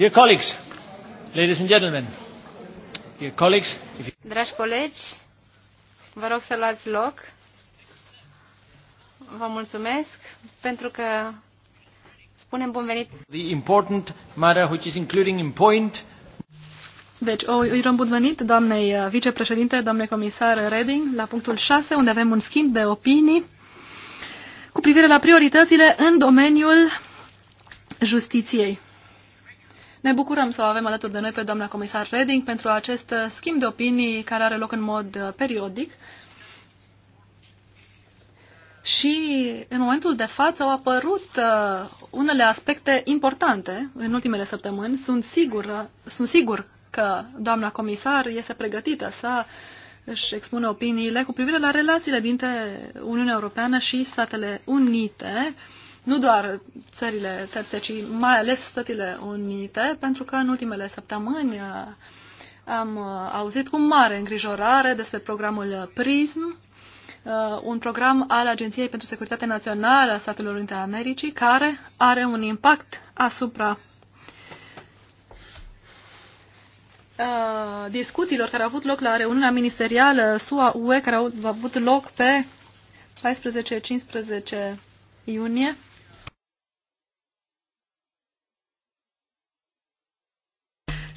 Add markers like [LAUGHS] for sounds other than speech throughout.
Dear colleagues, ladies and gentlemen, dear colleagues, if you... Dragi colegi, vă rog să luați loc. Vă mulțumesc pentru că spunem bun venit. The important matter which is including in point deci, o, îi răm bun venit doamnei uh, vicepreședinte, doamnei comisar Reding, la punctul 6, unde avem un schimb de opinii cu privire la prioritățile în domeniul justiției. Ne bucurăm să o avem alături de noi pe doamna comisar Reding pentru acest uh, schimb de opinii care are loc în mod uh, periodic. Și în momentul de față au apărut uh, unele aspecte importante în ultimele săptămâni. Sunt sigur, sunt sigur că doamna comisar este pregătită să își expună opiniile cu privire la relațiile dintre Uniunea Europeană și Statele Unite. Uh, nu doar țările terțe, ci mai ales Statele Unite, pentru că în ultimele săptămâni uh, am uh, auzit cu mare îngrijorare despre programul PRISM, uh, un program al Agenției pentru Securitate Națională a Statelor Unite ale Americii, care are un impact asupra discuțiilor care au avut loc la reuniunea ministerială SUA-UE, care au avut loc pe 14-15 iunie.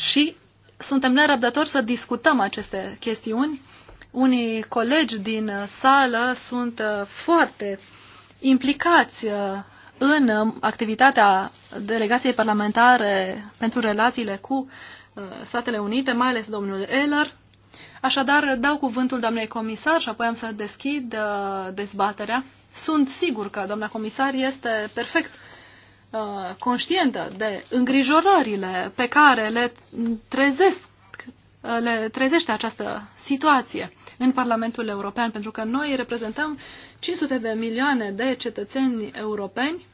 Și suntem nerăbdători să discutăm aceste chestiuni. Unii colegi din sală sunt uh, foarte implicați uh, în um, activitatea delegației parlamentare pentru relațiile cu uh, Statele Unite, mai ales domnul Eller. Așadar, dau cuvântul doamnei comisar și apoi am să deschid dezbaterea. Sunt sigur că doamna comisar este perfect Uh, conștientă de îngrijorările pe care le, trezesc, uh, le trezește această situație în Parlamentul European, pentru că noi reprezentăm 500 de milioane de cetățeni europeni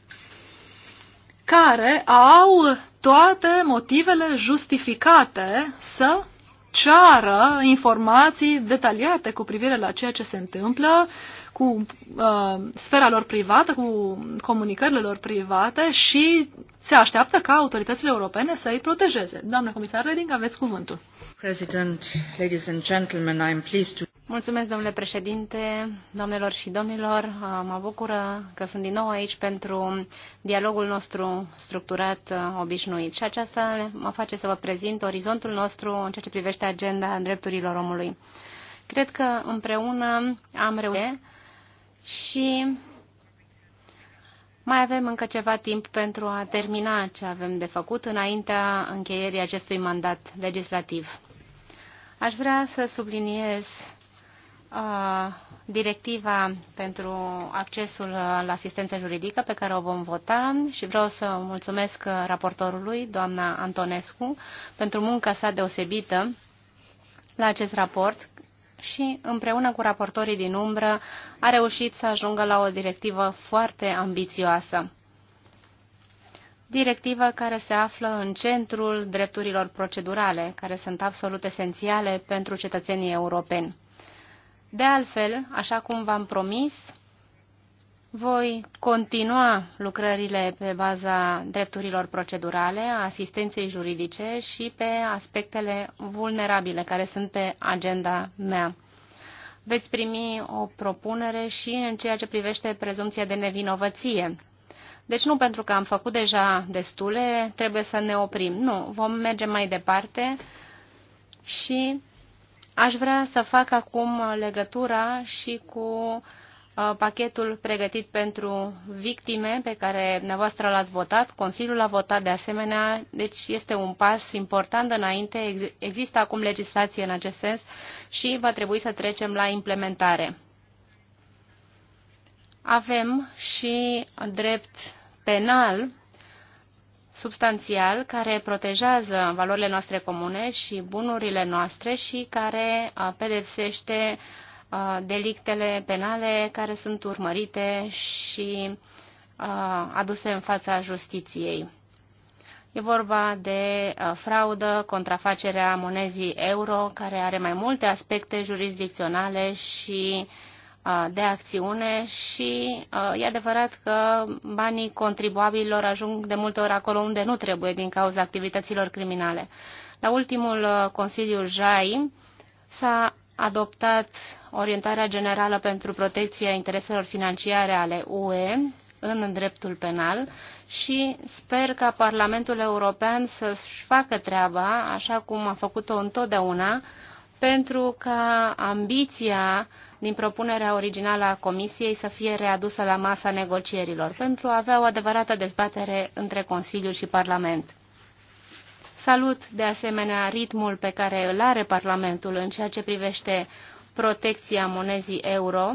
care au toate motivele justificate să ceară informații detaliate cu privire la ceea ce se întâmplă uh, cu uh, sfera lor privată, cu comunicările lor private și se așteaptă ca autoritățile europene să îi protejeze. Doamna comisar Reding, aveți cuvântul. President, ladies and gentlemen, I am pleased to... Mulțumesc, domnule președinte, domnilor și domnilor. Uh, mă bucură că sunt din nou aici pentru dialogul nostru structurat uh, obișnuit. Și aceasta mă face să vă prezint orizontul nostru în ceea ce privește agenda drepturilor omului. Cred că împreună am reușit și mai avem încă ceva timp pentru a termina ce avem de făcut înaintea încheierii acestui mandat legislativ. Aș vrea să subliniez uh, directiva pentru accesul la asistență juridică pe care o vom vota și vreau să mulțumesc raportorului, doamna Antonescu, pentru munca sa deosebită la acest raport și, împreună cu raportorii din umbră, a reușit să ajungă la o directivă foarte ambițioasă. Directivă care se află în centrul drepturilor procedurale, care sunt absolut esențiale pentru cetățenii europeni. De altfel, așa cum v-am promis, voi continua lucrările pe baza drepturilor procedurale, asistenței juridice și pe aspectele vulnerabile care sunt pe agenda mea. Veți primi o propunere și în ceea ce privește prezumția de nevinovăție. Deci nu pentru că am făcut deja destule, trebuie să ne oprim. Nu, vom merge mai departe și aș vrea să fac acum legătura și cu uh, Uh, pachetul pregătit pentru victime pe care dumneavoastră l-ați votat, Consiliul l-a votat de asemenea, deci este un pas important înainte, există acum legislație în acest sens și va trebui să trecem la implementare. Avem și drept penal substanțial care protejează valorile noastre comune și bunurile noastre și care uh, pedepsește uh, delictele penale care sunt urmărite și aduse în fața justiției. E vorba de fraudă, contrafacerea monezii euro, care are mai multe aspecte jurisdicționale și de acțiune și e adevărat că banii contribuabililor ajung de multe ori acolo unde nu trebuie din cauza activităților criminale. La ultimul Consiliu JAI s-a adoptat orientarea generală pentru protecția intereselor financiare ale UE în dreptul penal și sper ca Parlamentul European să-și facă treaba, așa cum a făcut-o întotdeauna, pentru ca ambiția din propunerea originală a Comisiei să fie readusă la masa negocierilor, pentru a avea o adevărată dezbatere între Consiliu și Parlament. Salut, de asemenea, ritmul pe care îl are Parlamentul în ceea ce privește protecția monezii euro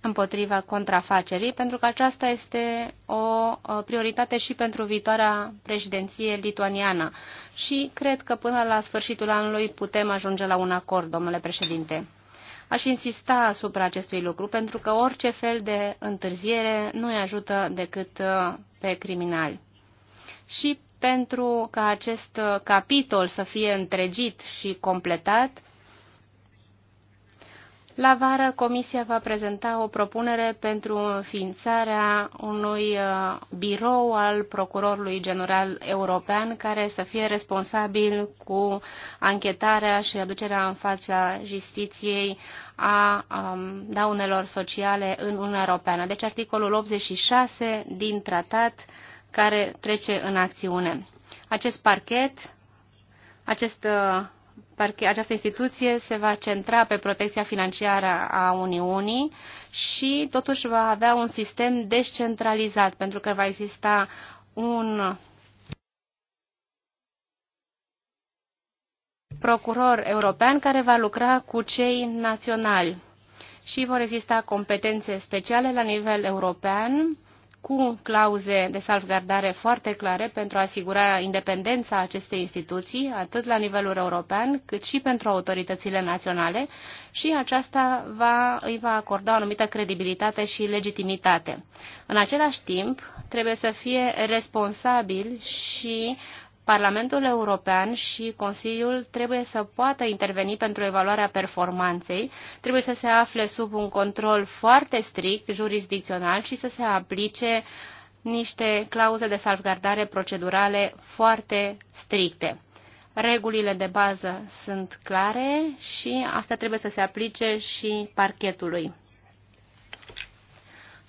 împotriva contrafacerii, pentru că aceasta este o prioritate și pentru viitoarea președinție lituaniană. Și cred că până la sfârșitul anului putem ajunge la un acord, domnule președinte. Aș insista asupra acestui lucru, pentru că orice fel de întârziere nu îi ajută decât uh, pe criminali. Și pentru ca acest capitol să fie întregit și completat, la vară, Comisia va prezenta o propunere pentru înființarea unui uh, birou al procurorului general european care să fie responsabil cu anchetarea și aducerea în fața justiției a um, daunelor sociale în Uniunea Europeană. Deci articolul 86 din tratat care trece în acțiune. Acest parchet, acest, uh, parchet, această instituție se va centra pe protecția financiară a Uniunii și totuși va avea un sistem descentralizat, pentru că va exista un procuror european care va lucra cu cei naționali și vor exista competențe speciale la nivel european cu clauze de salvgardare foarte clare pentru a asigura independența acestei instituții, atât la nivelul european, cât și pentru autoritățile naționale și aceasta va, îi va acorda o anumită credibilitate și legitimitate. În același timp, trebuie să fie responsabil și Parlamentul European și Consiliul trebuie să poată interveni pentru evaluarea performanței, trebuie să se afle sub un control foarte strict, jurisdicțional și să se aplice niște clauze de salvgardare procedurale foarte stricte. Regulile de bază sunt clare și asta trebuie să se aplice și parchetului.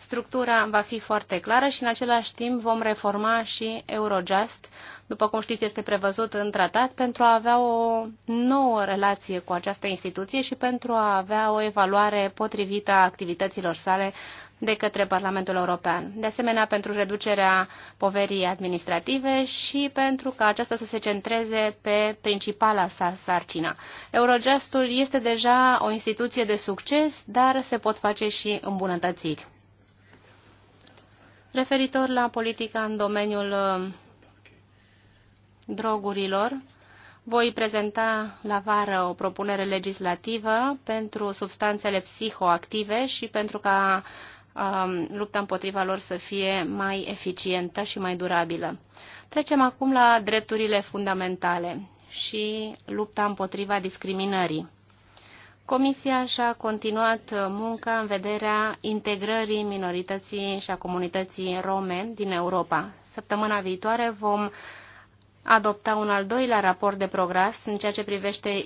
Structura va fi foarte clară și în același timp vom reforma și Eurojust, după cum știți este prevăzut în tratat, pentru a avea o nouă relație cu această instituție și pentru a avea o evaluare potrivită a activităților sale de către Parlamentul European. De asemenea, pentru reducerea poverii administrative și pentru ca aceasta să se centreze pe principala sa sarcină. Eurojustul este deja o instituție de succes, dar se pot face și îmbunătățiri. Referitor la politica în domeniul uh, drogurilor, voi prezenta la vară o propunere legislativă pentru substanțele psihoactive și pentru ca um, lupta împotriva lor să fie mai eficientă și mai durabilă. Trecem acum la drepturile fundamentale și lupta împotriva discriminării. Comisia și-a continuat munca în vederea integrării minorității și a comunității rome din Europa. Săptămâna viitoare vom adopta un al doilea raport de progres în ceea ce privește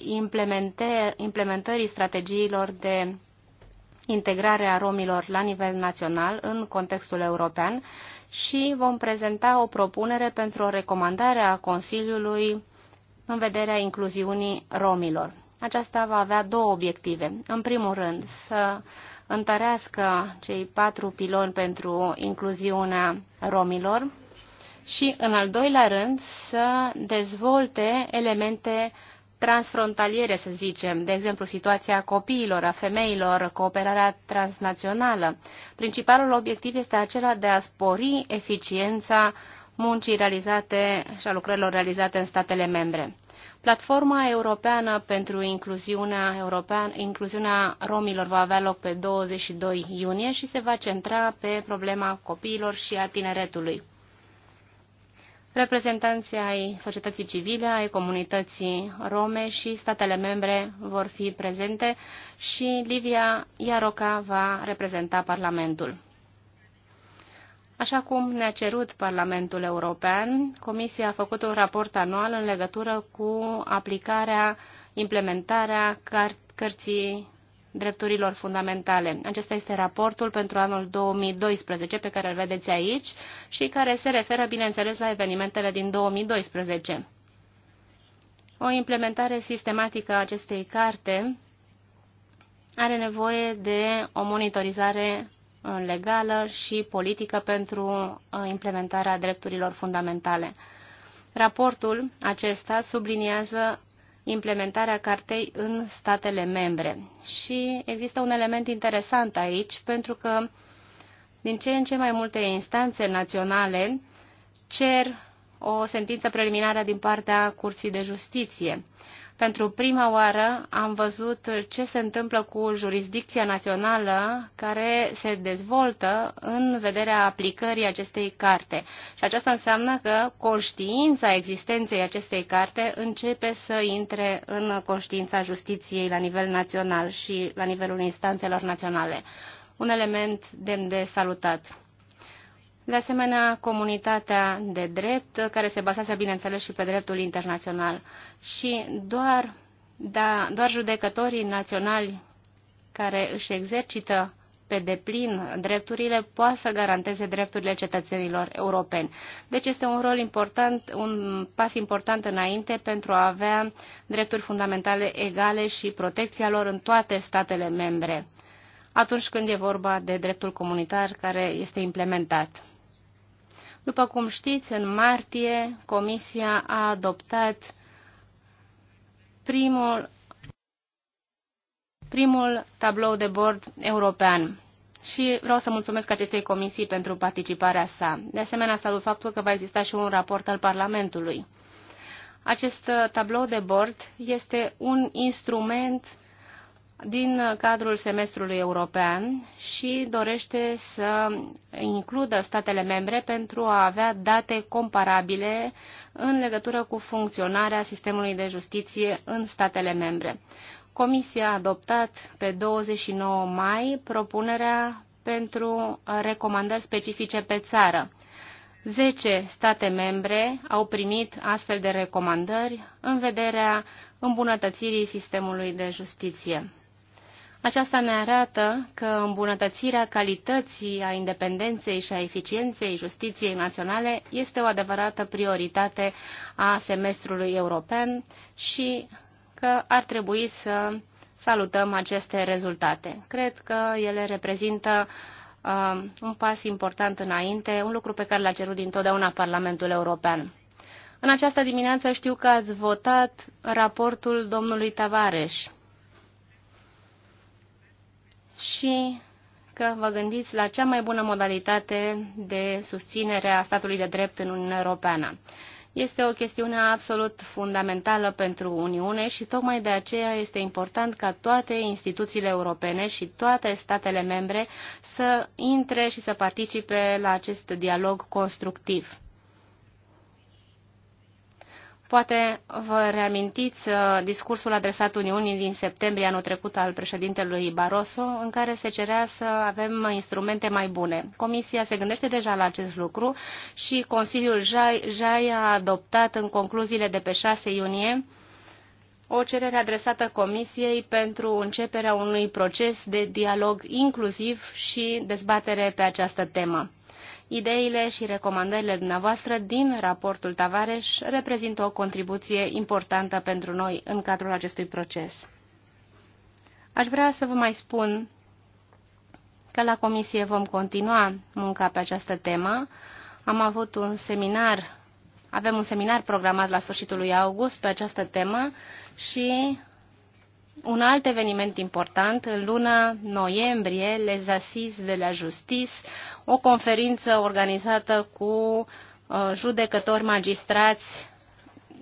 implementării strategiilor de integrare a romilor la nivel național în contextul european și vom prezenta o propunere pentru o recomandare a Consiliului în vederea incluziunii romilor. Aceasta va avea două obiective. În primul rând, să întărească cei patru piloni pentru incluziunea romilor și, în al doilea rând, să dezvolte elemente transfrontaliere, să zicem, de exemplu situația copiilor, a femeilor, cooperarea transnațională. Principalul obiectiv este acela de a spori eficiența muncii realizate și a lucrărilor realizate în statele membre. Platforma Europeană pentru Incluziunea, European, Incluziunea Romilor va avea loc pe 22 iunie și se va centra pe problema copiilor și a tineretului. Reprezentanții ai societății civile, ai comunității rome și statele membre vor fi prezente și Livia Iaroca va reprezenta Parlamentul. Așa cum ne-a cerut Parlamentul European, Comisia a făcut un raport anual în legătură cu aplicarea, implementarea căr- cărții drepturilor fundamentale. Acesta este raportul pentru anul 2012 pe care îl vedeți aici și care se referă, bineînțeles, la evenimentele din 2012. O implementare sistematică a acestei carte are nevoie de o monitorizare legală și politică pentru uh, implementarea drepturilor fundamentale. Raportul acesta subliniază implementarea cartei în statele membre. Și există un element interesant aici, pentru că din ce în ce mai multe instanțe naționale cer o sentință preliminară din partea Curții de Justiție. Pentru prima oară am văzut ce se întâmplă cu jurisdicția națională care se dezvoltă în vederea aplicării acestei carte. Și aceasta înseamnă că conștiința existenței acestei carte începe să intre în conștiința justiției la nivel național și la nivelul instanțelor naționale. Un element demn de salutat. De asemenea, comunitatea de drept, care se bazează bineînțeles, și pe dreptul internațional. Și doar, da, doar judecătorii naționali care își exercită pe deplin drepturile, poate să garanteze drepturile cetățenilor europeni. Deci este un rol important, un pas important înainte pentru a avea drepturi fundamentale egale și protecția lor în toate statele membre atunci când e vorba de dreptul comunitar care este implementat. După cum știți, în martie Comisia a adoptat primul, primul tablou de bord european și vreau să mulțumesc acestei comisii pentru participarea sa. De asemenea, salut faptul că va exista și un raport al Parlamentului. Acest uh, tablou de bord este un instrument din cadrul semestrului european și dorește să includă statele membre pentru a avea date comparabile în legătură cu funcționarea sistemului de justiție în statele membre. Comisia a adoptat pe 29 mai propunerea pentru recomandări specifice pe țară. 10 state membre au primit astfel de recomandări în vederea îmbunătățirii sistemului de justiție. Aceasta ne arată că îmbunătățirea calității a independenței și a eficienței justiției naționale este o adevărată prioritate a semestrului european și că ar trebui să salutăm aceste rezultate. Cred că ele reprezintă uh, un pas important înainte, un lucru pe care l-a cerut dintotdeauna Parlamentul European. În această dimineață știu că ați votat raportul domnului Tavares și că vă gândiți la cea mai bună modalitate de susținere a statului de drept în Uniunea Europeană. Este o chestiune absolut fundamentală pentru Uniune și tocmai de aceea este important ca toate instituțiile europene și toate statele membre să intre și să participe la acest dialog constructiv. Poate vă reamintiți uh, discursul adresat Uniunii din septembrie anul trecut al președintelui Barroso, în care se cerea să avem instrumente mai bune. Comisia se gândește deja la acest lucru și Consiliul JAI, a adoptat în concluziile de pe 6 iunie o cerere adresată Comisiei pentru începerea unui proces de dialog inclusiv și dezbatere pe această temă. Ideile și recomandările dumneavoastră din raportul Tavares reprezintă o contribuție importantă pentru noi în cadrul acestui proces. Aș vrea să vă mai spun că la comisie vom continua munca pe această temă. Am avut un seminar, avem un seminar programat la sfârșitul lui august pe această temă și un alt eveniment important, în luna noiembrie, Les Assises de la Justice, o conferință organizată cu uh, judecători magistrați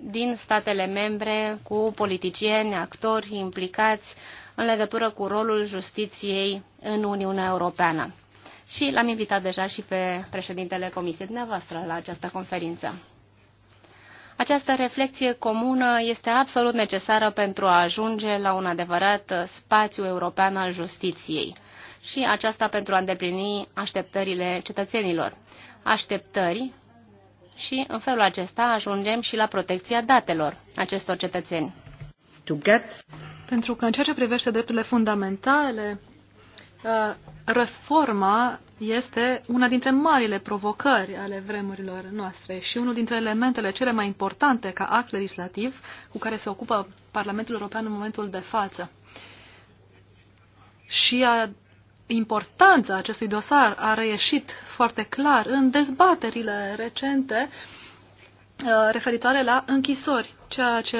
din statele membre, cu politicieni, actori implicați în legătură cu rolul justiției în Uniunea Europeană. Și l-am invitat deja și pe președintele Comisiei dumneavoastră la această conferință. Această reflexie comună este absolut necesară pentru a ajunge la un adevărat spațiu european al justiției și aceasta pentru a îndeplini așteptările cetățenilor. Așteptări și în felul acesta ajungem și la protecția datelor acestor cetățeni. Pentru că în ceea ce privește drepturile fundamentale, uh, reforma este una dintre marile provocări ale vremurilor noastre și unul dintre elementele cele mai importante ca act legislativ cu care se ocupă Parlamentul European în momentul de față. Și a, importanța acestui dosar a reieșit foarte clar în dezbaterile recente uh, referitoare la închisori, ceea ce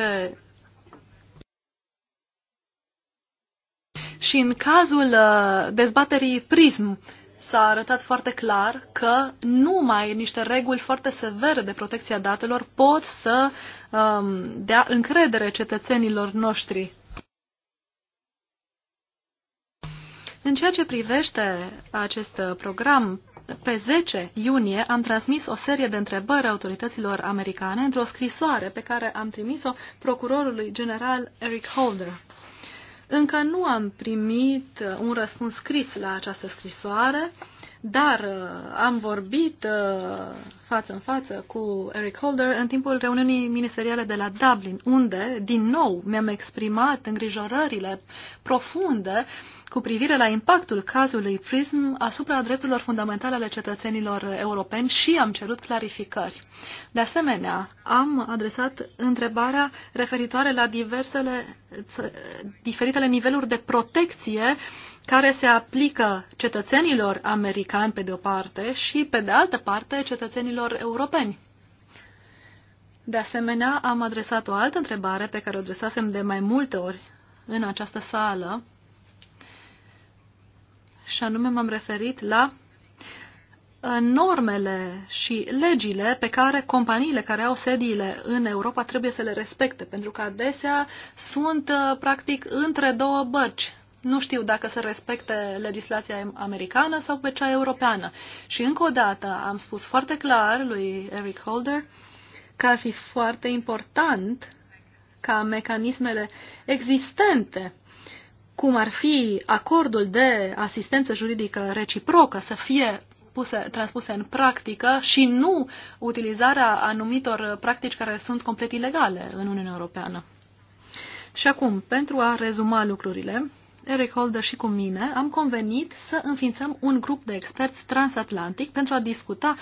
și în cazul uh, dezbaterii PRISM, s-a arătat foarte clar că numai niște reguli foarte severe de protecția datelor pot să um, dea încredere cetățenilor noștri. În ceea ce privește acest program, pe 10 iunie am transmis o serie de întrebări autorităților americane într-o scrisoare pe care am trimis-o procurorului general Eric Holder. Încă nu am primit uh, un răspuns scris la această scrisoare, dar uh, am vorbit uh, față în față cu Eric Holder în timpul reuniunii ministeriale de la Dublin, unde, din nou, mi-am exprimat îngrijorările profunde uh, cu privire la impactul cazului PRISM asupra drepturilor fundamentale ale cetățenilor europeni și am cerut clarificări. De asemenea, am adresat întrebarea referitoare la diversele, diferitele niveluri de protecție care se aplică cetățenilor americani pe de o parte și pe de altă parte cetățenilor europeni. De asemenea, am adresat o altă întrebare pe care o adresasem de mai multe ori în această sală și anume m-am referit la uh, normele și legile pe care companiile care au sediile în Europa trebuie să le respecte, pentru că adesea sunt uh, practic între două bărci. Nu știu dacă se respecte legislația americană sau pe cea europeană. Și încă o dată am spus foarte clar lui Eric Holder că ar fi foarte important ca mecanismele existente cum ar fi acordul de asistență juridică reciprocă să fie puse, transpuse în practică și nu utilizarea anumitor practici care sunt complet ilegale în Uniunea Europeană. Și acum, pentru a rezuma lucrurile, Eric Holder și cu mine am convenit să înființăm un grup de experți transatlantic pentru a discuta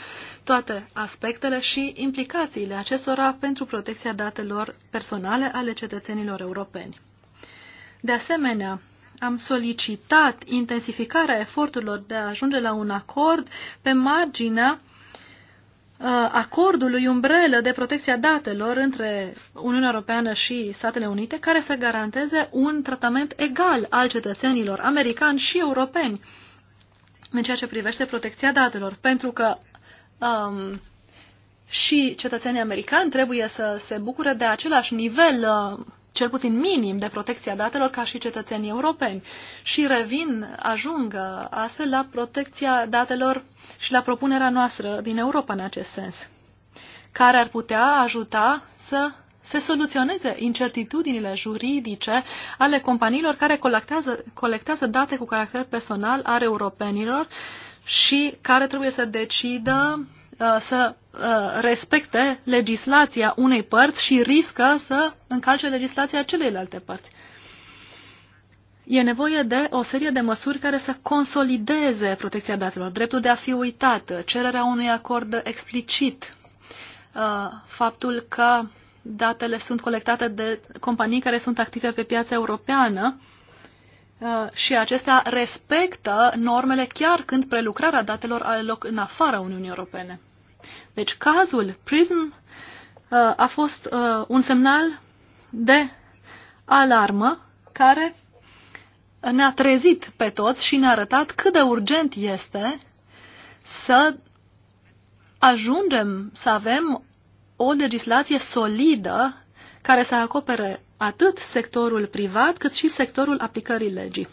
toate aspectele și implicațiile acestora pentru protecția datelor personale ale cetățenilor europeni. De asemenea, am solicitat intensificarea eforturilor de a ajunge la un acord pe marginea uh, acordului umbrelă de protecție a datelor între Uniunea Europeană și Statele Unite, care să garanteze un tratament egal al cetățenilor americani și europeni în ceea ce privește protecția datelor, pentru că um, și cetățenii americani trebuie să se bucure de același nivel uh, cel puțin minim de protecția datelor ca și cetățenii europeni și revin, ajung uh, astfel la protecția datelor și la propunerea noastră din Europa în acest sens, care ar putea ajuta să se soluționeze incertitudinile juridice ale companiilor care colectează, colectează date cu caracter personal al europenilor și care trebuie să decidă Uh, să uh, respecte legislația unei părți și riscă să încalce legislația celeilalte părți. E nevoie de o serie de măsuri care să consolideze protecția datelor, dreptul de a fi uitat, cererea unui acord explicit, uh, faptul că datele sunt colectate de companii care sunt active pe piața europeană, Uh, și acestea respectă normele chiar când prelucrarea datelor are loc în afara Uniunii Europene. Deci cazul PRISM uh, a fost uh, un semnal de alarmă care ne-a trezit pe toți și ne-a arătat cât de urgent este să ajungem să avem o legislație solidă care să acopere atât sectorul privat cât și sectorul aplicării legii.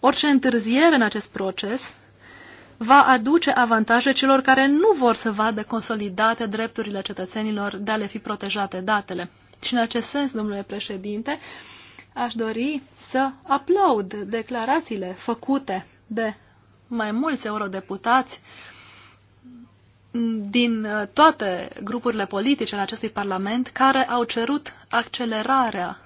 Orice întârziere în acest proces va aduce avantaje celor care nu vor să vadă consolidate drepturile cetățenilor de a le fi protejate datele. Și în acest sens, domnule președinte, aș dori să aplaud declarațiile făcute de mai mulți eurodeputați uh, din uh, toate grupurile politice în acestui Parlament care au cerut accelerarea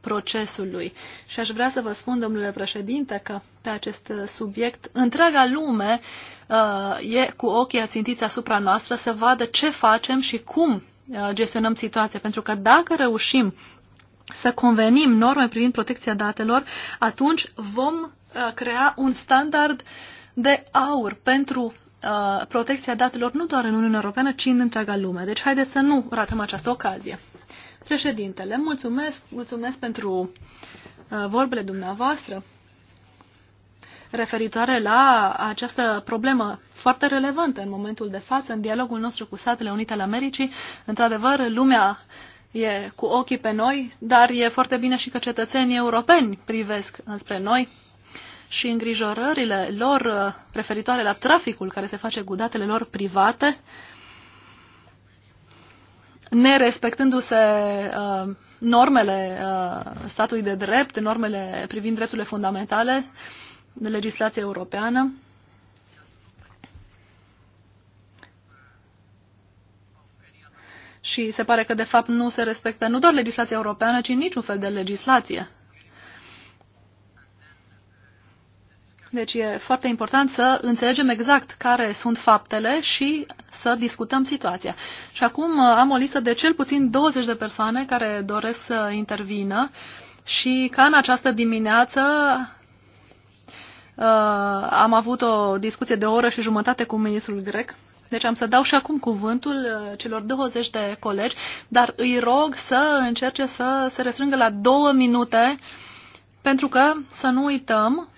procesului. Și aș vrea să vă spun, domnule președinte, că pe acest uh, subiect întreaga lume uh, e cu ochii ațintiți asupra noastră să vadă ce facem și cum uh, gestionăm situația. Pentru că dacă reușim să convenim norme privind protecția datelor, atunci vom uh, crea un standard de aur pentru Uh, protecția datelor nu doar în Uniunea Europeană, ci în întreaga lume. Deci haideți să nu ratăm această ocazie. Președintele, mulțumesc, mulțumesc pentru uh, vorbele dumneavoastră referitoare la această problemă foarte relevantă în momentul de față, în dialogul nostru cu Statele Unite ale Americii. Într-adevăr, lumea e cu ochii pe noi, dar e foarte bine și că cetățenii europeni privesc înspre noi și îngrijorările lor uh, referitoare la traficul care se face cu datele lor private, nerespectându-se uh, normele uh, statului de drept, normele privind drepturile fundamentale de legislație europeană. Și se pare că, de fapt, nu se respectă nu doar legislația europeană, ci niciun fel de legislație. Deci e foarte important să înțelegem exact care sunt faptele și să discutăm situația. Și acum uh, am o listă de cel puțin 20 de persoane care doresc să intervină și ca în această dimineață uh, am avut o discuție de o oră și jumătate cu ministrul grec. Deci am să dau și acum cuvântul uh, celor 20 de colegi, dar îi rog să încerce să se restrângă la două minute, pentru că, să nu uităm,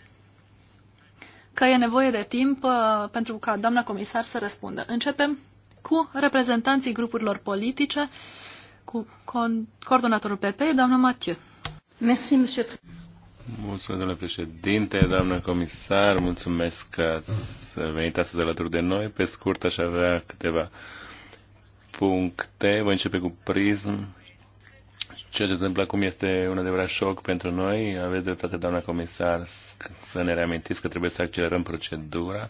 că e nevoie de timp uh, pentru ca doamna comisar să răspundă. Începem cu reprezentanții grupurilor politice, cu coordonatorul PP, doamna Mathieu. Merci, monsieur. Mulțumesc, domnule președinte, doamnă comisar, mulțumesc că ați venit astăzi alături de noi. Pe scurt, aș avea câteva puncte. Voi începe cu prism Ceea ce se întâmplă acum este un adevărat șoc pentru noi. Aveți dreptate, doamna comisar, să ne reamintiți că trebuie să accelerăm procedura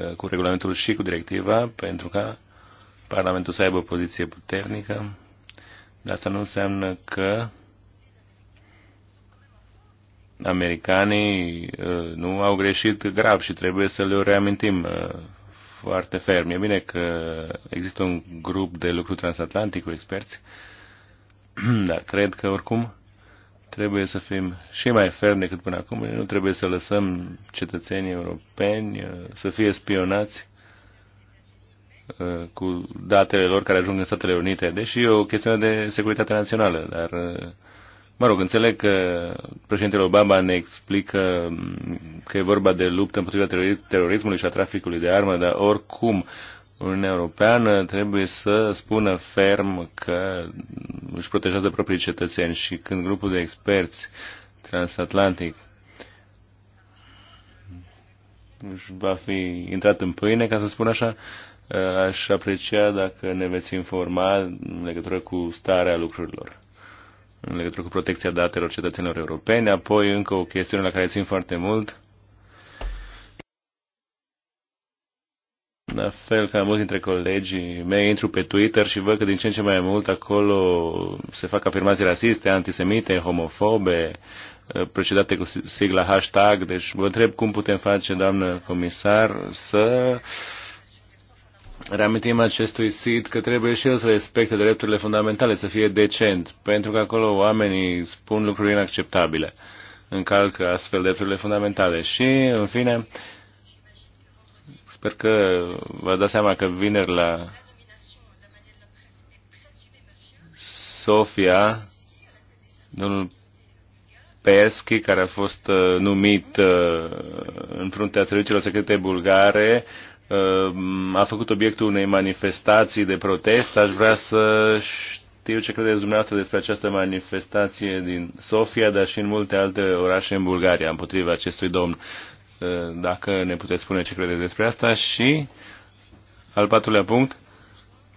uh, cu regulamentul și cu directiva pentru ca Parlamentul să aibă o poziție puternică. Dar asta nu înseamnă că americanii uh, nu au greșit grav și trebuie să le reamintim uh, foarte ferm. E bine că există un grup de lucru transatlantic cu experți [CLEARS THROAT] Dar cred că oricum trebuie să fim și mai ferm decât până acum. Nu trebuie să lăsăm cetățenii europeni uh, să fie spionați uh, cu datele lor care ajung în Statele Unite, deși e o chestiune de securitate națională, dar uh, mă rog, înțeleg că președintele Obama ne explică mm, că e vorba de luptă împotriva terorismului și a traficului de armă, dar oricum Uniunea Europeană trebuie să spună ferm că își protejează proprii cetățeni și când grupul de experți transatlantic va fi intrat în pâine, ca să spun așa, aș aprecia dacă ne veți informa în legătură cu starea lucrurilor, în legătură cu protecția datelor cetățenilor europeni. Apoi, încă o chestiune la care țin foarte mult, la fel ca mulți dintre colegii mei, intru pe Twitter și văd că din ce în ce mai mult acolo se fac afirmații rasiste, antisemite, homofobe, eh, precedate cu sigla hashtag. Deci vă întreb cum putem face, doamnă comisar, să reamintim acestui sit că trebuie și el să respecte drepturile fundamentale, să fie decent, pentru că acolo oamenii spun lucruri inacceptabile, încalcă astfel drepturile fundamentale. Și, în fine, uh, Sper că vă dați seama că vineri la Sofia, domnul Perski care a fost uh, numit uh, în fruntea serviciilor secrete bulgare, uh, a făcut obiectul unei manifestații de protest. Aș vrea să știu ce credeți dumneavoastră despre această manifestație din Sofia, dar și în multe alte orașe în Bulgaria, împotriva acestui domn. Eh, dacă ne puteți spune ce credeți despre asta și al patrulea punct,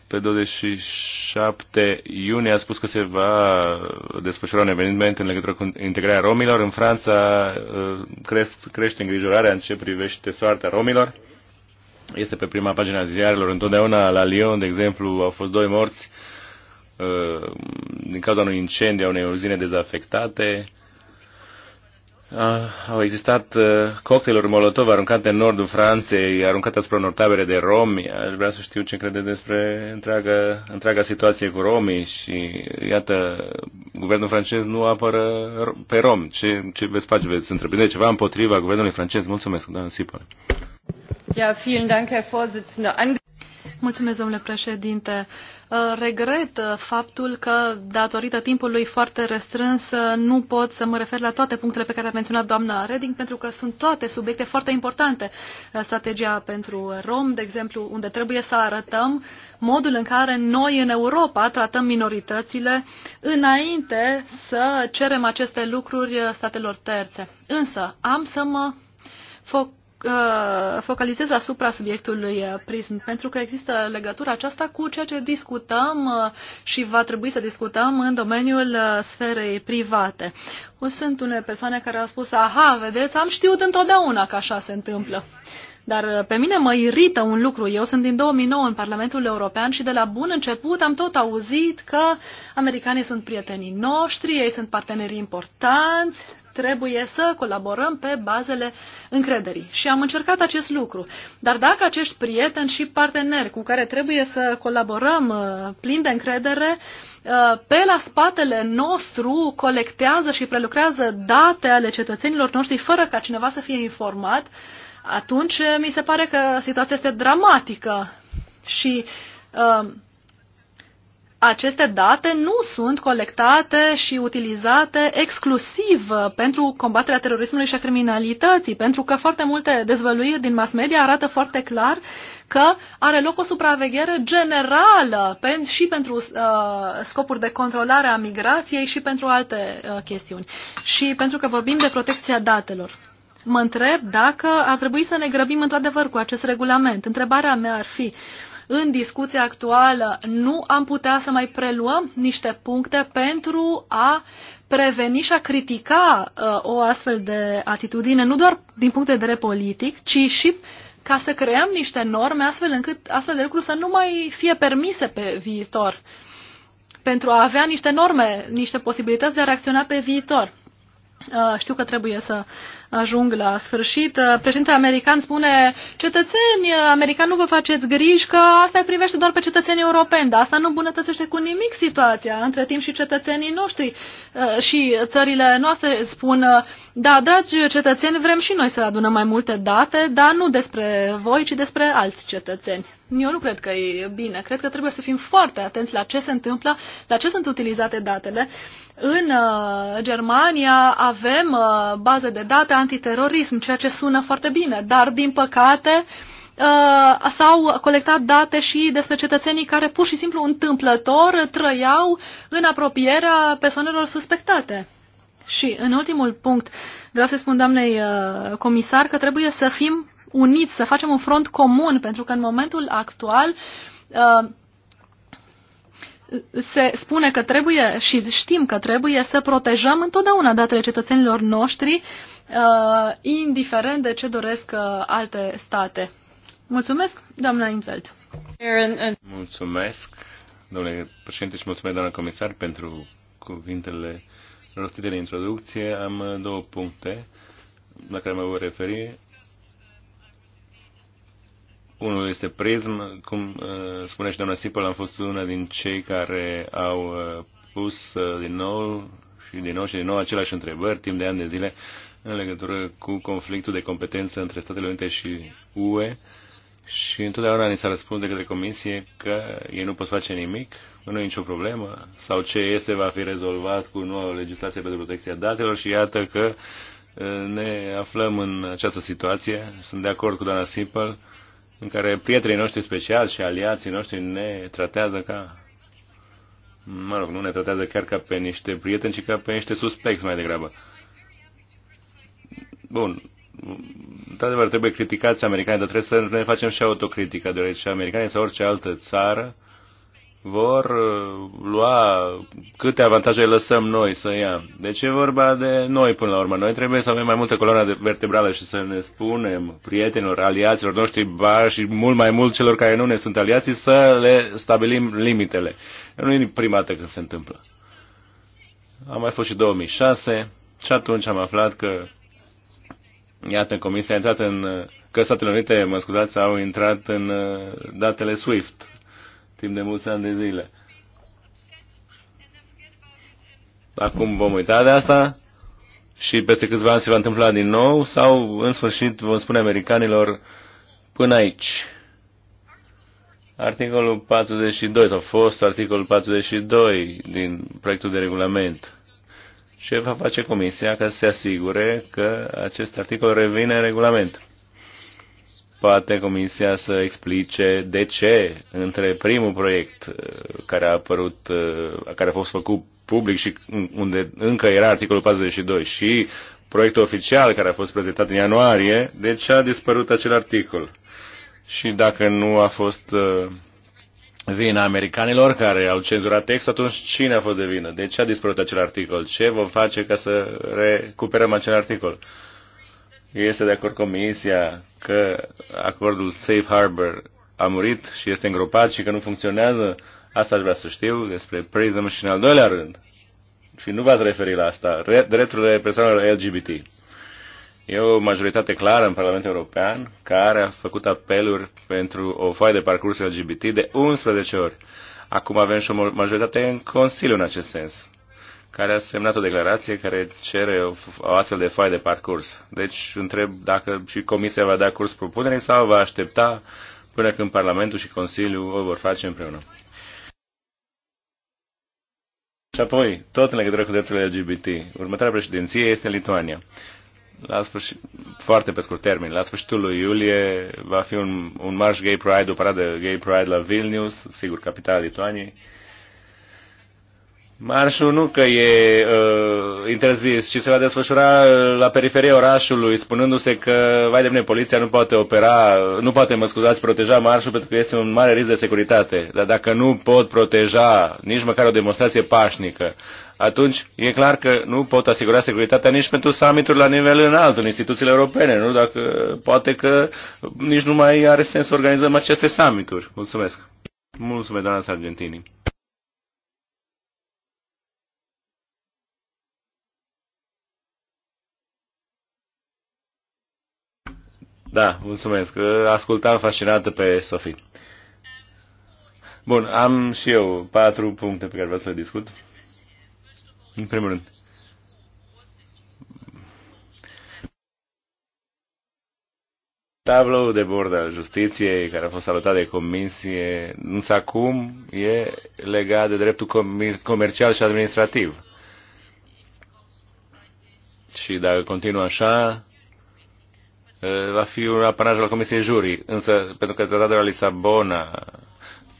pe 27 iunie a spus că se va desfășura un eveniment în legătură cu integrarea romilor. În Franța eh, crește îngrijorarea în ce privește soarta romilor. Este pe prima pagina ziarelor. Întotdeauna la Lyon, de exemplu, au fost doi morți eh, din cauza unui incendiu, a unei uzine dezafectate. Ah, au existat uh, cocktailuri Molotov aruncate în nordul Franței, aruncate asupra unor tabere de romi. Aș vrea să știu ce crede despre întreaga, întreaga situație cu romii și, iată, guvernul francez nu apără pe romi. Ce, ce veți face? Veți întreprinde ceva împotriva guvernului francez? Mulțumesc, doamnă Sipă. Mulțumesc, domnule președinte. Uh, regret uh, faptul că, datorită timpului foarte restrâns, uh, nu pot să mă refer la toate punctele pe care a menționat doamna Reding, pentru că sunt toate subiecte foarte importante. Strategia pentru rom, de exemplu, unde trebuie să arătăm modul în care noi în Europa tratăm minoritățile înainte să cerem aceste lucruri statelor terțe. Însă, am să mă foc Uh, focalizez asupra subiectului uh, prism, pentru că există legătura aceasta cu ceea ce discutăm uh, și va trebui să discutăm în domeniul sferei private. Sunt unele persoane care au spus, aha, vedeți, am știut întotdeauna că așa se întâmplă. Dar pe mine mă irită un lucru. Eu sunt din 2009 în Parlamentul European și de la bun început am tot auzit că americanii sunt prietenii noștri, ei sunt partenerii importanți, trebuie să colaborăm pe bazele încrederii. Și am încercat acest lucru. Dar dacă acești prieteni și parteneri cu care trebuie să colaborăm uh, plin de încredere, uh, pe la spatele nostru colectează și prelucrează date ale cetățenilor noștri fără ca cineva să fie informat, atunci uh, mi se pare că situația este dramatică. Și uh, aceste date nu sunt colectate și utilizate exclusiv pentru combaterea terorismului și a criminalității, pentru că foarte multe dezvăluiri din mass media arată foarte clar că are loc o supraveghere generală și pentru uh, scopuri de controlare a migrației și pentru alte uh, chestiuni. Și pentru că vorbim de protecția datelor. Mă întreb dacă ar trebui să ne grăbim într-adevăr cu acest regulament. Întrebarea mea ar fi, uh, în discuția actuală nu am putea să mai preluăm niște puncte pentru a preveni și a critica uh, o astfel de atitudine, nu doar din punct de vedere politic, ci și ca să creăm niște norme astfel încât astfel de lucruri să nu mai fie permise pe viitor. Pentru a avea niște norme, niște posibilități de a reacționa pe viitor. Uh, știu că trebuie să ajung la sfârșit. Uh, președintele american spune, cetățeni uh, americani, nu vă faceți griji că asta îi privește doar pe cetățenii europeni, dar asta nu îmbunătățește cu nimic situația. Între timp și cetățenii noștri și țările noastre spun, da, dragi cetățeni, vrem și noi să adunăm mai multe date, dar nu despre voi, ci despre alți cetățeni. Eu nu cred că e bine. Cred că trebuie să fim foarte atenți la ce se întâmplă, la ce sunt utilizate datele în uh, Germania avem uh, baze de date antiterorism, ceea ce sună foarte bine, dar din păcate uh, s-au colectat date și despre cetățenii care pur și simplu întâmplător trăiau în apropierea persoanelor suspectate. Și în ultimul punct, vreau să spun doamnei comisar că trebuie să fim uniți, să facem un front comun, pentru că în momentul actual se spune că trebuie și știm că trebuie să protejăm întotdeauna datele cetățenilor noștri, uh, indiferent de ce doresc uh, alte state. Mulțumesc, doamna Infeld. Mulțumesc, domnule președinte, și mulțumesc, doamna comisar, pentru cuvintele rostite de introducție. Am două puncte la care mă voi referi. Unul este prism, cum uh, spune și doamna Sipol, am fost una din cei care au uh, pus uh, din nou și din nou și din nou aceleași întrebări timp de ani de zile în legătură cu conflictul de competență între Statele Unite și UE și întotdeauna ni s-a răspuns de către Comisie că ei nu pot face nimic, nu e nicio problemă, sau ce este va fi rezolvat cu noua legislație pentru protecția datelor și iată că ne aflăm în această situație. Sunt de acord cu doamna Sipel în care prietenii noștri speciali și aliații noștri ne tratează ca mă rog, nu ne tratează chiar ca pe niște prieteni, ci ca pe niște suspecți mai degrabă. Bun, într-adevăr, trebuie criticați americanii, dar trebuie să ne facem și autocritica, deoarece americanii sau orice altă țară vor uh, lua câte avantaje lăsăm noi să ia. Deci e vorba de noi până la urmă. Noi trebuie să avem mai multă coloană vertebrală și să ne spunem prietenilor, aliaților noștri, ba și mult mai mult celor care nu ne sunt aliații, să le stabilim limitele. Nu e prima dată când se întâmplă. Am mai fost și 2006 și atunci am aflat că, iată, Comisia a intrat în, că Statele Unite, mă scuzați, au intrat în uh, datele SWIFT, timp de mulți ani de zile. Acum vom uita de asta și peste câțiva ani se va întâmpla din nou sau în sfârșit vom spune americanilor până aici. Articolul 42 a fost articolul 42 din proiectul de regulament. Ce va face Comisia ca să se asigure că acest articol revine în regulament? poate Comisia să explice de ce între primul proiect uh, care a apărut, uh, care a fost făcut public și unde încă era articolul 42 și proiectul oficial care a fost prezentat în ianuarie, de ce a dispărut acel articol? Și dacă nu a fost uh, vina americanilor care au cenzurat textul, atunci cine a fost de vină? De ce a dispărut acel articol? Ce vom face ca să recuperăm acel articol? Este de acord cu Comisia că acordul Safe Harbor a murit și este îngropat și că nu funcționează? Asta aș vrea să știu despre PRISM și în al doilea rând. Și nu v-ați referit la asta. Drepturile persoanelor LGBT. E o majoritate clară în Parlamentul European care a făcut apeluri pentru o foaie de parcurs LGBT de 11 ori. Acum avem și o majoritate în Consiliu în acest sens care a semnat o declarație care cere o, o astfel de foaie de parcurs. Deci întreb dacă și Comisia va da curs propunerii sau va aștepta până când Parlamentul și Consiliul o vor face împreună. Și apoi, tot în legătură cu drepturile LGBT, următoarea președinție este în Lituania. La sfârșit, foarte pe scurt termen, la sfârșitul lui iulie va fi un, un marș Gay Pride, o paradă Gay Pride la Vilnius, sigur, capitala Lituaniei. Marșul nu că e uh, interzis, ci se va desfășura uh, la periferia orașului, spunându-se că, vai de mine, poliția nu poate opera, nu poate, mă scuzați, proteja marșul pentru că este un mare risc de securitate. Dar dacă nu pot proteja nici măcar o demonstrație pașnică, atunci e clar că nu pot asigura securitatea nici pentru summit la nivel înalt în instituțiile europene, nu? Dacă poate că nici nu mai are sens să organizăm aceste summit-uri. Mulțumesc. Mulțumesc, doamna Sargentini. Da, mulțumesc. Ascultam fascinată pe Sofie. Bun, am și eu patru puncte pe care vreau să le discut. În primul rând. Tablou de bord al justiției, care a fost salutat de comisie, însă acum e legat de dreptul comer comercial și administrativ. Și dacă continuă așa, Eh, va fi un apanaj al Comisiei Juri, însă pentru că tratatul de la Lisabona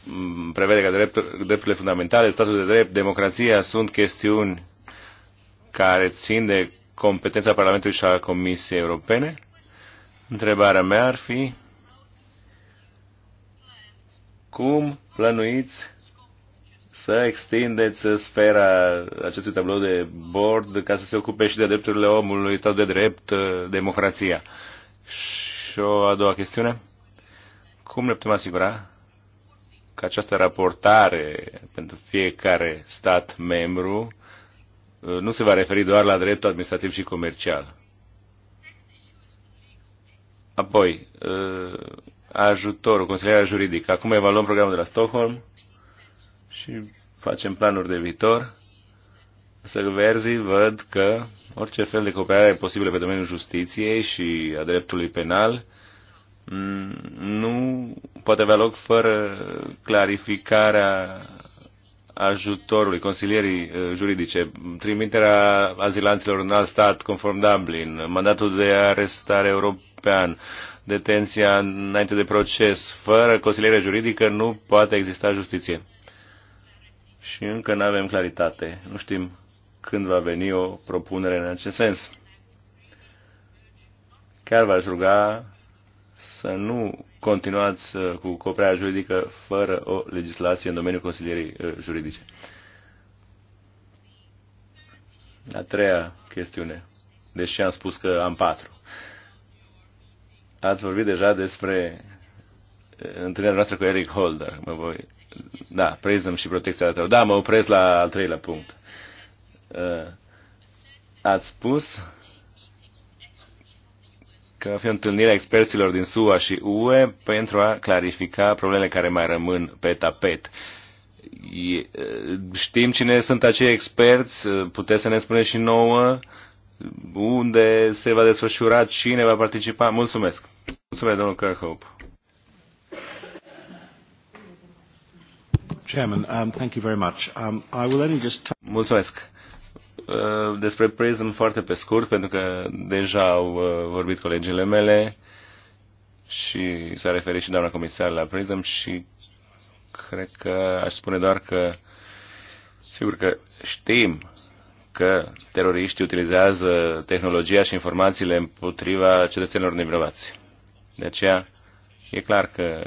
mm, prevede că dreptul, drepturile fundamentale, statul de drept, democrația sunt chestiuni care țin de competența Parlamentului și a Comisiei Europene. Întrebarea mea ar fi cum plănuiți să extindeți sfera acestui tablou de bord ca să se ocupe și de drepturile omului, tot de drept, eh, democrația. Și o a doua chestiune. Cum ne putem asigura că această raportare pentru fiecare stat membru uh, nu se va referi doar la dreptul administrativ și comercial? Apoi, uh, ajutorul, consilierea juridică. Acum evaluăm programul de la Stockholm și facem planuri de viitor să verzii văd că orice fel de cooperare posibilă pe domeniul justiției și a dreptului penal mm, nu poate avea loc fără clarificarea ajutorului, consilierii eh, juridice, trimiterea azilanților în alt stat conform Dublin, mandatul de arestare european, detenția înainte de proces, fără consiliere juridică nu poate exista justiție. Și încă nu avem claritate. Nu știm când va veni o propunere în acest sens. Chiar v-aș ruga să nu continuați uh, cu coprea juridică fără o legislație în domeniul consilierii uh, juridice. A treia chestiune, deși am spus că am patru. Ați vorbit deja despre uh, întâlnirea noastră cu Eric Holder. Mă voi... Da, prezăm și protecția datelor. Da, mă opresc la al treilea punct. Uh, ați spus că va fi o întâlnire a experților din SUA și UE pentru a clarifica problemele care mai rămân pe tapet. Uh, știm cine sunt acei experți, uh, puteți să ne spuneți și nouă unde se va desfășura, cine va participa. Mulțumesc! Mulțumesc, domnul Kirkhope! Mulțumesc. Uh, despre Prism foarte pe scurt, pentru că deja au uh, vorbit colegile mele și s-a referit și doamna comisar la Prism și cred că aș spune doar că sigur că știm că teroriștii utilizează tehnologia și informațiile împotriva cetățenilor nevinovați. De aceea e clar că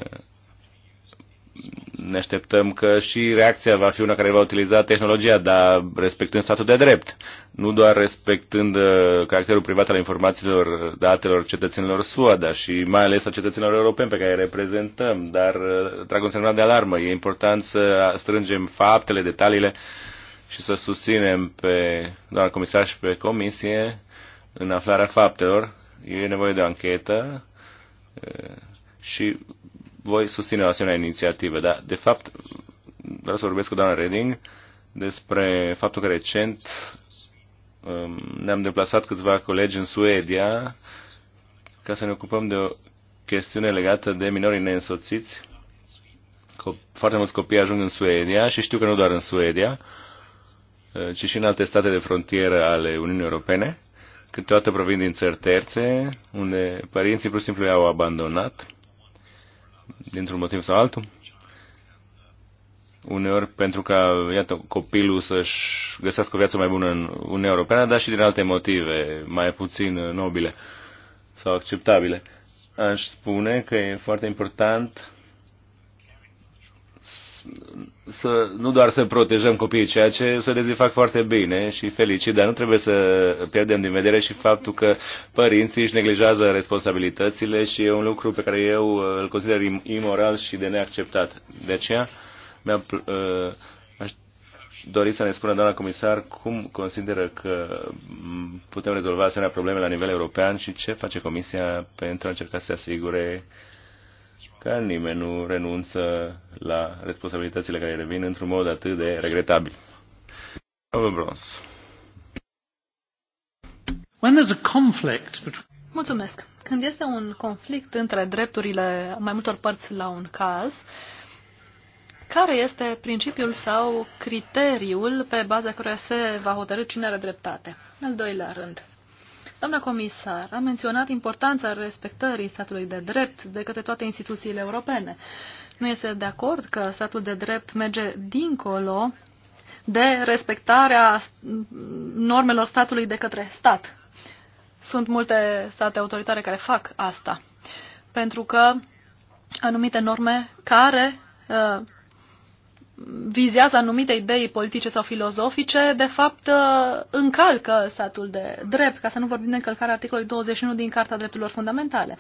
ne așteptăm că și reacția va fi una care va utiliza tehnologia, dar respectând statul de drept, nu doar respectând uh, caracterul privat al informațiilor, datelor cetățenilor SUA, dar și mai ales a cetățenilor europeni pe care îi reprezentăm, dar uh, trag un semnal de alarmă. E important să strângem faptele, detaliile și să susținem pe doamna comisar și pe comisie în aflarea faptelor. E nevoie de o anchetă uh, și voi susține o asemenea inițiativă, dar de fapt vreau să vorbesc cu doamna Reding despre faptul că recent um, ne-am deplasat câțiva colegi în Suedia ca să ne ocupăm de o chestiune legată de minorii neînsoțiți. Foarte mulți copii ajung în Suedia și știu că nu doar în Suedia, uh, ci și în alte state de frontieră ale Uniunii Europene. Câteodată provin din țări terțe, unde părinții pur și simplu i-au abandonat dintr-un motiv sau altul. Uneori pentru ca, iată, copilul să-și găsească o viață mai bună în Uniunea Europeană, dar și din alte motive, mai puțin nobile sau acceptabile. Aș spune că e foarte important să nu doar să protejăm copiii, ceea ce să fac foarte bine și felicit, dar nu trebuie să pierdem din vedere și faptul că părinții își neglijează responsabilitățile și e un lucru pe care eu uh, îl consider imoral și de neacceptat. De aceea mi-a, uh, aș dori să ne spună, doamna comisar, cum consideră că putem rezolva asemenea probleme la nivel european și ce face Comisia pentru a încerca să se asigure uh, că nimeni nu renunță la responsabilitățile care revin într-un mod atât de regretabil. conflict between... Mulțumesc. Când este un conflict între drepturile mai multor părți la un caz, care este principiul sau criteriul pe baza căruia se va hotărâ cine are dreptate? În al doilea rând, Doamna comisar a menționat importanța respectării statului de drept de către toate instituțiile europene. Nu este de acord că statul de drept merge dincolo de respectarea normelor statului de către stat. Sunt multe state autoritare care fac asta, pentru că anumite norme care uh, vizează anumite idei politice sau filozofice, de fapt uh, încalcă statul de drept, ca să nu vorbim de încălcarea articolului 21 din Carta Drepturilor Fundamentale.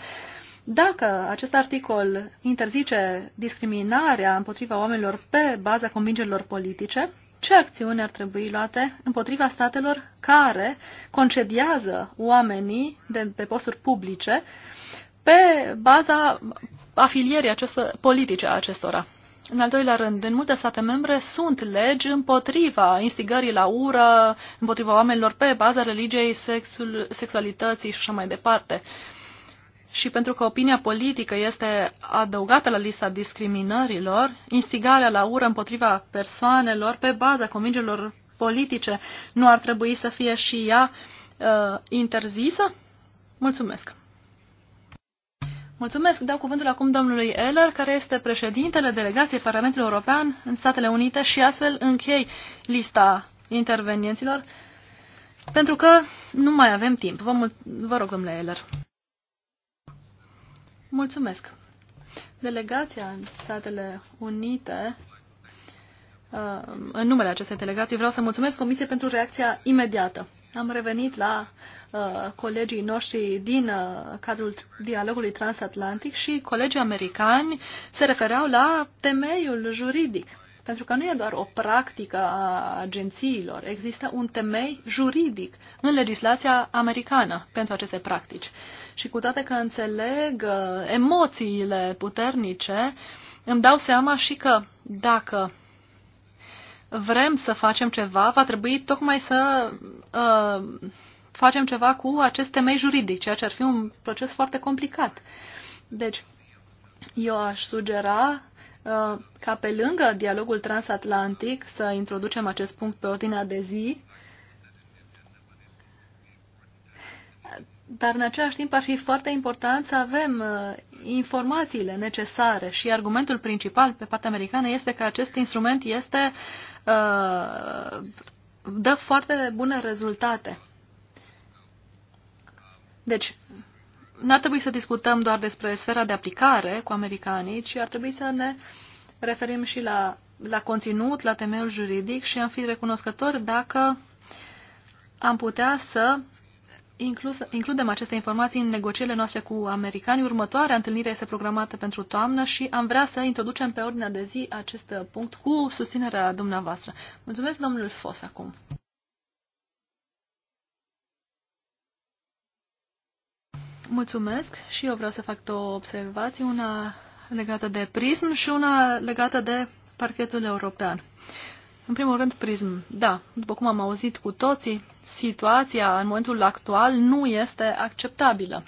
Dacă acest articol interzice discriminarea împotriva oamenilor pe baza convingerilor politice, ce acțiuni ar trebui luate împotriva statelor care concediază oamenii de, pe posturi publice pe baza afilierii acestor, politice a acestora? În al doilea rând, în multe state membre sunt legi împotriva instigării la ură, împotriva oamenilor pe baza religiei, sexul, sexualității și așa mai departe. Și pentru că opinia politică este adăugată la lista discriminărilor, instigarea la ură împotriva persoanelor pe baza convingerilor politice nu ar trebui să fie și ea uh, interzisă? Mulțumesc! Mulțumesc. Dau cuvântul acum domnului Eller, care este președintele delegației Parlamentului European în Statele Unite și astfel închei lista intervenienților, pentru că nu mai avem timp. Vă, mul- vă rog, domnule Eller. Mulțumesc. Delegația în Statele Unite, uh, în numele acestei delegații, vreau să mulțumesc Comisiei pentru reacția imediată. Am revenit la uh, colegii noștri din uh, cadrul dialogului transatlantic și colegii americani se refereau la temeiul juridic. Pentru că nu e doar o practică a agențiilor, există un temei juridic în legislația americană pentru aceste practici. Și cu toate că înțeleg uh, emoțiile puternice, îmi dau seama și că dacă vrem să facem ceva, va trebui tocmai să uh, facem ceva cu acest temei juridic, ceea ce ar fi un proces foarte complicat. Deci, eu aș sugera uh, ca pe lângă dialogul transatlantic să introducem acest punct pe ordinea de zi, dar în același timp ar fi foarte important să avem uh, informațiile necesare și argumentul principal pe partea americană este că acest instrument este uh, dă foarte bune rezultate. Deci, nu ar trebui să discutăm doar despre sfera de aplicare cu americanii, ci ar trebui să ne referim și la, la conținut, la temeiul juridic și am fi recunoscători dacă am putea să inclus, includem aceste informații în negocierile noastre cu americanii. Următoarea întâlnire este programată pentru toamnă și am vrea să introducem pe ordinea de zi acest punct cu susținerea dumneavoastră. Mulțumesc, domnul Fos, acum. Mulțumesc și eu vreau să fac două observații, una legată de prism și una legată de parchetul european. În primul rând, prism. Da, după cum am auzit cu toții, situația în momentul actual nu este acceptabilă.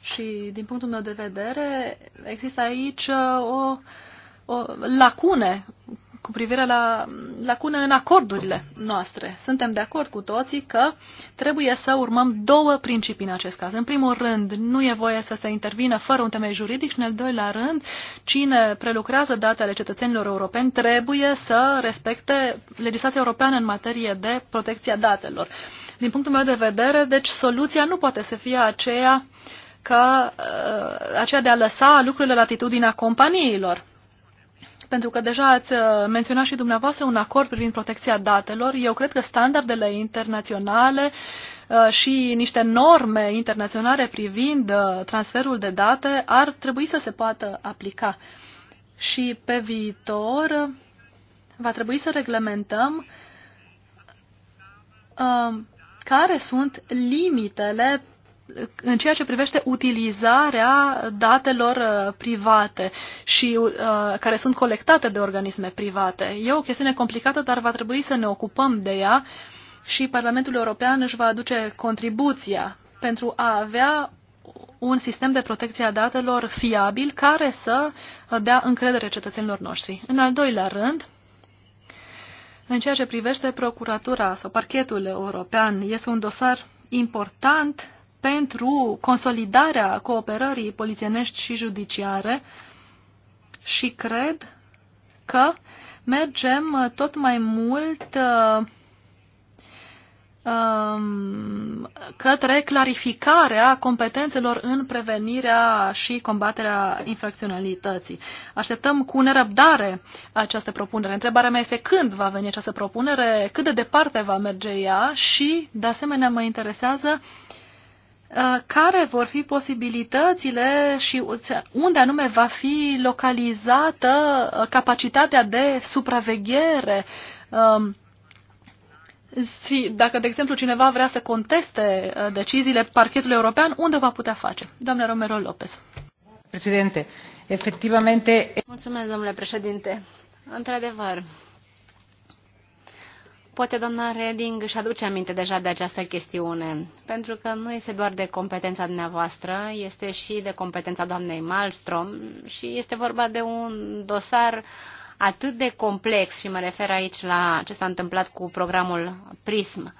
Și din punctul meu de vedere, există aici uh, o, o lacune cu privire la lacune în acordurile noastre. Suntem de acord cu toții că trebuie să urmăm două principii în acest caz. În primul rând, nu e voie să se intervină fără un temei juridic și, în al doilea rând, cine prelucrează datele cetățenilor europeni trebuie să respecte legislația europeană în materie de protecția datelor. Din punctul meu de vedere, deci soluția nu poate să fie aceea ca uh, aceea de a lăsa lucrurile la atitudinea companiilor pentru că deja ați uh, menționat și dumneavoastră un acord privind protecția datelor. Eu cred că standardele internaționale uh, și niște norme internaționale privind uh, transferul de date ar trebui să se poată aplica. Și pe viitor va trebui să reglementăm care sunt limitele în ceea ce privește utilizarea datelor uh, private și uh, care sunt colectate de organisme private. E o chestiune complicată, dar va trebui să ne ocupăm de ea și Parlamentul European își va aduce contribuția pentru a avea un sistem de protecție a datelor fiabil care să dea încredere cetățenilor noștri. În al doilea rând, în ceea ce privește procuratura sau parchetul european, este un dosar important pentru consolidarea cooperării polițienești și judiciare și cred că mergem tot mai mult uh, um, către clarificarea competențelor în prevenirea și combaterea infracționalității. Așteptăm cu nerăbdare această propunere. Întrebarea mea este când va veni această propunere, cât de departe va merge ea și, de asemenea, mă interesează uh, Uh, care vor fi posibilitățile și unde anume va fi localizată uh, capacitatea de supraveghere. Um, dacă, de exemplu, cineva vrea să conteste uh, deciziile parchetului european, unde va putea face? Doamne Romero Lopez. Președinte, efectivamente... Mulțumesc, domnule președinte. Într-adevăr, Poate doamna Reding își aduce aminte deja de această chestiune, pentru că nu este doar de competența dumneavoastră, este și de competența doamnei Malmström și este vorba de un dosar atât de complex și mă refer aici la ce s-a întâmplat cu programul PRISM.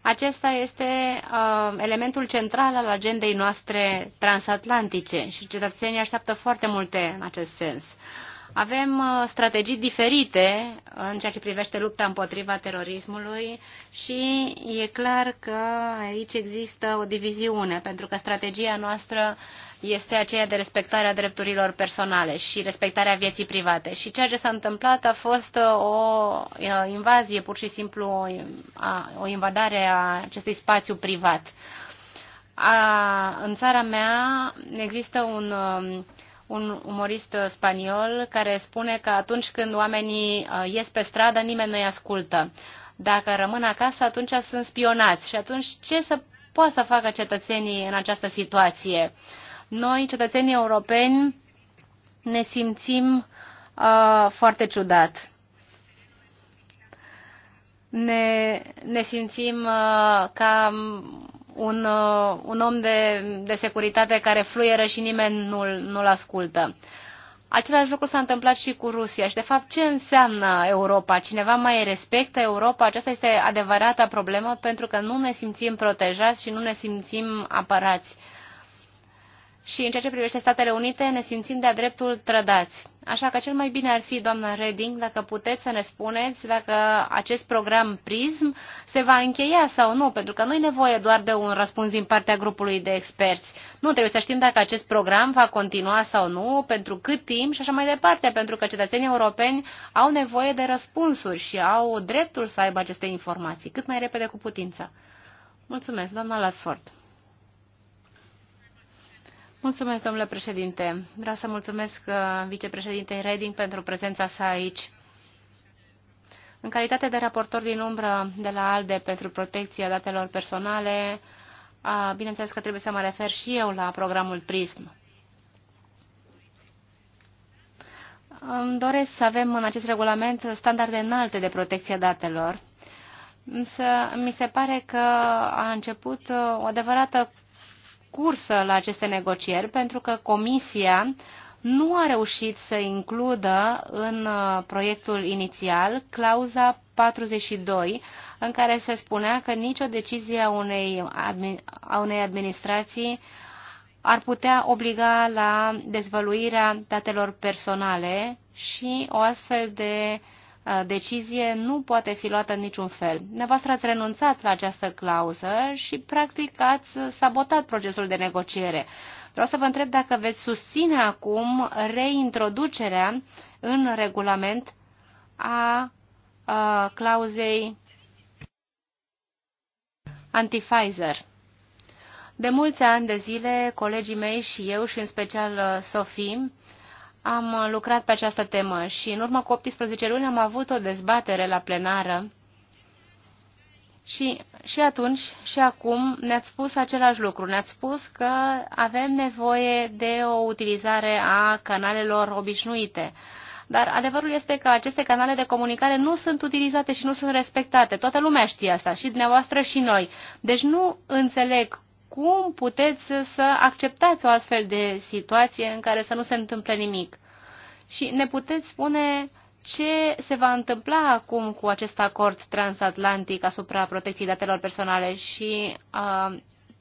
Acesta este uh, elementul central al agendei noastre transatlantice și cetățenii așteaptă foarte multe în acest sens. Uh, avem uh, strategii diferite în ceea ce privește lupta împotriva terorismului și e clar că aici există o diviziune, pentru că strategia noastră este aceea de respectarea drepturilor personale și respectarea vieții private. Și ceea ce s-a întâmplat a fost uh, o uh, invazie, pur și simplu o invadare a acestui spațiu privat. A, în țara mea există un um, un umorist spaniol care spune că atunci când oamenii uh, ies pe stradă, nimeni nu-i ascultă. Dacă rămân acasă, atunci sunt spionați. Și atunci ce să poată să facă cetățenii în această situație? Noi, cetățenii europeni, ne simțim uh, foarte ciudat. Ne, ne simțim uh, ca un, uh, un om de, de securitate care fluieră și nimeni nu-l nu ascultă. Același lucru s-a întâmplat și cu Rusia. Și, de fapt, ce înseamnă Europa? Cineva mai respectă Europa? Aceasta este adevărata problemă pentru că nu ne simțim protejați și nu ne simțim apărați. Uh, și în ceea ce privește Statele Unite ne simțim de-a dreptul trădați. Așa că cel mai bine ar fi, doamna Reding, dacă puteți să ne spuneți dacă acest program PRISM se va încheia sau nu, pentru că nu e nevoie doar de un răspuns din partea grupului de experți. Nu trebuie să știm dacă acest program va continua sau nu, pentru cât timp și așa mai departe, pentru că cetățenii europeni au nevoie de răspunsuri și au dreptul să aibă aceste informații, cât mai repede cu putință. Mulțumesc, doamna Lasford. Mulțumesc, domnule președinte. Vreau să mulțumesc uh, vicepreședintei Reding pentru prezența sa aici. În calitate de raportor din umbră de la ALDE pentru protecția datelor personale, bineînțeles că trebuie să mă refer și eu la programul PRISM. Îmi doresc să avem în acest regulament standarde înalte de protecție datelor, însă mi se pare că a început uh, o adevărată cursă la aceste negocieri pentru că Comisia nu a reușit să includă în uh, proiectul inițial clauza 42, în care se spunea că nicio decizie a unei, a unei administrații ar putea obliga la dezvăluirea datelor personale și o astfel de uh, decizie nu poate fi luată în niciun fel. Nevastră ați renunțat la această clauză și, practic, ați sabotat procesul de negociere. Vreau să vă întreb dacă veți susține acum reintroducerea în regulament a, a clauzei anti-Pfizer. De mulți ani de zile, colegii mei și eu, și în special uh, Sofim am uh, lucrat pe această temă și în urmă cu 18 luni am avut o dezbatere la plenară și, și atunci și acum ne-ați spus același lucru. Ne-ați spus că avem nevoie de o utilizare a canalelor obișnuite. Dar adevărul este că aceste canale de comunicare nu sunt utilizate și nu sunt respectate. Toată lumea știe asta, și dumneavoastră și noi. Deci nu înțeleg cum puteți să acceptați o astfel de situație în care să nu se întâmple nimic? Și ne puteți spune ce se va întâmpla acum cu acest acord transatlantic asupra protecției datelor personale și uh,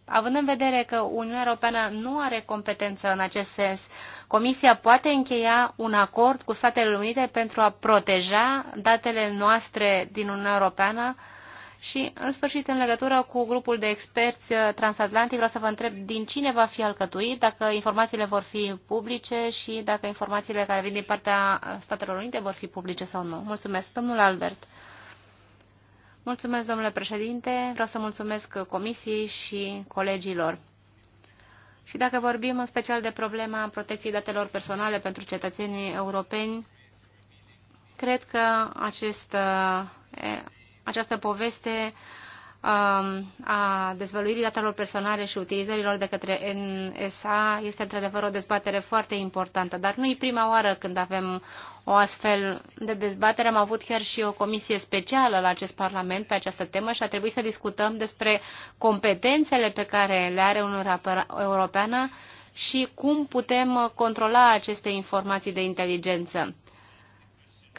având în vedere că Uniunea Europeană nu are competență în acest sens, Comisia poate încheia un acord cu Statele Unite pentru a proteja datele noastre din Uniunea Europeană uh, și, în sfârșit, în legătură cu grupul de experți uh, transatlantic, vreau să vă întreb din cine va fi alcătuit, dacă informațiile vor fi publice și dacă informațiile care vin din partea uh, Statelor Unite vor fi publice sau nu. Mulțumesc, domnul Albert. Mulțumesc, domnule președinte. Vreau să mulțumesc comisiei și colegilor. Și dacă vorbim în special de problema protecției datelor personale pentru cetățenii europeni, cred că acest uh, această poveste um, a dezvăluirii datelor personale și utilizărilor de către NSA este într-adevăr o dezbatere foarte importantă, dar nu e prima oară când avem o astfel de dezbatere. Am avut chiar și o comisie specială la acest Parlament pe această temă și a trebuit să discutăm despre competențele pe care le are Uniunea Europeană și cum putem controla aceste informații de inteligență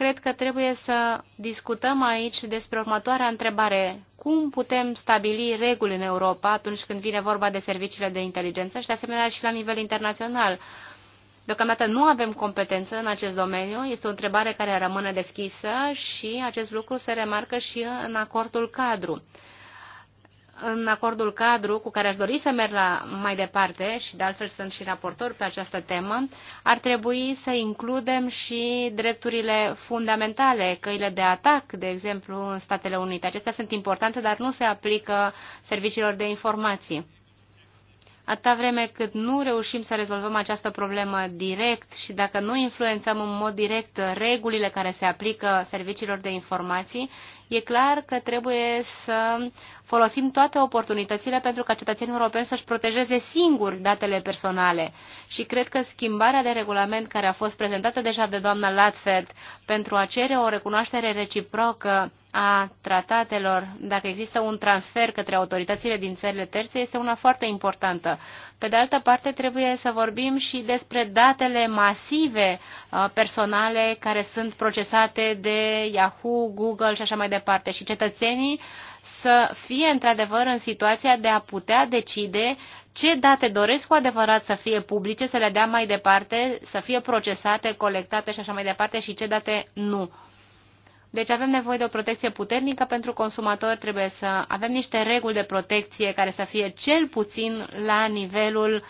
cred că trebuie să discutăm aici despre următoarea întrebare. Cum putem stabili reguli în Europa atunci când vine vorba de serviciile de inteligență și de asemenea și la nivel internațional? Deocamdată nu avem competență în acest domeniu, este o întrebare care rămâne deschisă și acest lucru se remarcă și în acordul cadru în acordul cadru cu care aș dori să merg la mai departe și de altfel sunt și raportor pe această temă, ar trebui să includem și drepturile fundamentale, căile de atac, de exemplu, în Statele Unite. Acestea sunt importante, dar nu se aplică serviciilor de informații. Atâta vreme cât nu reușim să rezolvăm această problemă direct și dacă nu influențăm în mod direct regulile care se aplică serviciilor de informații, e clar că trebuie să folosim toate oportunitățile pentru ca cetățenii europeni să-și protejeze singuri datele personale. Și cred că schimbarea de regulament care a fost prezentată deja de doamna Latfeld pentru a cere o recunoaștere reciprocă a tratatelor, dacă există un transfer către autoritățile din țările terțe, este una foarte importantă. Pe de altă parte, trebuie să vorbim și despre datele masive uh, personale care sunt procesate de Yahoo, Google și așa mai departe. Și cetățenii uh, să fie într-adevăr în situația de a putea decide ce date doresc cu adevărat să fie publice, să le dea mai departe, să fie procesate, colectate și așa mai departe și ce date nu. Deci avem nevoie de o protecție puternică pentru consumatori, trebuie să avem niște reguli de protecție care să fie cel puțin la nivelul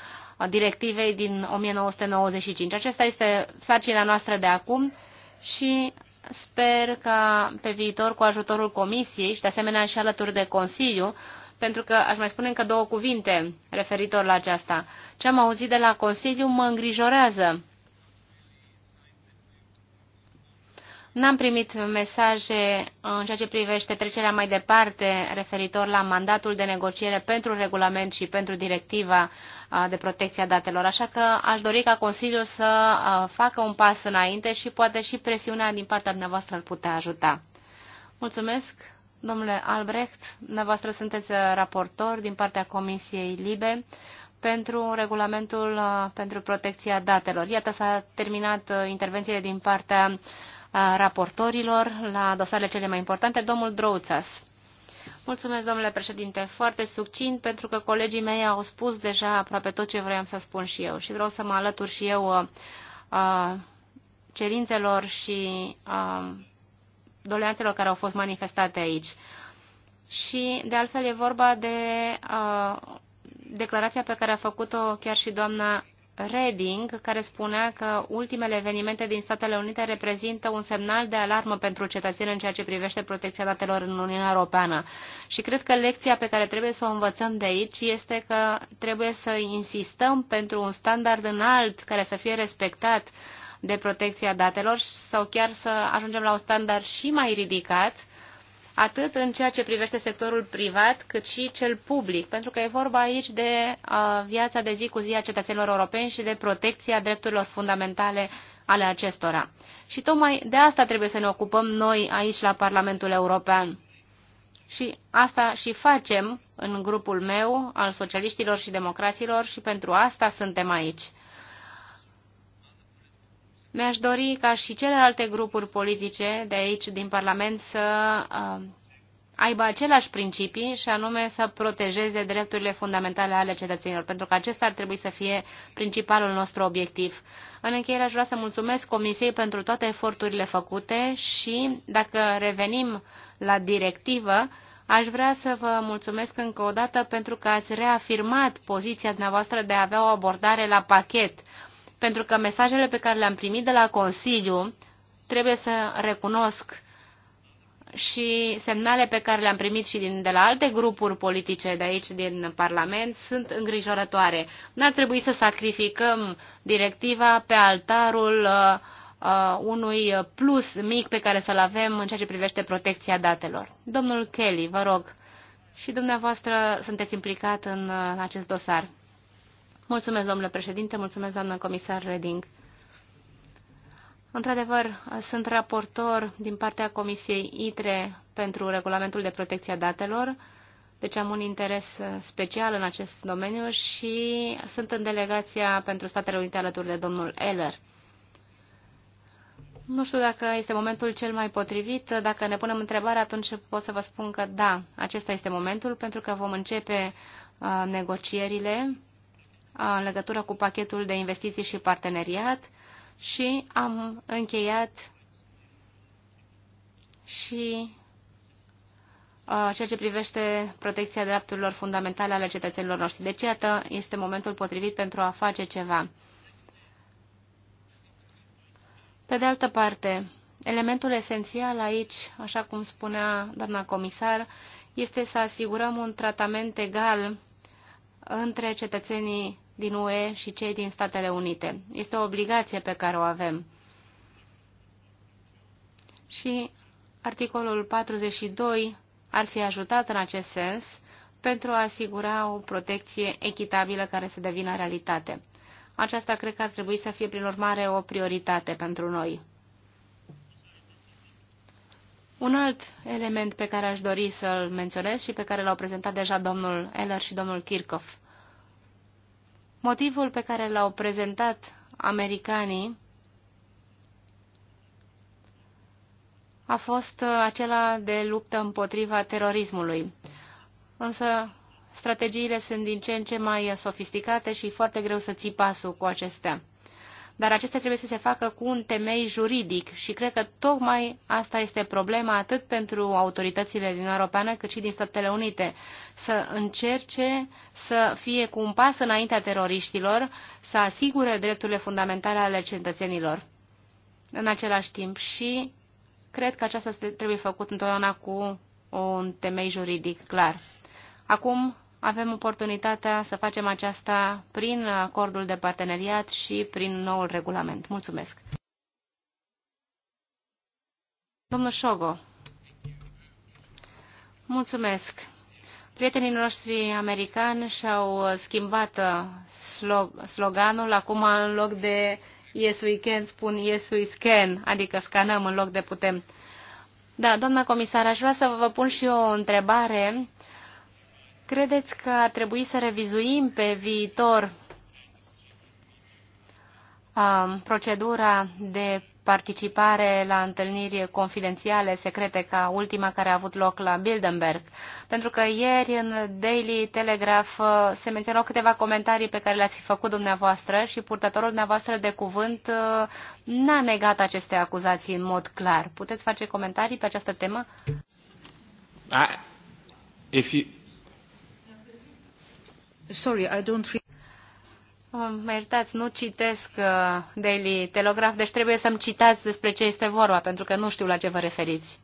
directivei din 1995. Acesta este sarcina noastră de acum și Sper ca pe viitor, cu ajutorul Comisiei și de asemenea și alături de Consiliu, pentru că aș mai spune încă două cuvinte referitor la aceasta. Ce am auzit de la Consiliu mă îngrijorează N-am primit mesaje în ceea ce privește trecerea mai departe referitor la mandatul de negociere pentru regulament și pentru directiva de protecție a datelor, așa că aș dori ca Consiliul să facă un pas înainte și poate și presiunea din partea dumneavoastră ar putea ajuta. Mulțumesc, domnule Albrecht. Dumneavoastră sunteți raportor din partea Comisiei Libe pentru regulamentul pentru protecția datelor. Iată, s-a terminat intervențiile din partea raportorilor la dosarele cele mai importante, domnul Drouțas. Mulțumesc, domnule președinte, foarte succint, pentru că colegii mei au spus deja aproape tot ce vreau să spun și eu și vreau să mă alătur și eu uh, uh cerințelor și uh, doleanțelor care au fost manifestate aici. Și, de altfel, e vorba de uh, declarația pe care a făcut-o chiar și doamna Reding, care spunea că ultimele evenimente din Statele Unite reprezintă un semnal de alarmă pentru cetățeni în ceea ce privește protecția datelor în Uniunea Europeană. Și cred că lecția pe care trebuie să o învățăm de aici este că trebuie să insistăm pentru un standard înalt care să fie respectat de protecția datelor sau chiar să ajungem la un standard și mai ridicat atât în ceea ce privește sectorul privat, cât și cel public, pentru că e vorba aici de viața de zi cu zi a cetățenilor europeni și de protecția drepturilor fundamentale ale acestora. Și tocmai de asta trebuie să ne ocupăm noi aici la Parlamentul European. Și asta și facem în grupul meu al socialiștilor și democraților și pentru asta suntem aici. Mi-aș dori ca și celelalte grupuri politice de aici, din Parlament, să uh, aibă același principii și anume să protejeze drepturile fundamentale ale cetățenilor, pentru că acesta ar trebui să fie principalul nostru obiectiv. În încheiere aș vrea să mulțumesc Comisiei pentru toate eforturile făcute și, dacă revenim la directivă, aș vrea să vă mulțumesc încă o dată pentru că ați reafirmat poziția dumneavoastră de a avea o abordare la pachet pentru că mesajele pe care le-am primit de la Consiliu, trebuie să recunosc, și semnale pe care le-am primit și din, de la alte grupuri politice de aici, din Parlament, sunt îngrijorătoare. Nu ar trebui să sacrificăm directiva pe altarul uh, uh, unui plus mic pe care să-l avem în ceea ce privește protecția datelor. Domnul Kelly, vă rog, și dumneavoastră sunteți implicat în uh, acest dosar. Mulțumesc, domnule președinte, mulțumesc, doamnă comisar Reding. Într-adevăr, sunt raportor din partea Comisiei ITRE pentru Regulamentul de Protecție a Datelor, deci am un interes special în acest domeniu și sunt în delegația pentru Statele Unite alături de domnul Eller. Nu știu dacă este momentul cel mai potrivit. Dacă ne punem întrebarea, atunci pot să vă spun că da, acesta este momentul, pentru că vom începe uh, negocierile în legătură cu pachetul de investiții și parteneriat și am încheiat și ceea ce privește protecția drepturilor fundamentale ale cetățenilor noștri. Deci, iată, este momentul potrivit pentru a face ceva. Pe de altă parte, elementul esențial aici, așa cum spunea doamna comisar, este să asigurăm un tratament egal între cetățenii din UE și cei din Statele Unite. Este o obligație pe care o avem. Și articolul 42 ar fi ajutat în acest sens pentru a asigura o protecție echitabilă care să devină realitate. Aceasta cred că ar trebui să fie, prin urmare, o prioritate pentru noi. Un alt element pe care aș dori să-l menționez și pe care l-au prezentat deja domnul Eller și domnul Kirchhoff. Motivul pe care l-au prezentat americanii a fost uh, acela de luptă împotriva terorismului. Însă strategiile sunt din ce în ce mai sofisticate și foarte greu să ții pasul cu acestea dar acestea trebuie să se facă cu un temei juridic și cred că tocmai asta este problema atât pentru autoritățile din Europeană cât și din Statele Unite, să încerce să fie cu un pas înaintea teroriștilor, să asigure drepturile fundamentale ale cetățenilor în același timp și cred că aceasta trebuie făcut întotdeauna cu un temei juridic clar. Acum avem oportunitatea să facem aceasta prin acordul de parteneriat și prin noul regulament. Mulțumesc. Domnul Șogo. Mulțumesc. Prietenii noștri americani și-au schimbat uh, sloganul. Acum, în loc de Yes we can, spun Yes we scan, adică scanăm în loc de putem. Da, doamna comisar, aș vrea să vă pun și eu o întrebare Credeți că ar trebui să revizuim pe viitor um, procedura de participare la întâlniri confidențiale, secrete, ca ultima care a avut loc la Bilderberg. Pentru că ieri în Daily Telegraph uh, se menționau câteva comentarii pe care le-ați făcut dumneavoastră și purtătorul dumneavoastră de cuvânt uh, n-a negat aceste acuzații în mod clar. Puteți face comentarii pe această temă? I, if you, Sorry, I don't read. Um, mă iertați, nu citesc uh, Daily Telegraph, deci trebuie să-mi citați despre ce este vorba, pentru că nu știu la ce vă referiți.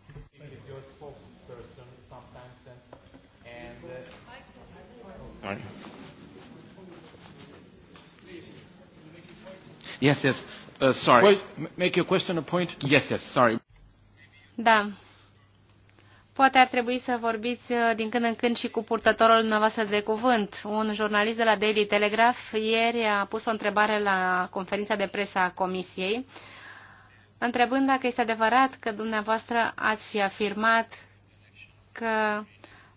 Yes, yes. Uh, sorry. Wait, make your question a point. Yes, yes. Sorry. Da, Poate ar trebui să vorbiți uh, din când în când și cu purtătorul dumneavoastră de cuvânt. Un jurnalist de la Daily Telegraph ieri a pus o întrebare la conferința de presă a Comisiei, întrebând dacă este adevărat că dumneavoastră ați fi afirmat că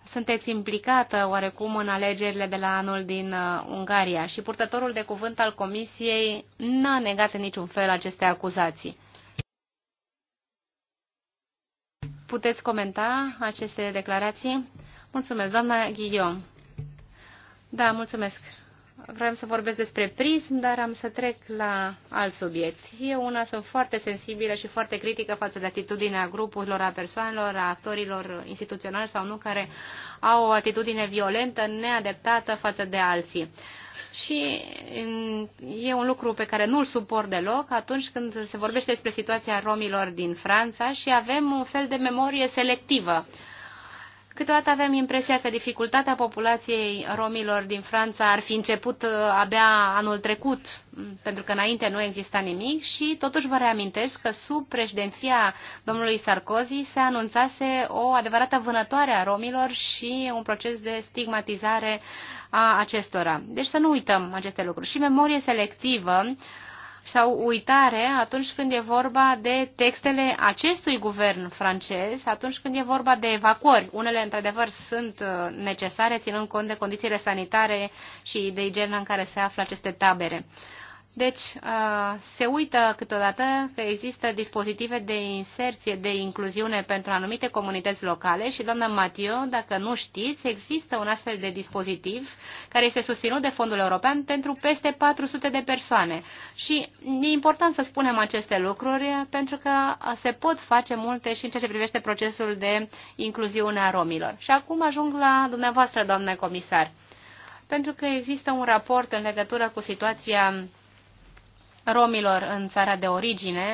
sunteți implicată oarecum în alegerile de la anul din uh, Ungaria și purtătorul de cuvânt al Comisiei n-a negat în niciun fel aceste acuzații. Puteți comenta aceste declarații? Mulțumesc, doamna Ghion. Da, mulțumesc vreau să vorbesc despre prism, dar am să trec la alt subiect. Eu una sunt foarte sensibilă și foarte critică față de atitudinea grupurilor, a persoanelor, a actorilor instituționali sau nu, care au o atitudine violentă, neadeptată față de alții. Și e un lucru pe care nu-l suport deloc atunci când se vorbește despre situația romilor din Franța și avem un fel de memorie selectivă Câteodată avem impresia că dificultatea populației romilor din Franța ar fi început uh, abia anul trecut, pentru că înainte nu exista nimic și totuși vă reamintesc că sub președinția domnului Sarkozy se anunțase o adevărată vânătoare a romilor și un proces de stigmatizare a acestora. Deci să nu uităm aceste lucruri. Și memorie selectivă sau uitare atunci când e vorba de textele acestui guvern francez, atunci când e vorba de evacuări. Unele, într-adevăr, sunt uh, necesare, ținând cont de condițiile sanitare și de igienă în care se află aceste tabere. Deci, se uită câteodată că există dispozitive de inserție, de incluziune pentru anumite comunități locale și, doamna Matiu, dacă nu știți, există un astfel de dispozitiv care este susținut de Fondul European pentru peste 400 de persoane. Și e important să spunem aceste lucruri pentru că se pot face multe și în ceea ce privește procesul de incluziune a romilor. Și acum ajung la dumneavoastră, doamna comisar, pentru că există un raport în legătură cu situația romilor în țara de origine,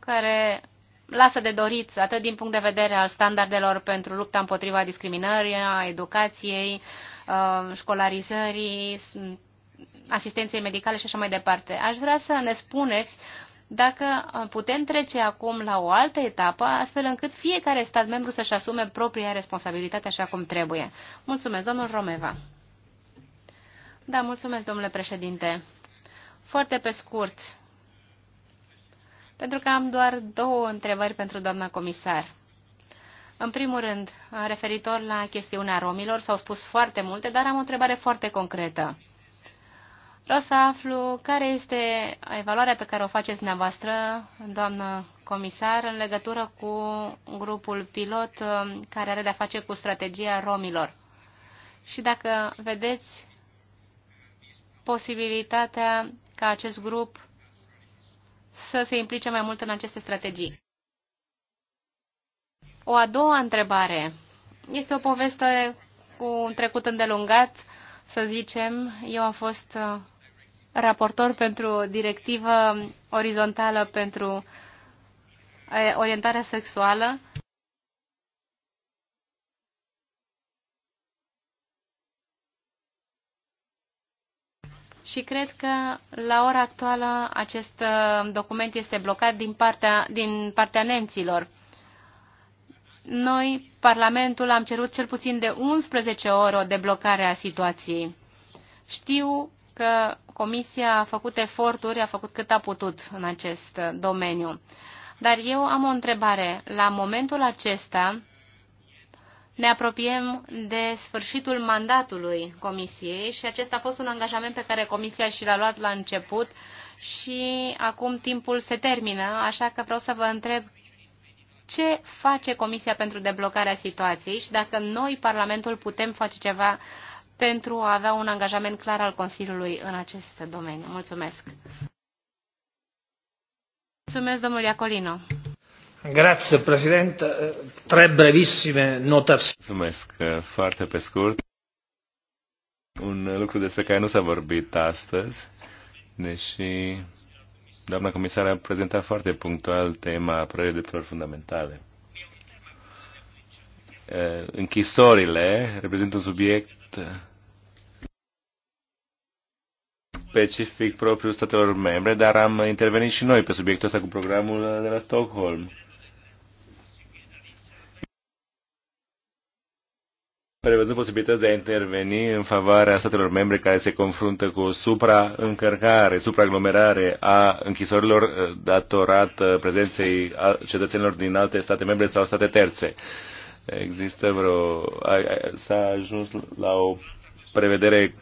care lasă de dorit atât din punct de vedere al standardelor pentru lupta împotriva discriminării, a educației, școlarizării, asistenței medicale și așa mai departe. Aș vrea să ne spuneți dacă putem trece acum la o altă etapă, astfel încât fiecare stat membru să-și asume propria responsabilitate așa cum trebuie. Mulțumesc, domnul Romeva. Da, mulțumesc, domnule președinte. Foarte pe scurt, pentru că am doar două întrebări pentru doamna comisar. În primul rând, referitor la chestiunea romilor, s-au spus foarte multe, dar am o întrebare foarte concretă. Vreau să aflu care este evaluarea pe care o faceți dumneavoastră, doamnă comisar, în legătură cu grupul pilot um, care are de-a face cu strategia romilor. Și dacă vedeți posibilitatea ca acest grup să se implice mai mult în aceste strategii. O a doua întrebare este o poveste cu un trecut îndelungat, să zicem. Eu am fost uh, raportor pentru directivă orizontală pentru eh, orientarea sexuală și cred că la ora actuală acest uh, document este blocat din partea, din partea nemților. Noi, Parlamentul, am cerut cel puțin de 11 ore o deblocare a situației. Știu că Comisia a făcut eforturi, a făcut cât a putut în acest uh, domeniu. Dar eu am o întrebare. La momentul acesta, ne apropiem de sfârșitul mandatului Comisiei și acesta a fost un angajament pe care Comisia și l-a luat la început și acum timpul se termină, așa că vreau să vă întreb ce face Comisia pentru deblocarea situației și dacă noi, Parlamentul, putem face ceva pentru a avea un angajament clar al Consiliului în acest domeniu. Mulțumesc! Mulțumesc, domnul Iacolino! Grazie, Presidente. Tre brevissime notazioni. Mulțumesc. Eh, foarte pe scurt. Un lucru despre care nu s-a vorbit astăzi, deși doamna comisar a prezentat foarte punctual tema apărării drepturilor fundamentale. Eh, închisorile reprezintă un subiect specific propriu statelor membre, dar am intervenit și noi pe subiectul ăsta cu programul de la Stockholm prevăzând posibilități de a interveni în favoarea statelor membre care se confruntă cu supraîncărcare, supraaglomerare a închisorilor eh, datorată eh, prezenței cetățenilor din alte state membre sau state terțe. Există vreo... s-a ajuns la o prevedere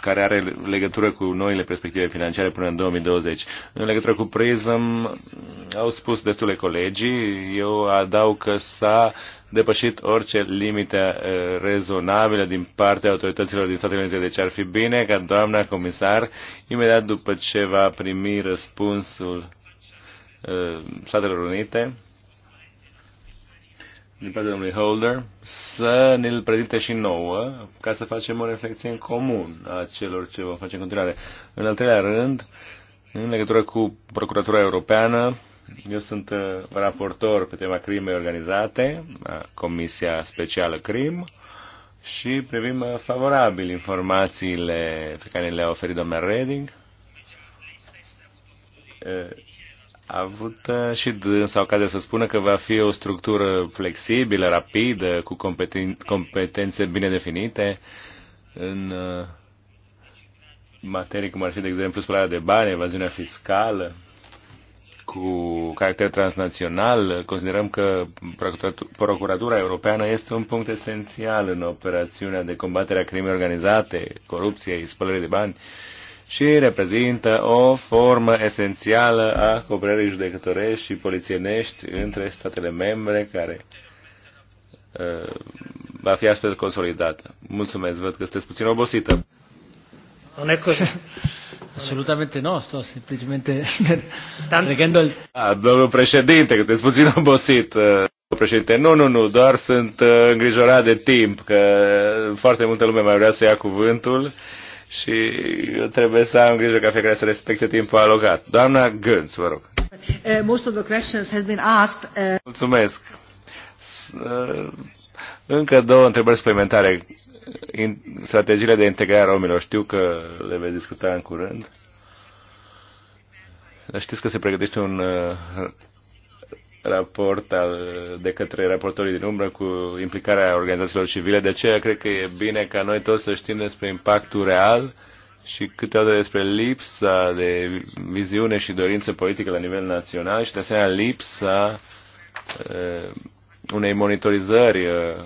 care are legătură cu noile perspective financiare până în 2020. În legătură cu PRISM au spus destule colegii, eu adaug că s-a depășit orice limite eh, rezonabilă din partea autorităților din Statele Unite. Deci ar fi bine ca doamna comisar, imediat după ce va primi răspunsul eh, Statelor Unite, din partea domnului Holder să ne-l prezinte și nouă ca să facem o reflexie în comun a celor ce vom face în continuare. În al treilea rând, în legătură cu Procuratura Europeană, eu sunt uh, raportor pe tema crimei organizate, Comisia Specială CRIM, și privim uh, favorabil informațiile pe care le-a oferit domnul Reding uh, a avut și dânsa ocazia să spună că va fi o structură flexibilă, rapidă, cu competen competențe bine definite în uh, materii cum ar fi, de exemplu, spălarea de bani, evaziunea fiscală, cu caracter transnațional. Considerăm că Procuratura Europeană este un punct esențial în operațiunea de combatere a crimei organizate, corupției, spălării de bani și reprezintă o formă esențială a cooperării judecătorești și polițienești între statele membre care uh, va fi astfel consolidată. Mulțumesc, văd că sunteți puțin obosită. Non è così. no, sto semplicemente pregando [LAUGHS] il... Ah, domnul președinte, că te puțin obosit. Uh, președinte, nu, nu, nu, doar sunt uh, îngrijorat de timp, că foarte multă lume mai vrea să ia cuvântul și eu trebuie să am grijă ca fiecare să respecte timpul alocat. Doamna Gânț, vă rog. Uh, most of the questions have been asked. Uh... Mulțumesc. Uh, încă două întrebări suplimentare. In, strategiile de integrare a romilor, știu că le veți discuta în curând. Dar știți că se pregătește un uh, raport al, de către raportorii din umbră cu implicarea organizațiilor civile. De aceea cred că e bine ca noi toți să știm despre impactul real și câteodată despre lipsa de viziune și dorință politică la nivel național și de asemenea lipsa uh, unei monitorizări uh,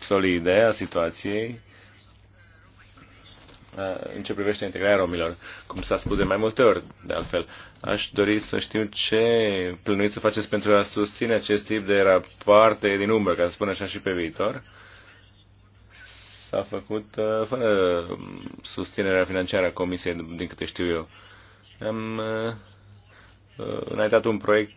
solide a situației uh, în ce privește integrarea romilor, cum s-a spus de mai multe ori, de altfel. Aș dori să știu ce plănuiți să faceți pentru a susține acest tip de rapoarte din umbră, ca să spun așa și pe viitor. S-a făcut uh, fără um, susținerea financiară a Comisiei, din câte știu eu. Am uh, uh, înaintat un proiect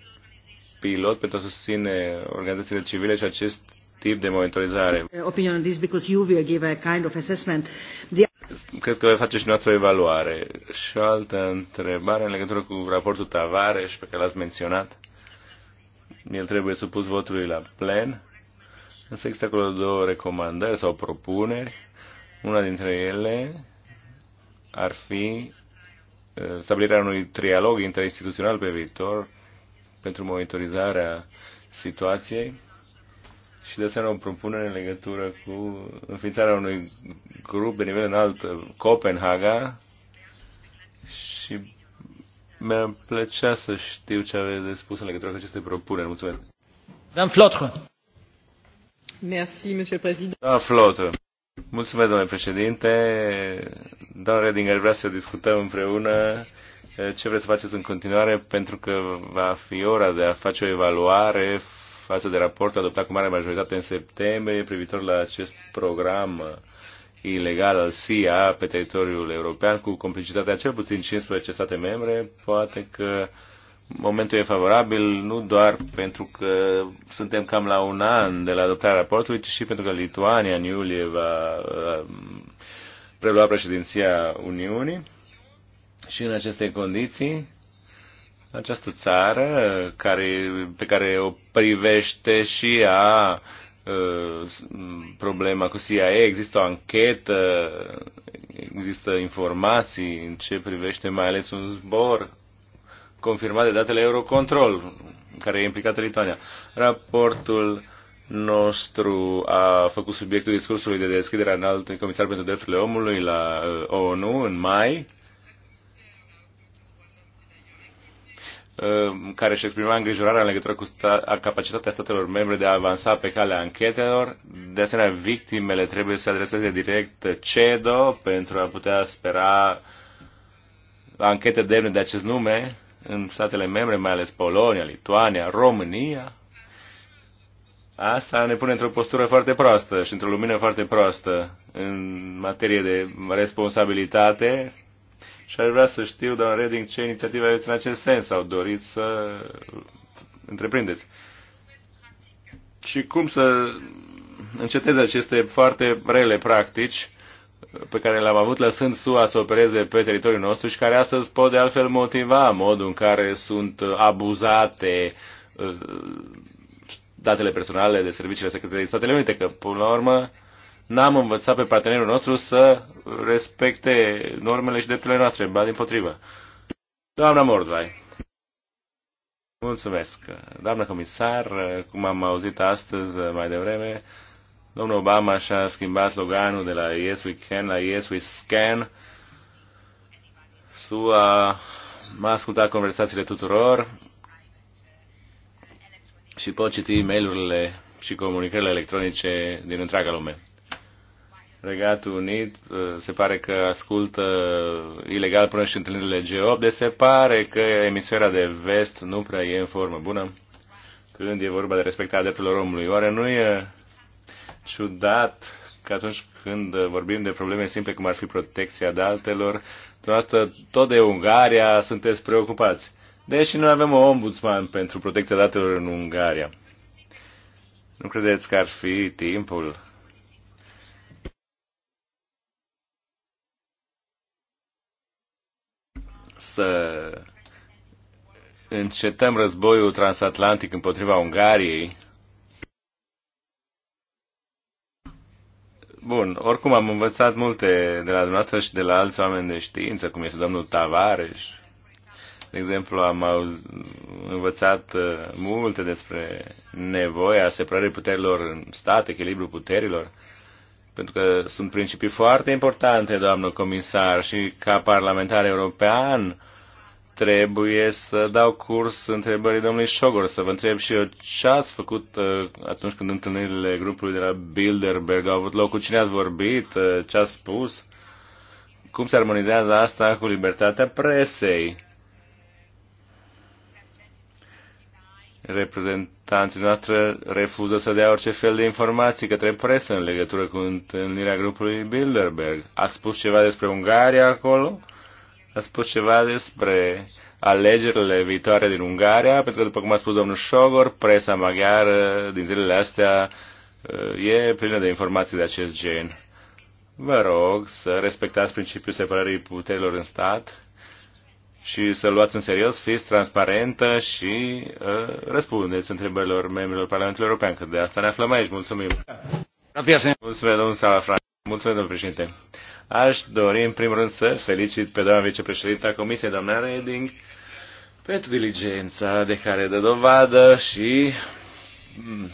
pilot pentru a susține organizațiile civile și acest tip de monitorizare. Opinion on this because you will give a kind of assessment. The cred că face și noastră o evaluare. Și o altă întrebare în legătură cu raportul Tavares pe care l-ați menționat. El trebuie supus votului la plen. Însă există acolo două recomandări sau propuneri. Una dintre ele ar fi uh, stabilirea unui trialog interinstituțional pe viitor pentru monitorizarea situației și de asemenea o propunere în legătură cu înființarea unui grup de nivel înalt, Copenhaga, și mi-ar plăcea să știu ce aveți de spus în legătură cu aceste propuneri. Mulțumesc. Dan Flotră. Merci, monsieur président. Doamna Flotră. Mulțumesc, domnule președinte. Doamna Redinger, vrea să discutăm împreună ce vreți să faceți în continuare, pentru că va fi ora de a face o evaluare față de raportul adoptat cu mare majoritate în septembrie privitor la acest program ilegal al CIA pe teritoriul european cu complicitatea cel puțin 15 state membre, poate că momentul e favorabil nu doar pentru că suntem cam la un an de la adoptarea raportului, ci și pentru că Lituania în iulie va um, prelua președinția Uniunii și în aceste condiții această țară care, pe care o privește și a problema cu CIA, există o anchetă, există informații în ce privește mai ales un zbor confirmat de datele Eurocontrol, care e implicată Lituania. Raportul nostru a făcut subiectul discursului de deschidere a înaltului comisar pentru drepturile omului la ONU în mai Uh, care își exprima îngrijorarea în legătură cu sta- capacitatea statelor membre de a avansa pe calea anchetelor. De asemenea, victimele trebuie să adreseze direct CEDO pentru a putea spera anchete demne de acest nume în statele membre, mai ales Polonia, Lituania, România. Asta ne pune într-o postură foarte proastă și într-o lumină foarte proastă în materie de responsabilitate și ar vrea să știu, doamna Reding, ce inițiative aveți în acest sens sau doriți să întreprindeți. Și cum să încetez aceste foarte rele practici pe care le-am avut lăsând SUA să opereze pe teritoriul nostru și care astăzi pot de altfel motiva modul în care sunt abuzate uh, datele personale de serviciile Secretării Statele Unite, că până la urmă n-am învățat pe partenerul nostru să respecte normele și drepturile noastre, ba din potrivă. Doamna Mordvai. Mulțumesc. Doamna comisar, cum am auzit astăzi mai devreme, domnul Obama și-a schimbat sloganul de la Yes We Can la Yes We Scan. SUA m-a ascultat conversațiile tuturor și pot citi mail urile și comunicările electronice din întreaga lume. Regatul Unit uh, se pare că ascultă ilegal până și întâlnirile G8, de se pare că emisfera de vest nu prea e în formă bună când e vorba de respectarea drepturilor omului. Oare nu e ciudat că atunci când vorbim de probleme simple cum ar fi protecția datelor, dumneavoastră tot de Ungaria sunteți preocupați. Deși noi avem o ombudsman pentru protecția datelor în Ungaria. Nu credeți că ar fi timpul să încetăm războiul transatlantic împotriva Ungariei. Bun, oricum am învățat multe de la dumneavoastră și de la alți oameni de știință, cum este domnul Tavares. De exemplu, am auz, învățat uh, multe despre nevoia separării puterilor în stat, echilibrul puterilor. Uh, pentru că sunt principii foarte importante, doamnă comisar, și ca parlamentar european trebuie să dau curs întrebării domnului Șogor, să vă întreb și eu ce ați făcut uh, atunci când întâlnirile grupului de la Bilderberg au avut loc, cu cine ați vorbit, uh, ce ați spus, cum se armonizează asta cu libertatea presei reprezentanții noastre refuză să dea orice fel de informații către presă în legătură cu întâlnirea grupului Bilderberg. A spus ceva despre Ungaria acolo? A spus ceva despre alegerile viitoare din Ungaria? Pentru că, după cum a spus domnul Șogor, presa maghiară din zilele astea uh, e plină de informații de acest gen. Vă rog să respectați principiul separării puterilor în stat și să luați în serios, fiți transparentă și uh, răspundeți întrebărilor membrilor Parlamentului European, că de asta ne aflăm aici. Mulțumim! Mulțumesc, domnul Salafran. Mulțumesc, domnul președinte. Aș dori, în primul rând, să felicit pe doamna vicepreședinta Comisiei, doamna Reding, pentru diligența de care dă dovadă și mm,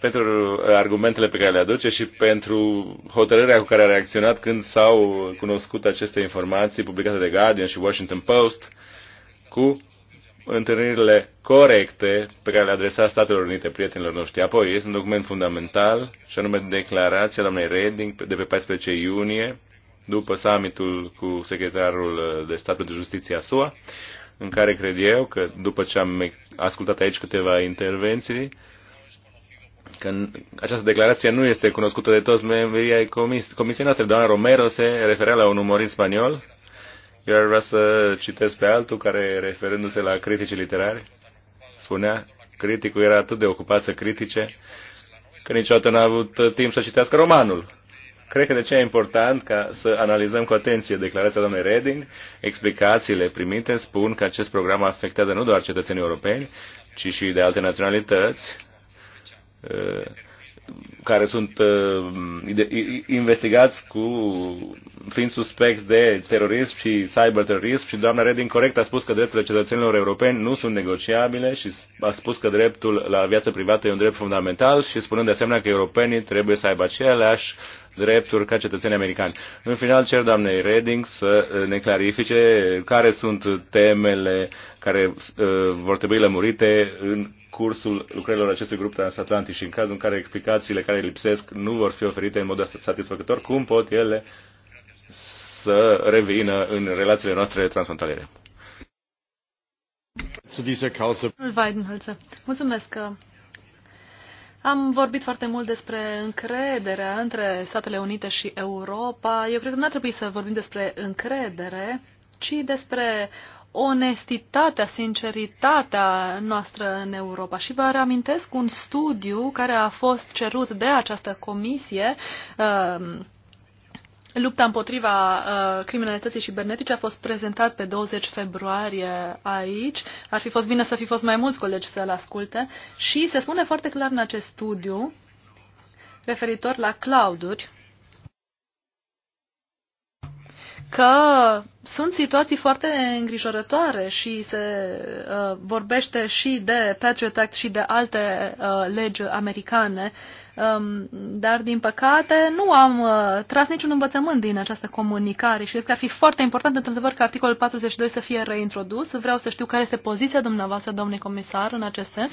pentru uh, argumentele pe care le aduce și pentru hotărârea cu care a reacționat când s-au cunoscut aceste informații publicate de Guardian și Washington Post cu întâlnirile corecte pe care le adresa Statelor Unite prietenilor noștri. Apoi este un document fundamental și anume declarația doamnei Reding de pe 14 iunie după summitul cu secretarul uh, de stat pentru justiție a SUA, în care cred eu că după ce am ascultat aici câteva intervenții, că această declarație nu este cunoscută de toți membrii ai comisiei noastre. Doamna Romero se referea la un în spaniol. Eu ar vrea să citesc pe altul care, referându-se la critici literari, spunea criticul era atât de ocupat să critique că niciodată n-a avut timp să citească romanul. Cred că de ce e important ca să analizăm cu atenție declarația doamnei Reding. Explicațiile primite spun că acest program afectează nu doar cetățenii europeni, ci și de alte naționalități, Uh, care sunt uh, investigați cu fiind suspecți de terorism și cyberterorism și doamna Redding corect a spus că drepturile cetățenilor europeni nu sunt negociabile și a spus că dreptul la viață privată e un drept fundamental și spunând de asemenea că europenii trebuie să aibă aceleași drepturi ca cetățenii americani. În final cer doamnei Redding să uh, ne clarifice care sunt temele care vor trebui lămurite în cursul lucrărilor acestui grup transatlantic și în cazul în care explicațiile care lipsesc nu vor fi oferite în mod satisfăcător, cum pot ele să revină în relațiile noastre transfrontaliere. Mulțumesc. Am vorbit foarte mult despre încrederea între Statele Unite și Europa. Eu cred că nu ar trebui să vorbim despre încredere, ci despre onestitatea, sinceritatea noastră în Europa. Și vă reamintesc un studiu care a fost cerut de această comisie. Um, lupta împotriva uh, criminalității cibernetice a fost prezentat pe 20 februarie aici. Ar fi fost bine să fi fost mai mulți colegi să-l asculte. Și se spune foarte clar în acest studiu, referitor la clouduri, că sunt situații foarte îngrijorătoare și se uh, vorbește și de Patriot Act și de alte uh, legi americane Um, dar din păcate nu am uh, tras niciun învățământ din această comunicare și cred că ar fi foarte important, într-adevăr, că articolul 42 să fie reintrodus. Vreau să știu care este poziția dumneavoastră, domnule comisar, în acest sens.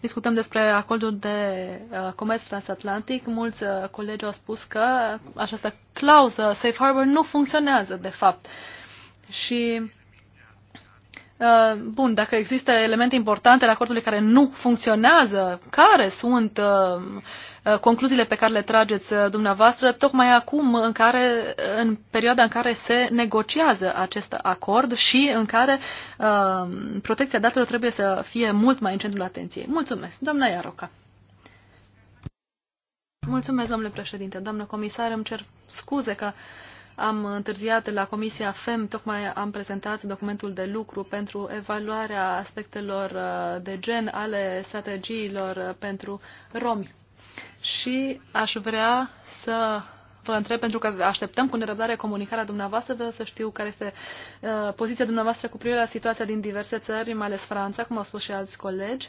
Discutăm despre acordul de uh, comerț transatlantic. Mulți uh, colegi au spus că această clauză safe harbor nu funcționează, de fapt. Și Uh, bun, dacă există elemente importante ale acordului care nu funcționează, care sunt uh, uh, concluziile pe care le trageți dumneavoastră tocmai acum, în, care, în perioada în care se negociază acest acord și în care protecția datelor trebuie să fie mult mai în centrul atenției? Mulțumesc, doamna Iaroca. Mulțumesc, domnule președinte. Doamnă comisar, îmi cer scuze că am întârziat la Comisia FEM, tocmai am prezentat documentul de lucru pentru evaluarea aspectelor uh, de gen ale strategiilor uh, pentru romi. Și aș vrea să vă întreb, pentru că așteptăm cu nerăbdare comunicarea dumneavoastră, vreau să știu care este uh, poziția dumneavoastră cu privire la situația din diverse țări, mai ales Franța, cum au spus și alți colegi.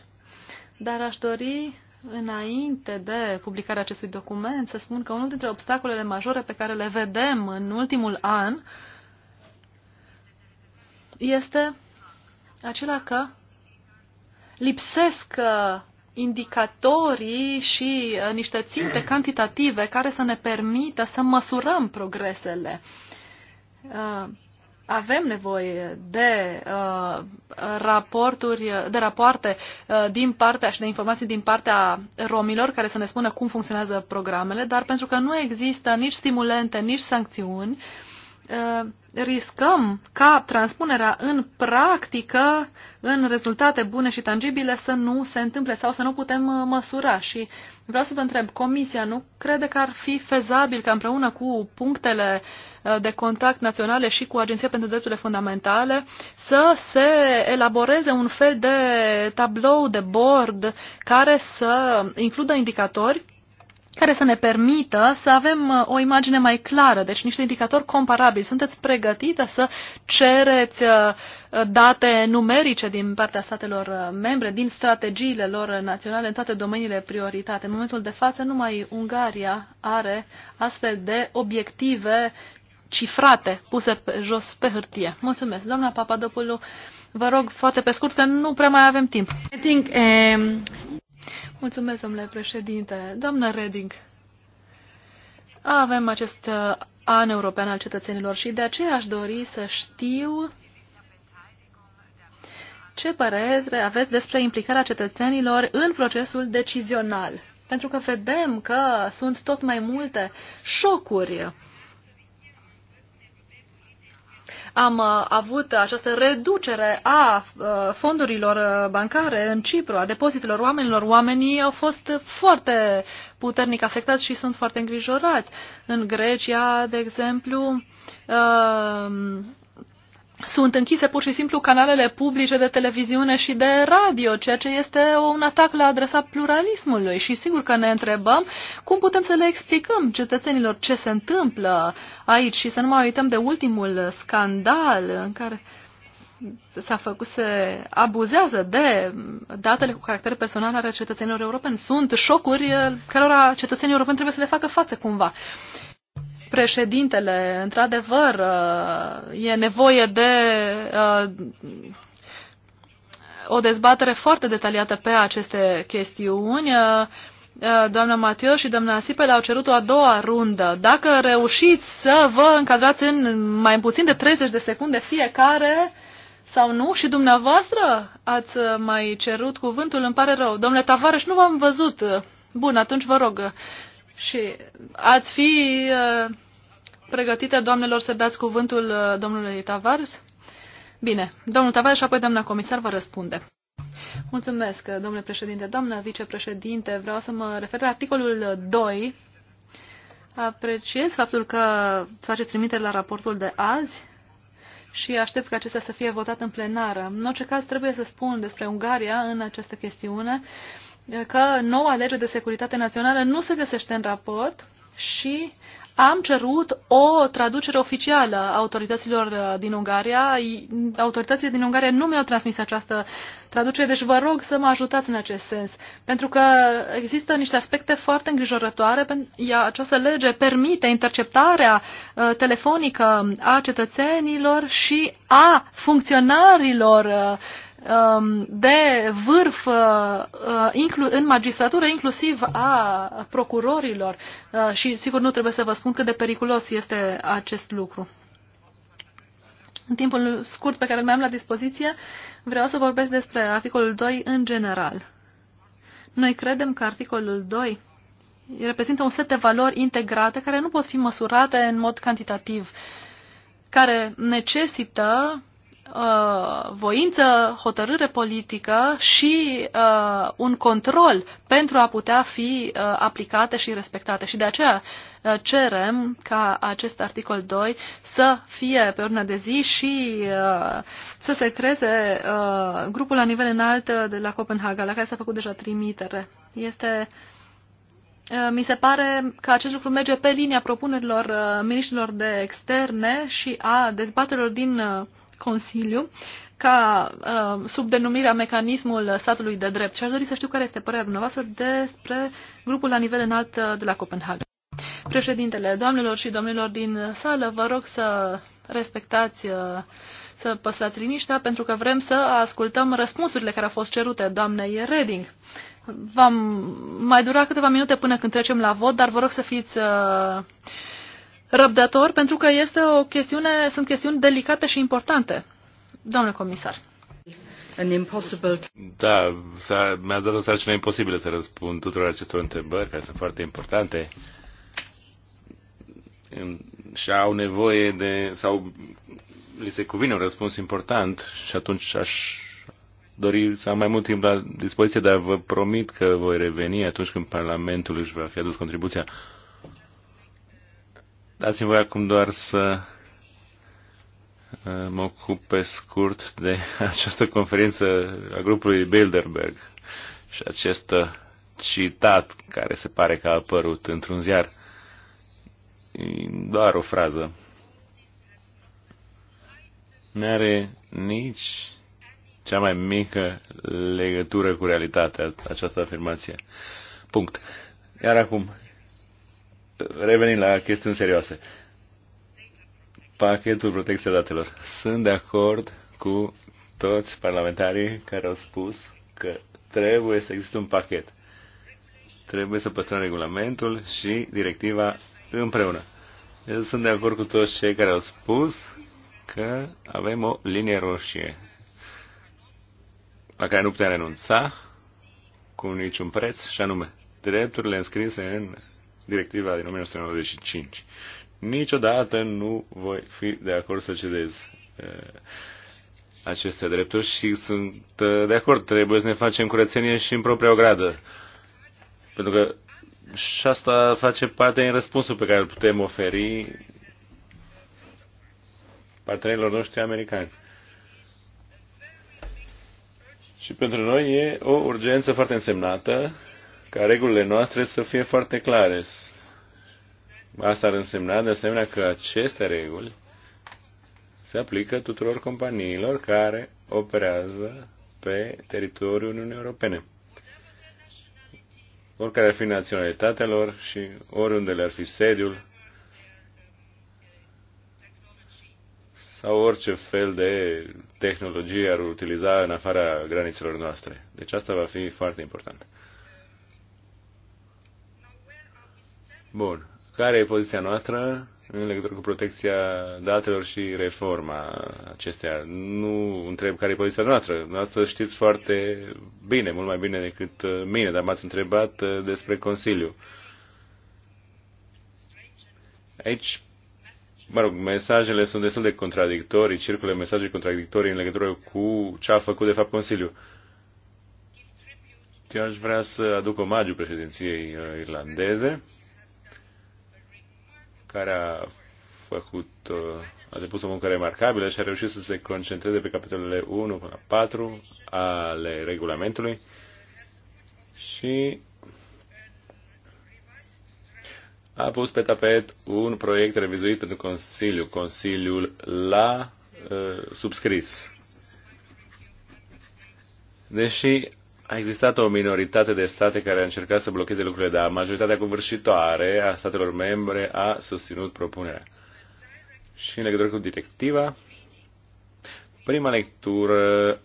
Dar aș dori înainte de publicarea acestui document, să spun că unul dintre obstacolele majore pe care le vedem în ultimul an este acela că lipsesc uh, indicatorii și uh, niște ținte cantitative care să ne permită să măsurăm progresele. Uh, avem nevoie de uh, raporturi, de rapoarte uh, din partea și de informații din partea romilor care să ne spună cum funcționează programele, dar pentru că nu există nici stimulente, nici sancțiuni, uh, Uh, riscăm ca transpunerea în practică, în rezultate bune și tangibile, să nu se întâmple sau să nu putem uh, măsura. Și vreau să vă întreb, Comisia nu crede că ar fi fezabil ca împreună cu punctele uh, de contact naționale și cu Agenția pentru Drepturile Fundamentale să se elaboreze un fel de tablou de bord care să includă indicatori care să ne permită să avem uh, o imagine mai clară, deci niște indicatori comparabili. Sunteți pregătită să cereți uh, date numerice din partea statelor uh, membre, din strategiile lor naționale în toate domeniile prioritate. În momentul de față, numai Ungaria are astfel de obiective cifrate puse pe, jos pe hârtie. Mulțumesc. Doamna Papadopoulou, vă rog foarte pe scurt că nu prea mai avem timp. I think, um... Mulțumesc, domnule președinte. Doamnă Reding, avem acest uh, an european al cetățenilor și de aceea aș dori să știu ce părere aveți despre implicarea cetățenilor în procesul decizional. Pentru că vedem că sunt tot mai multe șocuri am uh, avut această reducere a uh, fondurilor uh, bancare în Cipru, a depozitelor oamenilor. Oamenii au fost foarte puternic afectați și sunt foarte îngrijorați. În Grecia, de exemplu, sunt închise pur și simplu canalele publice de televiziune și de radio, ceea ce este un atac la adresa pluralismului. Și sigur că ne întrebăm cum putem să le explicăm cetățenilor ce se întâmplă aici și să nu mai uităm de ultimul scandal în care s-a făcut, se abuzează de datele cu caracter personal ale cetățenilor europeni. Sunt șocuri cărora cetățenii europeni trebuie să le facă față cumva. Uh, președintele, într-adevăr, uh, e nevoie de uh, o dezbatere foarte detaliată pe aceste chestiuni. Uh, doamna Matiu și doamna Sipel au cerut o a doua rundă. Dacă reușiți să vă încadrați în mai puțin de 30 de secunde fiecare sau nu, și dumneavoastră ați mai cerut cuvântul, îmi pare rău. Domnule Tavares, nu v-am văzut. Bun, atunci vă rog, și ați fi uh, pregătite, doamnelor, să dați cuvântul uh, domnului Tavares? Bine, domnul Tavares și apoi doamna comisar va răspunde. Mulțumesc, uh, domnule președinte. Doamna vicepreședinte, vreau să mă refer la articolul 2. Apreciez faptul că faceți trimitere la raportul de azi și aștept ca acesta să fie votat în plenară. În orice caz, trebuie să spun despre Ungaria în această chestiune. Uh, că noua lege de securitate națională nu se găsește în raport și am cerut o traducere oficială a autorităților uh, din Ungaria. Autoritățile din Ungaria nu mi-au transmis această traducere, deci vă rog să mă ajutați în acest sens. Pentru că există niște aspecte foarte îngrijorătoare. Iar această lege permite interceptarea uh, telefonică a cetățenilor și a funcționarilor uh, Um, de vârf uh, uh, în magistratură, inclusiv a procurorilor. Uh, și sigur nu trebuie să vă spun cât de periculos este acest lucru. În timpul scurt pe care îl mai am la dispoziție, vreau să vorbesc despre articolul 2 în general. Noi credem că articolul 2 reprezintă un set de valori integrate care nu pot fi măsurate în mod cantitativ, care necesită Uh, voință, hotărâre politică și uh, un control pentru a putea fi uh, aplicate și respectate. Și de aceea uh, cerem ca acest articol 2 să fie pe urmă de zi și uh, să se creeze uh, grupul la nivel înalt uh, de la Copenhaga, la care s-a făcut deja trimitere. Este uh, mi se pare că acest lucru merge pe linia propunerilor ministrilor de externe și a dezbaterilor din Consiliu ca uh, sub denumirea mecanismul statului de drept. Și aș dori să știu care este părerea dumneavoastră despre grupul la nivel înalt uh, de la Copenhaga. Președintele, doamnelor și domnilor din sală, vă rog să respectați, uh, să păstrați liniștea, pentru că vrem să ascultăm răspunsurile care au fost cerute doamnei Reding. Va mai dura câteva minute până când trecem la vot, dar vă rog să fiți uh, răbdător pentru că este o chestiune, sunt chestiuni delicate și importante. domnule comisar. da, mi a dat o sarcină imposibilă să răspund tuturor acestor întrebări, care sunt foarte importante și au nevoie de, sau li se cuvine un răspuns important și atunci aș dori să am mai mult timp la dispoziție, dar vă promit că voi reveni atunci când Parlamentul își va fi adus contribuția Dați-mi voi acum doar să uh, mă ocup pe scurt de [LAUGHS] această conferință a grupului Bilderberg și acest uh, citat care se pare că a apărut într-un ziar. Doar o frază. Nu are nici cea mai mică legătură cu realitatea această afirmație. Punct. Iar acum, revenim la chestiuni serioase. Pachetul protecției datelor. Sunt de acord cu toți parlamentarii care au spus că trebuie să existe un pachet. Trebuie să păstrăm regulamentul și directiva împreună. Eu sunt de acord cu toți cei care au spus că avem o linie roșie la care nu putem renunța cu niciun preț, și anume drepturile înscrise în directiva din 1995. Niciodată nu voi fi de acord să cedez eh, aceste drepturi și sunt eh, de acord, trebuie să ne facem curățenie și în propria ogradă. Pentru că și asta face parte din răspunsul pe care îl putem oferi partenerilor noștri americani. Și pentru noi e o urgență foarte însemnată ca regulile noastre să fie foarte clare. Asta ar însemna, de asemenea, că aceste reguli se aplică tuturor companiilor care operează pe teritoriul Uniunii Europene. Oricare ar fi naționalitatea lor și oriunde le-ar fi sediul sau orice fel de tehnologie ar utiliza în afara granițelor noastre. Deci asta va fi foarte important. Bun. Care e poziția noastră în legătură cu protecția datelor și reforma acesteia? Nu întreb care e poziția noastră. Noastră știți foarte bine, mult mai bine decât uh, mine, dar m-ați întrebat uh, despre Consiliu. Aici mă rog, mesajele sunt destul de contradictorii, circulă mesaje contradictorii în legătură cu ce a făcut de fapt Consiliu. Eu aș vrea să aduc omagiu președinției uh, irlandeze care a făcut, uh, a depus o muncă remarcabilă și a reușit să se concentreze pe capitolele 1 până la 4 ale regulamentului și a pus pe tapet un proiect revizuit pentru Consiliu. Consiliul l-a uh, subscris. Deși a existat o minoritate de state care a încercat să blocheze lucrurile, dar majoritatea covârșitoare a statelor membre a susținut propunerea. Și în legătură cu directiva, prima lectură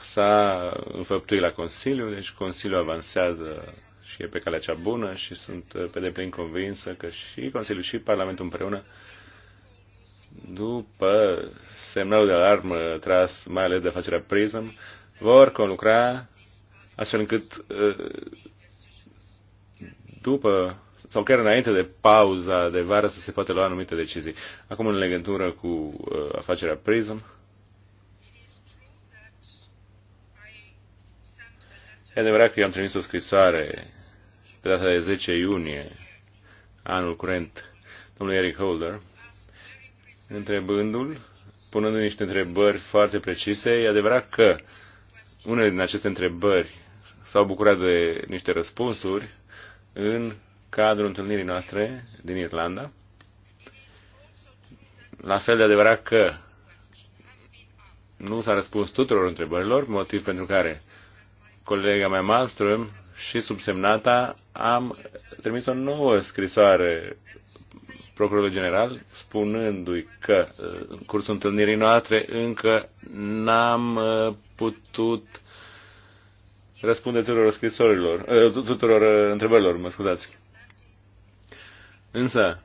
s-a înfăptuit la Consiliu, deci Consiliul avansează și e pe calea cea bună și sunt pe deplin convinsă că și Consiliul și Parlamentul împreună, după semnalul de alarmă tras mai ales de facerea PRISM, vor conlucra astfel încât uh, după sau chiar înainte de pauza de vară să se poate lua anumite decizii. Acum în legătură cu uh, afacerea Prism. E adevărat că eu am trimis o scrisoare pe data de 10 iunie anul curent domnului Eric Holder, întrebându-l, punându niște întrebări foarte precise. E adevărat că uh, unele din aceste întrebări s-au bucurat de niște răspunsuri în cadrul întâlnirii noastre din Irlanda. La fel de adevărat că nu s-a răspuns tuturor întrebărilor, motiv pentru care colega mea Malmström și subsemnata am trimis o nouă scrisoare Procurorul General, spunându-i că uh, în cursul întâlnirii noastre încă n-am uh, putut răspunde tuturor scrisorilor, uh, tuturor întrebărilor, mă scuzați. Însă,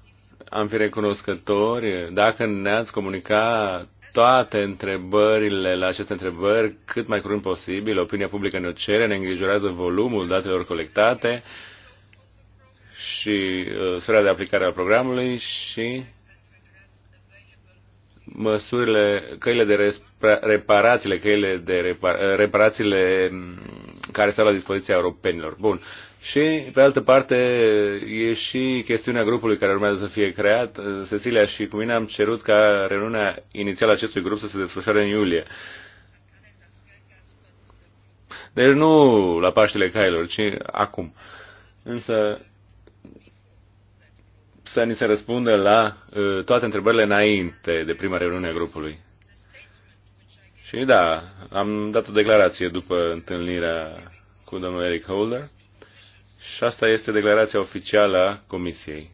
am fi recunoscători dacă ne-ați comunica toate întrebările la aceste întrebări cât mai curând posibil. Opinia publică ne-o cere, ne îngrijorează volumul datelor colectate și uh, sfera de aplicare a programului și măsurile, căile de reparațiile, căile de repara, uh, reparațiile mm, care stau la dispoziția europenilor. Bun. Și, pe altă parte, e și chestiunea grupului care urmează să fie creat. Uh, Cecilia și cu mine am cerut ca reuniunea inițială a acestui grup să se desfășoare în iulie. Deci nu la Paștele Cailor, ci acum. Însă să ni se răspundă la uh, toate întrebările înainte de prima reuniune a grupului. Și da, am dat o declarație după întâlnirea cu domnul Eric Holder și asta este declarația oficială a Comisiei.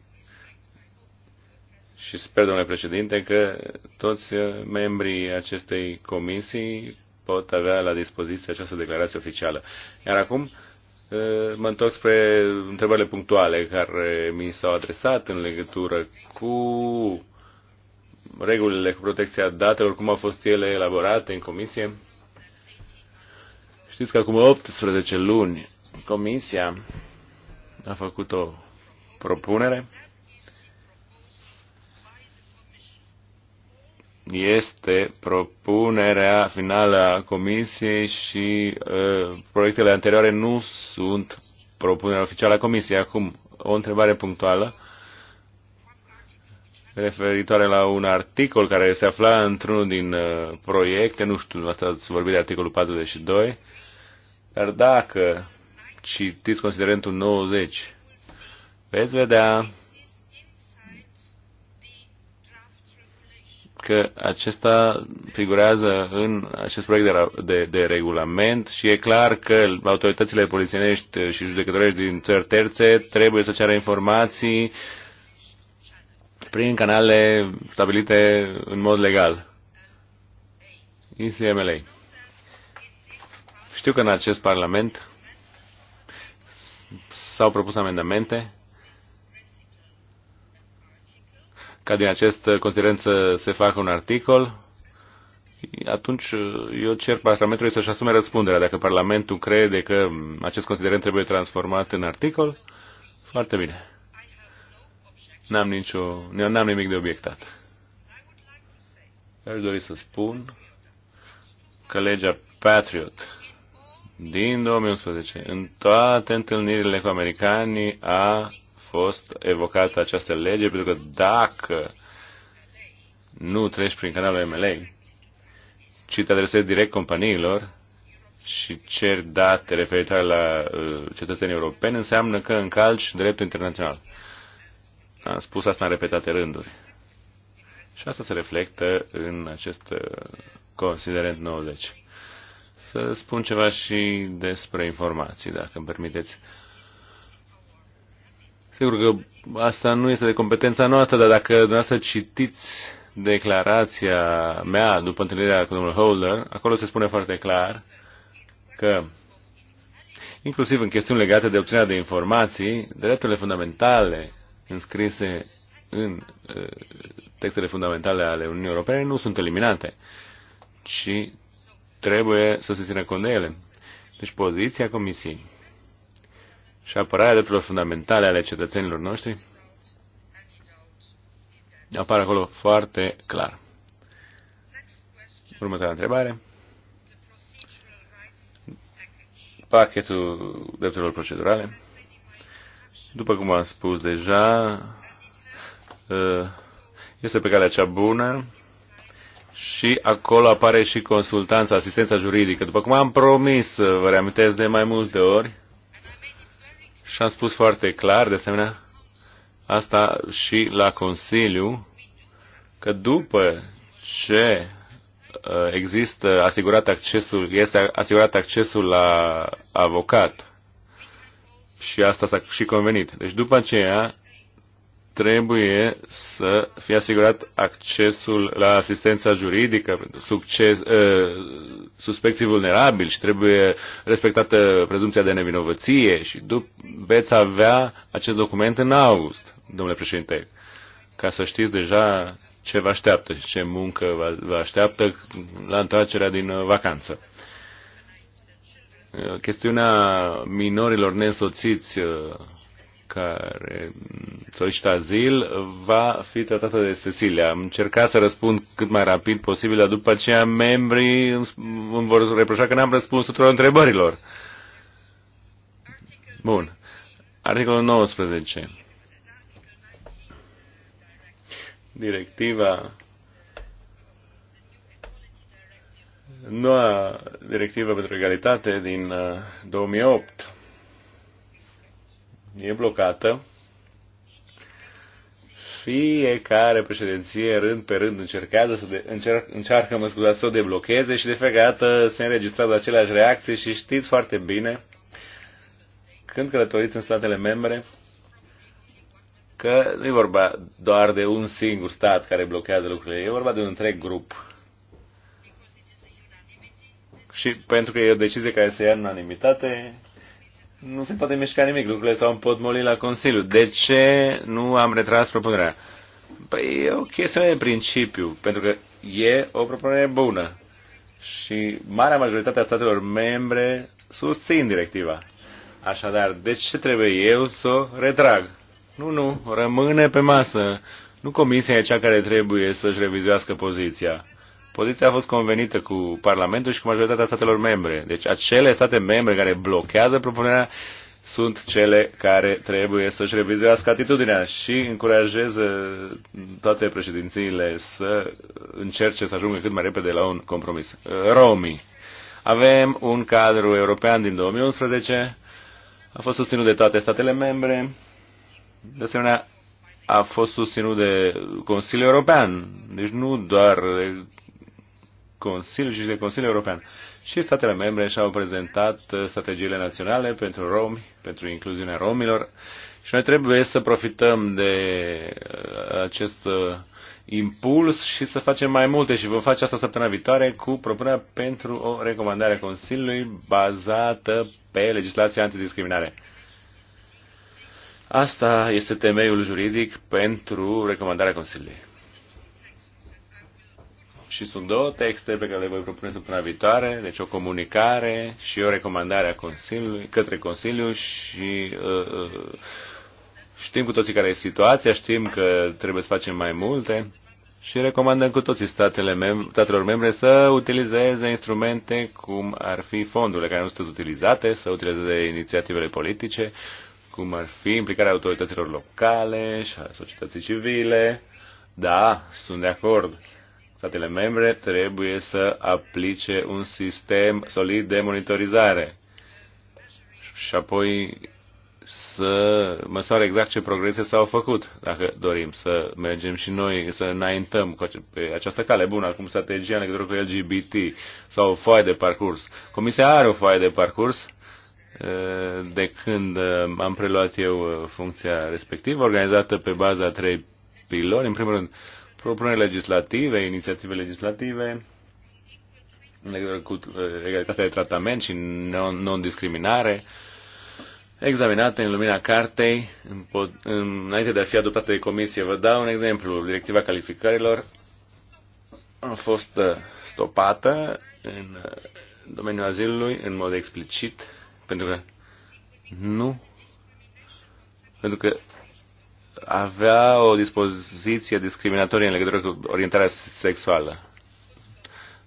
Și sper, domnule președinte, că toți uh, membrii acestei comisii pot avea la dispoziție această declarație oficială. Iar acum Ă, mă întorc spre întrebările punctuale care mi s-au adresat în legătură cu regulile cu protecția datelor, cum au fost ele elaborate în comisie. Știți că acum 18 luni Comisia a făcut o propunere este propunerea finală a Comisiei și uh, proiectele anterioare nu sunt propunerea oficială a Comisiei. Acum, o întrebare punctuală referitoare la un articol care se afla într-unul din uh, proiecte, nu știu, asta ați vorbit de articolul 42, dar dacă citiți considerentul 90, veți vedea că acesta figurează în acest proiect de, de, de regulament și e clar că autoritățile polițienești și judecătorești din țări terțe trebuie să ceară informații prin canale stabilite în mod legal. ICMLA. Știu că în acest Parlament s-au propus amendamente ca din această conferință se facă un articol, atunci uh, eu cer Parlamentului să-și asume răspunderea. Dacă Parlamentul crede că acest considerent trebuie transformat în articol, foarte bine. N-am, nicio, n-am nimic de obiectat. Aș dori să spun că legea Patriot din 2011, în toate întâlnirile cu americanii, a fost evocată această lege, pentru că dacă nu treci prin canalul MLA, ci te adresezi direct companiilor și ceri date referitoare la uh, cetățenii europeni, înseamnă că încalci dreptul internațional. Am spus asta în repetate rânduri. Și asta se reflectă în acest uh, considerent 90. Să spun ceva și despre informații, dacă îmi permiteți. Sigur că asta nu este de competența noastră, dar dacă dumneavoastră citiți declarația mea după întâlnirea cu domnul Holder, acolo se spune foarte clar că inclusiv în chestiuni legate de obținerea de informații, drepturile fundamentale înscrise în uh, textele fundamentale ale Uniunii Europene nu sunt eliminate, ci trebuie să se țină cont de ele. Deci poziția Comisiei și apărarea drepturilor fundamentale ale cetățenilor noștri apare acolo foarte clar. Următoarea întrebare. Pachetul drepturilor procedurale. După cum am spus deja, uh, este pe calea cea bună și acolo apare și consultanța, asistența juridică. După cum am promis, uh, vă reamintesc de mai multe ori, și am spus foarte clar, de asemenea, asta și la Consiliu, că după ce uh, există asigurat accesul, este asigurat accesul la avocat și asta s-a și convenit. Deci după aceea trebuie să fie asigurat accesul la asistența juridică pentru succes, uh, suspecții vulnerabili și trebuie respectată prezumția de nevinovăție și veți avea acest document în august, domnule președinte, ca să știți deja ce vă așteaptă și ce muncă vă așteaptă la întoarcerea din vacanță uh, chestiunea minorilor nesoțiți uh, care solicită azil va fi tratată de Cecilia. Am încercat să răspund cât mai rapid posibil, dar după aceea membrii îmi vor reproșa că n-am răspuns tuturor întrebărilor. Bun. Articolul 19. Directiva noua directivă pentru egalitate din 2008 uh, e blocată. Fiecare președinție, rând pe rând, încercează să de, încerc, încearcă, mă scuzați, să o deblocheze și de fiecare dată se înregistrează aceleași reacții și știți foarte bine, când călătoriți în statele membre, că nu e vorba doar de un singur stat care blochează lucrurile, e vorba de un întreg grup. Și pentru că e o decizie care se ia în unanimitate, nu se poate mișca nimic, lucrurile s-au împotmolit la Consiliu. De ce nu am retras propunerea? Păi e o chestiune de principiu, pentru că e o propunere bună și marea majoritate a statelor membre susțin directiva. Așadar, de ce trebuie eu să o retrag? Nu, nu, rămâne pe masă. Nu comisia e cea care trebuie să-și revizuiască poziția. Poziția a fost convenită cu Parlamentul și cu majoritatea statelor membre. Deci acele state membre care blochează propunerea sunt cele care trebuie să-și revizuiască atitudinea și încurajez toate președințiile să încerce să ajungă cât mai repede la un compromis. Romii. Avem un cadru european din 2011, a fost susținut de toate statele membre, de asemenea a fost susținut de Consiliul European, deci nu doar Consiliu și de Consiliul European. Și statele membre și-au prezentat uh, strategiile naționale pentru romi, pentru incluziunea romilor și noi trebuie să profităm de uh, acest uh, impuls și să facem mai multe și vom face asta săptămâna viitoare cu propunerea pentru o recomandare a Consiliului bazată pe legislația antidiscriminare. Asta este temeiul juridic pentru recomandarea Consiliului și sunt două texte pe care le voi propune săptămâna viitoare, deci o comunicare și o recomandare a Consiliului, către Consiliu și uh, uh, știm cu toții care e situația, știm că trebuie să facem mai multe și recomandăm cu toții statele mem- statelor membre să utilizeze instrumente cum ar fi fondurile care nu sunt utilizate, să utilizeze inițiativele politice, cum ar fi implicarea autorităților locale și a societății civile. Da, sunt de acord statele membre trebuie să aplice un sistem solid de monitorizare și apoi să măsoare exact ce progrese s-au făcut, dacă dorim să mergem și noi, să înaintăm cu ace- pe această cale bună, acum strategia în legătură cu LGBT sau o foaie de parcurs. Comisia are o foaie de parcurs de când am preluat eu funcția respectivă, organizată pe baza trei piloni. În primul rând, propuneri legislative, inițiative legislative în legătură cu uh, egalitatea de tratament și non-discriminare, examinate în lumina cartei înainte de a fi adoptate de comisie. Vă dau un exemplu. Directiva calificărilor a fost uh, stopată în uh, domeniul azilului în mod explicit pentru că nu pentru că avea o dispoziție discriminatorie în legătură cu orientarea sexuală.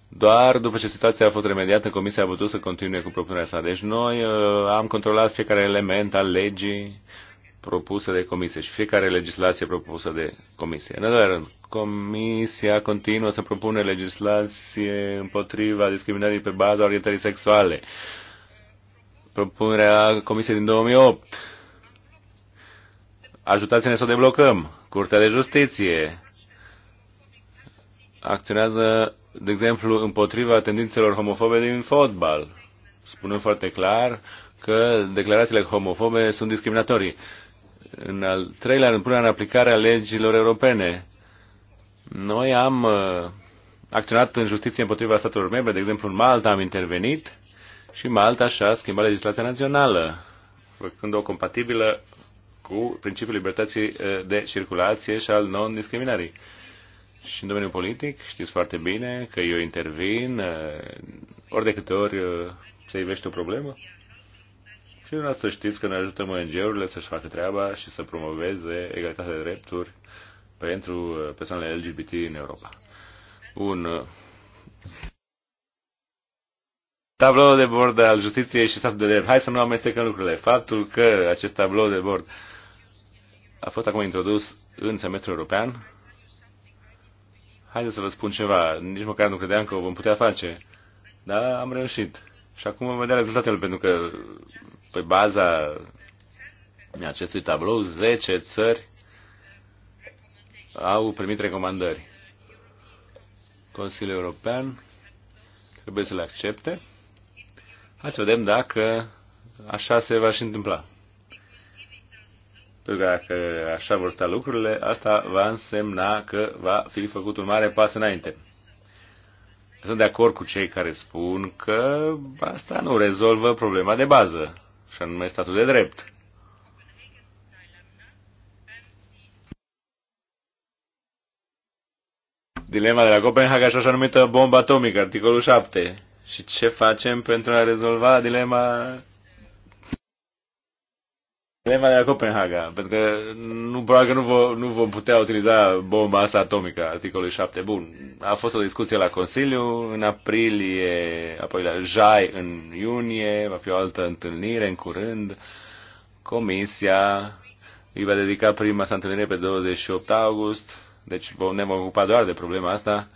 Doar după ce situația a fost remediată, Comisia a putut să continue cu propunerea sa. Deci noi uh, am controlat fiecare element al legii propusă de Comisie și fiecare legislație propusă de Comisie. În doilea rând, Comisia continuă să propune legislație împotriva discriminării pe baza orientării sexuale. Propunerea Comisiei din 2008 Ajutați-ne să o deblocăm. Curtea de Justiție acționează, de exemplu, împotriva tendințelor homofobe din fotbal, spunând foarte clar că declarațiile homofobe sunt discriminatorii. În al treilea rând, punerea în aplicare a legilor europene. Noi am uh, acționat în justiție împotriva statelor membre, de exemplu în Malta am intervenit și Malta și-a schimbat legislația națională, făcând-o compatibilă cu principiul libertății eh, de circulație și al non-discriminării. Și în domeniul politic știți foarte bine că eu intervin eh, ori de câte ori eh, se ivește o problemă. Și dumneavoastră știți că ne ajutăm ONG-urile să-și facă treaba și să promoveze egalitatea de drepturi pentru persoanele LGBT în Europa. Un tablou de bord al justiției și statului de drept. Hai să nu amestecăm lucrurile. Faptul că acest tablou de bord a fost acum introdus în semestrul european. Haideți să vă spun ceva, nici măcar nu credeam că o vom putea face, dar am reușit. Și acum vom vedea rezultatele, pentru că pe baza acestui tablou, 10 țări au primit recomandări. Consiliul European trebuie să le accepte. Hai să vedem dacă așa se va și întâmpla. Pentru că dacă așa vor sta lucrurile, asta va însemna că va fi făcut un mare pas înainte. Sunt de acord cu cei care spun că asta nu rezolvă problema de bază, și anume statul de drept. Dilema de la Copenhaga și așa numită bomba atomică, articolul 7. Și ce facem pentru a rezolva dilema Dilema de la Copenhaga, pentru că nu, probabil că nu, vo, nu vom putea utiliza bomba asta atomică, articolul 7. Bun, a fost o discuție la Consiliu în aprilie, apoi la Jai în iunie, va fi o altă întâlnire în curând. Comisia îi va dedica prima sa întâlnire pe 28 august, deci vom, ne vom ocupa doar de problema asta,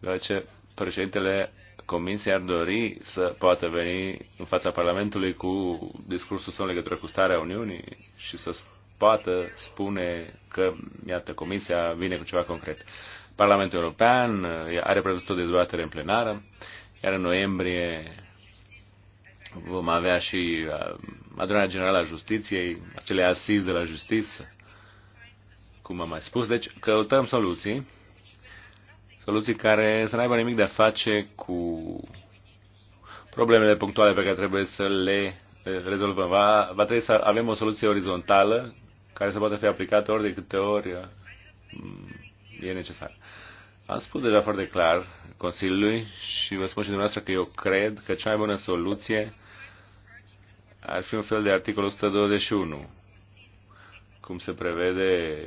deoarece președintele Comisia ar dori să poată veni în fața Parlamentului cu discursul său în legătură cu starea Uniunii și să poată spune că, iată, Comisia vine cu ceva concret. Parlamentul European are prevăzut o dezbatere în plenară, iar în noiembrie vom avea și uh, adunarea generală a justiției, acele asis de la justiție, cum am mai spus. Deci căutăm soluții soluții care să n-aibă nimic de a face cu problemele punctuale pe care trebuie să le rezolvăm. Va, va trebui să avem o soluție orizontală care să poată fi aplicată ori de câte ori mm, e necesar. Am spus deja foarte clar Consiliului și vă spun și dumneavoastră că eu cred că cea mai bună soluție ar fi un fel de articol 121 cum se prevede,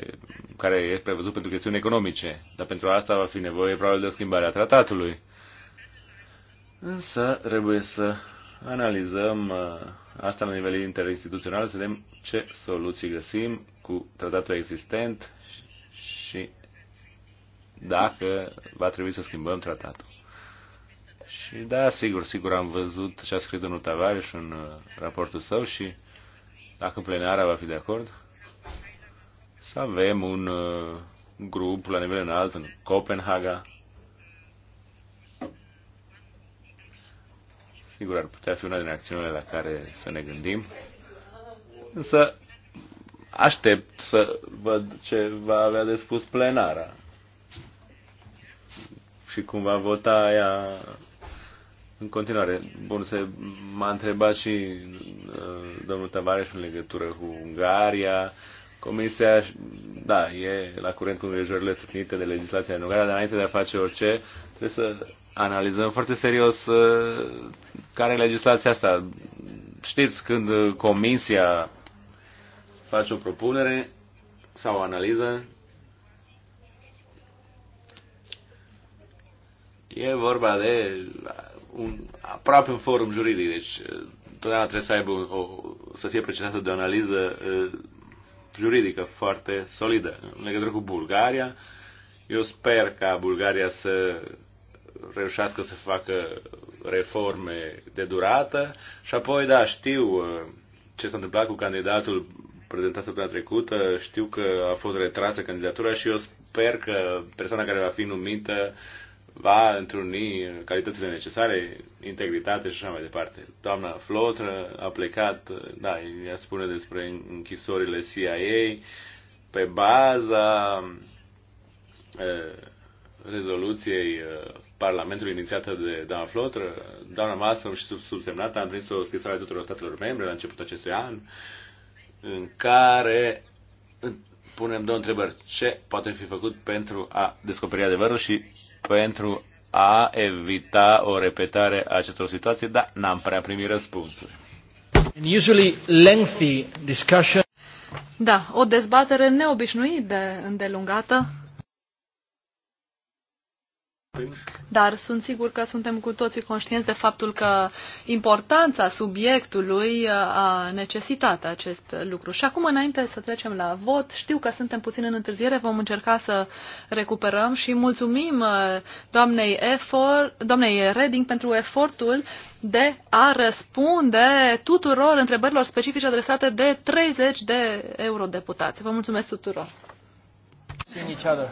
care e prevăzut pentru chestiuni economice. Dar pentru asta va fi nevoie probabil de o schimbare a tratatului. Însă trebuie să analizăm uh, asta la nivel interinstituțional, să vedem ce soluții găsim cu tratatul existent și dacă va trebui să schimbăm tratatul. Și da, sigur, sigur am văzut ce a scris domnul Tavares în uh, raportul său și dacă plenara va fi de acord, să avem un uh, grup la nivel înalt în Copenhaga. Sigur, ar putea fi una din acțiunile la care să ne gândim. Însă, aștept să văd ce va avea de spus plenara și cum va vota ea în continuare. Bun, se m-a întrebat și uh, domnul Tavares în legătură cu Ungaria, Comisia, da, e la curent cu îngrijorările trânite de legislația în Ungaria, dar înainte de a face orice, trebuie să analizăm foarte serios uh, care e legislația asta. Știți, când Comisia face o propunere sau o analiză, e vorba de un, aproape un forum juridic, deci uh, totdeauna trebuie să aibă o, să fie precisată de o analiză uh, juridică foarte solidă. În legătură cu Bulgaria, eu sper ca Bulgaria să reușească să facă reforme de durată și apoi, da, știu uh, ce s-a întâmplat cu candidatul prezentat săptămâna trecută, știu că a fost retrasă candidatura și eu sper că persoana care va fi numită va întruni calitățile necesare, integritate și așa mai departe. Doamna Flotră a plecat, da, ea spune despre închisorile CIA, pe baza rezoluției Parlamentului inițiată de doamna Flotră, doamna Malmström și subsemnată am trimis o scrisoare tuturor statelor membre la începutul acestui an, în care punem două întrebări. Ce poate fi făcut pentru a descoperi adevărul și pentru a evita o repetare a acestor situații, dar n-am prea primit răspunsuri. Usually lengthy discussion. Da, o dezbatere neobișnuit de îndelungată dar sunt sigur că suntem cu toții conștienți de faptul că importanța subiectului uh, a necesitat acest lucru. Și acum, înainte să trecem la vot, știu că suntem puțin în întârziere, vom încerca să recuperăm și mulțumim uh, doamnei, Effort, doamnei Reding pentru efortul de a răspunde tuturor întrebărilor specifice adresate de 30 de eurodeputați. Vă mulțumesc tuturor! each other.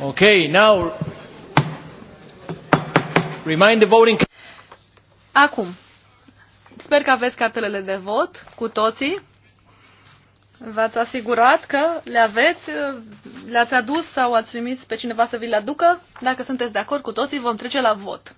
Okay, now remind the voting. Acum, sper că aveți cartelele de vot cu toții. V-ați asigurat că le aveți, le-ați adus sau ați trimis pe cineva să vi le aducă? Dacă sunteți de acord cu toții, vom trece la vot.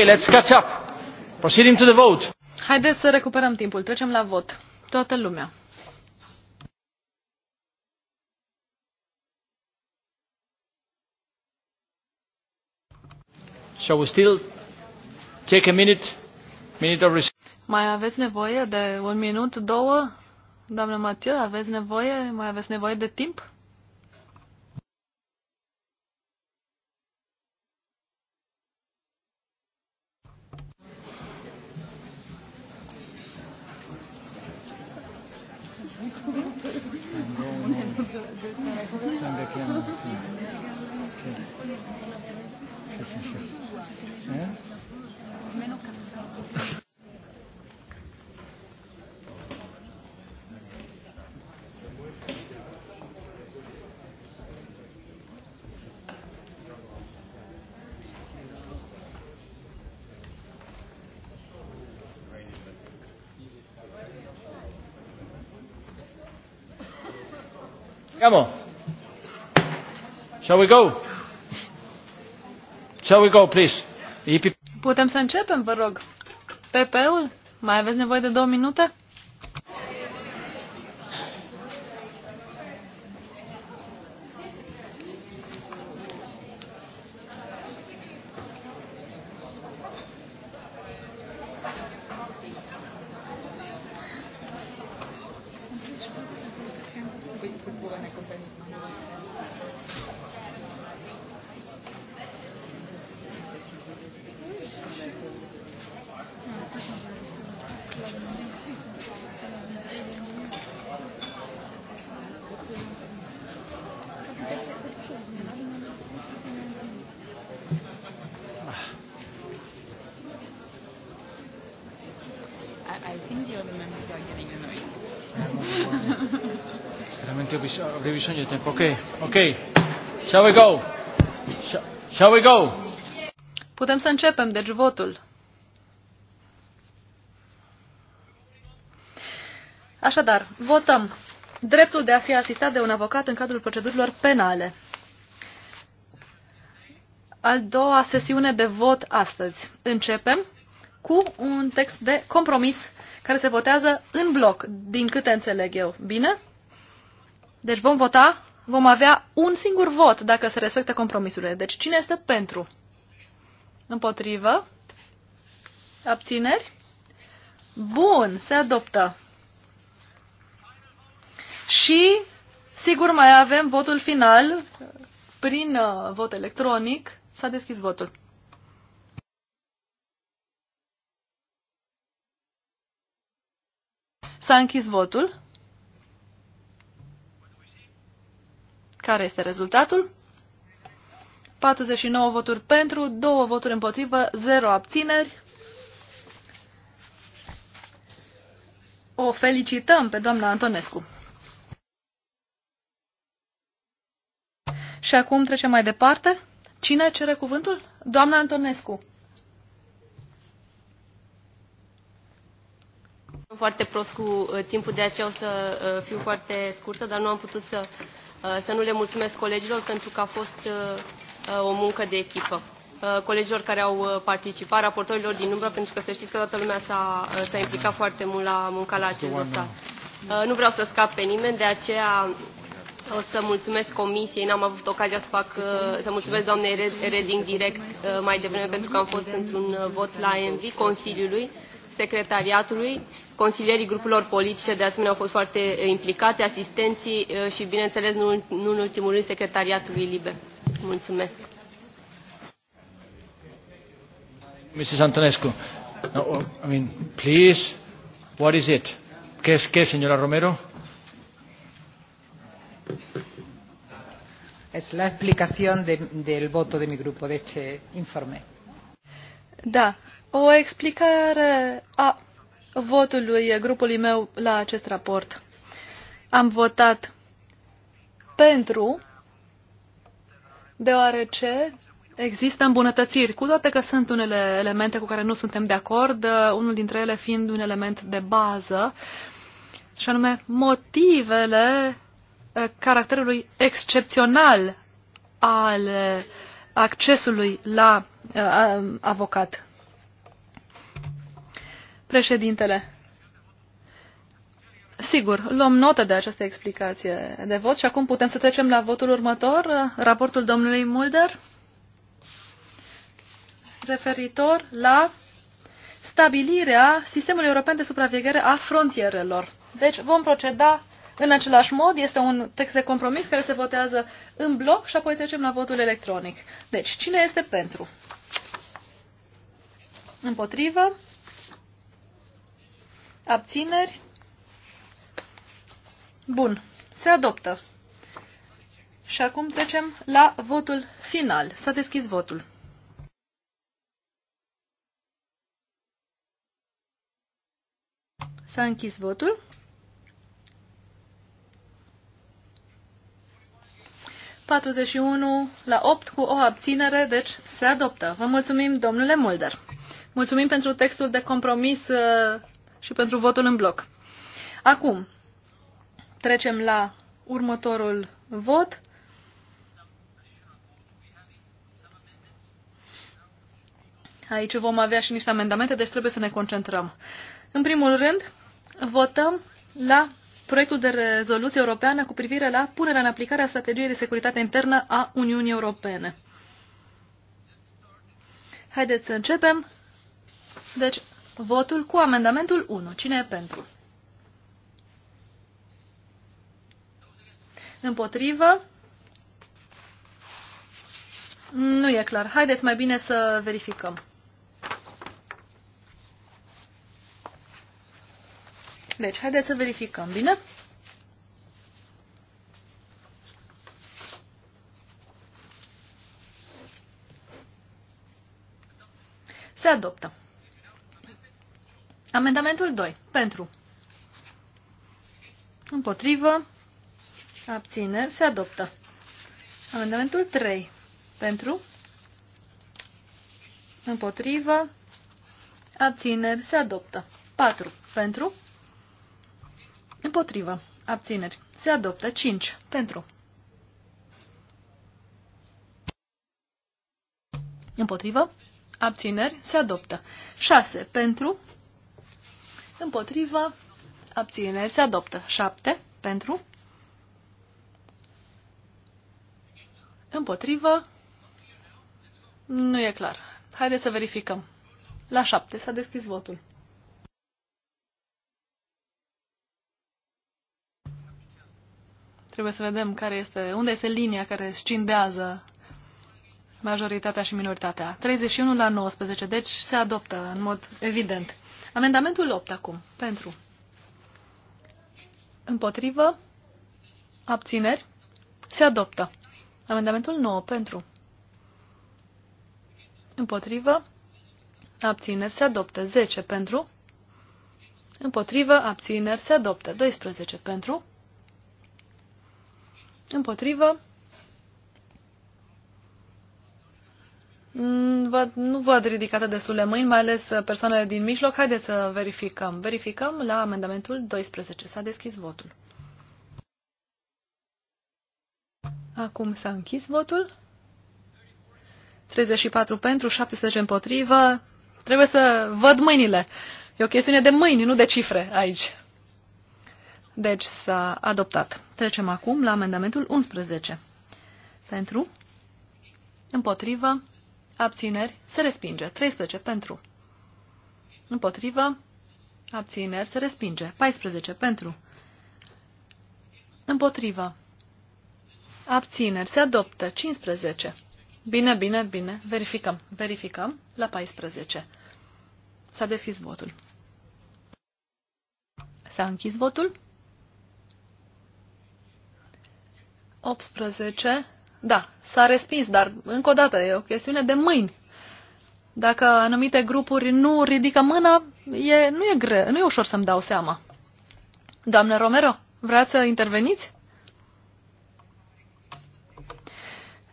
Okay, let's catch up. Proceeding to the vote. Haideți să recuperăm timpul. Trecem la vot. Toată lumea. Shall we still take a minute, minute of Mai aveți nevoie de un minut, două? Doamnă Matiu, aveți nevoie? Mai aveți nevoie de timp? Tante Chiamă, sì. Sì, sì, sì. Eh? Meno caffè. Come on. Shall we go? Shall we go, please? Putem să începem, vă rog. PP-ul? Mai aveți nevoie de două minute? revisione di tempo. Ok, ok. Shall we go? Shall we go? Putem să începem, deci, votul. Așadar, votăm dreptul de a fi asistat de un avocat în cadrul procedurilor penale. Al doua sesiune de vot astăzi. Începem cu un text de compromis care se votează în bloc, din câte înțeleg eu. Bine? Deci vom vota, vom avea un singur vot dacă se respectă compromisurile. Deci cine este pentru? Împotrivă? Abțineri? Bun, se adoptă. Și, sigur, mai avem votul final. Prin uh, vot electronic s-a deschis votul. S-a închis votul. Care este rezultatul? 49 voturi pentru, 2 voturi împotrivă, 0 abțineri. O felicităm pe doamna Antonescu. Și acum trecem mai departe. Cine cere cuvântul? Doamna Antonescu. Foarte prost cu uh, timpul, de aceea o să uh, fiu foarte scurtă, dar nu am putut să Uh, să nu le mulțumesc colegilor pentru că a fost uh, uh, o muncă de echipă colegilor care au participat, raportorilor din umbră, pentru că să știți că toată lumea s-a implicat foarte mult la munca la acest dosar. Nu vreau să scap pe nimeni, de aceea o să mulțumesc comisiei, n-am avut ocazia să fac, să mulțumesc doamnei Reding direct mai devreme pentru că am fost într-un vot la ENVI, Consiliului, secretariatului, consilierii grupurilor politice de asemenea au fost foarte eh, implicați, asistenții eh, și, bineînțeles, nu, nu în ultimul rând, secretariatului liber. Mulțumesc. Mrs. Antonescu, no, oh, I mean, please, what is it? ¿Qué es qué, señora Romero? Es la explicación de, del voto de mi grupo de este informe. Da, o explicare a votului grupului meu la acest raport. Am votat pentru, deoarece există îmbunătățiri, cu toate că sunt unele elemente cu care nu suntem de acord, unul dintre ele fiind un element de bază, și anume motivele eh, caracterului excepțional al accesului la eh, avocat. Președintele. Sigur, luăm notă de această explicație de vot și acum putem să trecem la votul următor, raportul domnului Mulder, referitor la stabilirea sistemului european de supraveghere a frontierelor. Deci vom proceda în același mod, este un text de compromis care se votează în bloc și apoi trecem la votul electronic. Deci, cine este pentru? Împotrivă? Abțineri? Bun. Se adoptă. Și acum trecem la votul final. S-a deschis votul. S-a închis votul. 41 la 8 cu o abținere, deci se adoptă. Vă mulțumim, domnule Mulder. Mulțumim pentru textul de compromis uh, și pentru votul în bloc. Acum, trecem la următorul vot. Aici vom avea și niște amendamente, deci trebuie să ne concentrăm. În primul rând, votăm la proiectul de rezoluție europeană cu privire la punerea în aplicare a strategiei de securitate internă a Uniunii Europene. Haideți să începem. Deci, votul cu amendamentul 1. Cine e pentru? Împotrivă? Nu e clar. Haideți mai bine să verificăm. Deci, haideți să verificăm, bine? Se adoptă. Amendamentul 2. Pentru. Împotrivă. Abțineri. Se adoptă. Amendamentul 3. Pentru. Împotrivă. Abțineri. Se adoptă. 4. Pentru. Împotrivă. Abțineri. Se adoptă. 5. Pentru. Împotrivă. Abțineri. Se adoptă. 6. Pentru împotrivă, abține, se adoptă. 7 pentru, împotrivă, nu e clar. Haideți să verificăm. La 7 s-a deschis votul. Trebuie să vedem care este, unde este linia care scindează majoritatea și minoritatea. 31 la 19, deci se adoptă în mod evident. Amendamentul 8 acum. Pentru. Împotrivă. Abțineri. Se adoptă. Amendamentul 9. Pentru. Împotrivă. Abțineri. Se adoptă. 10. Pentru. Împotrivă. Abțineri. Se adoptă. 12. Pentru. Împotrivă. Mm, nu văd ridicate de mâini, mai ales uh, persoanele din mijloc. Haideți să verificăm. Verificăm la amendamentul 12. S-a deschis votul. Acum s-a închis votul. 34 pentru, 17 împotrivă. Trebuie să văd mâinile. E o chestiune de mâini, nu de cifre aici. Deci s-a adoptat. Trecem acum la amendamentul 11. Pentru, împotrivă, abțineri, se respinge. 13 pentru, împotrivă, abțineri, se respinge. 14 pentru, împotrivă, abțineri, se adoptă. 15. Bine, bine, bine, verificăm, verificăm la 14. S-a deschis votul. S-a închis votul. 18 da, s-a respins, dar încă o dată e o chestiune de mâini. Dacă anumite grupuri nu ridică mâna, e, nu, e greu, nu e ușor să-mi dau seama. Doamne Romero, vreați să interveniți?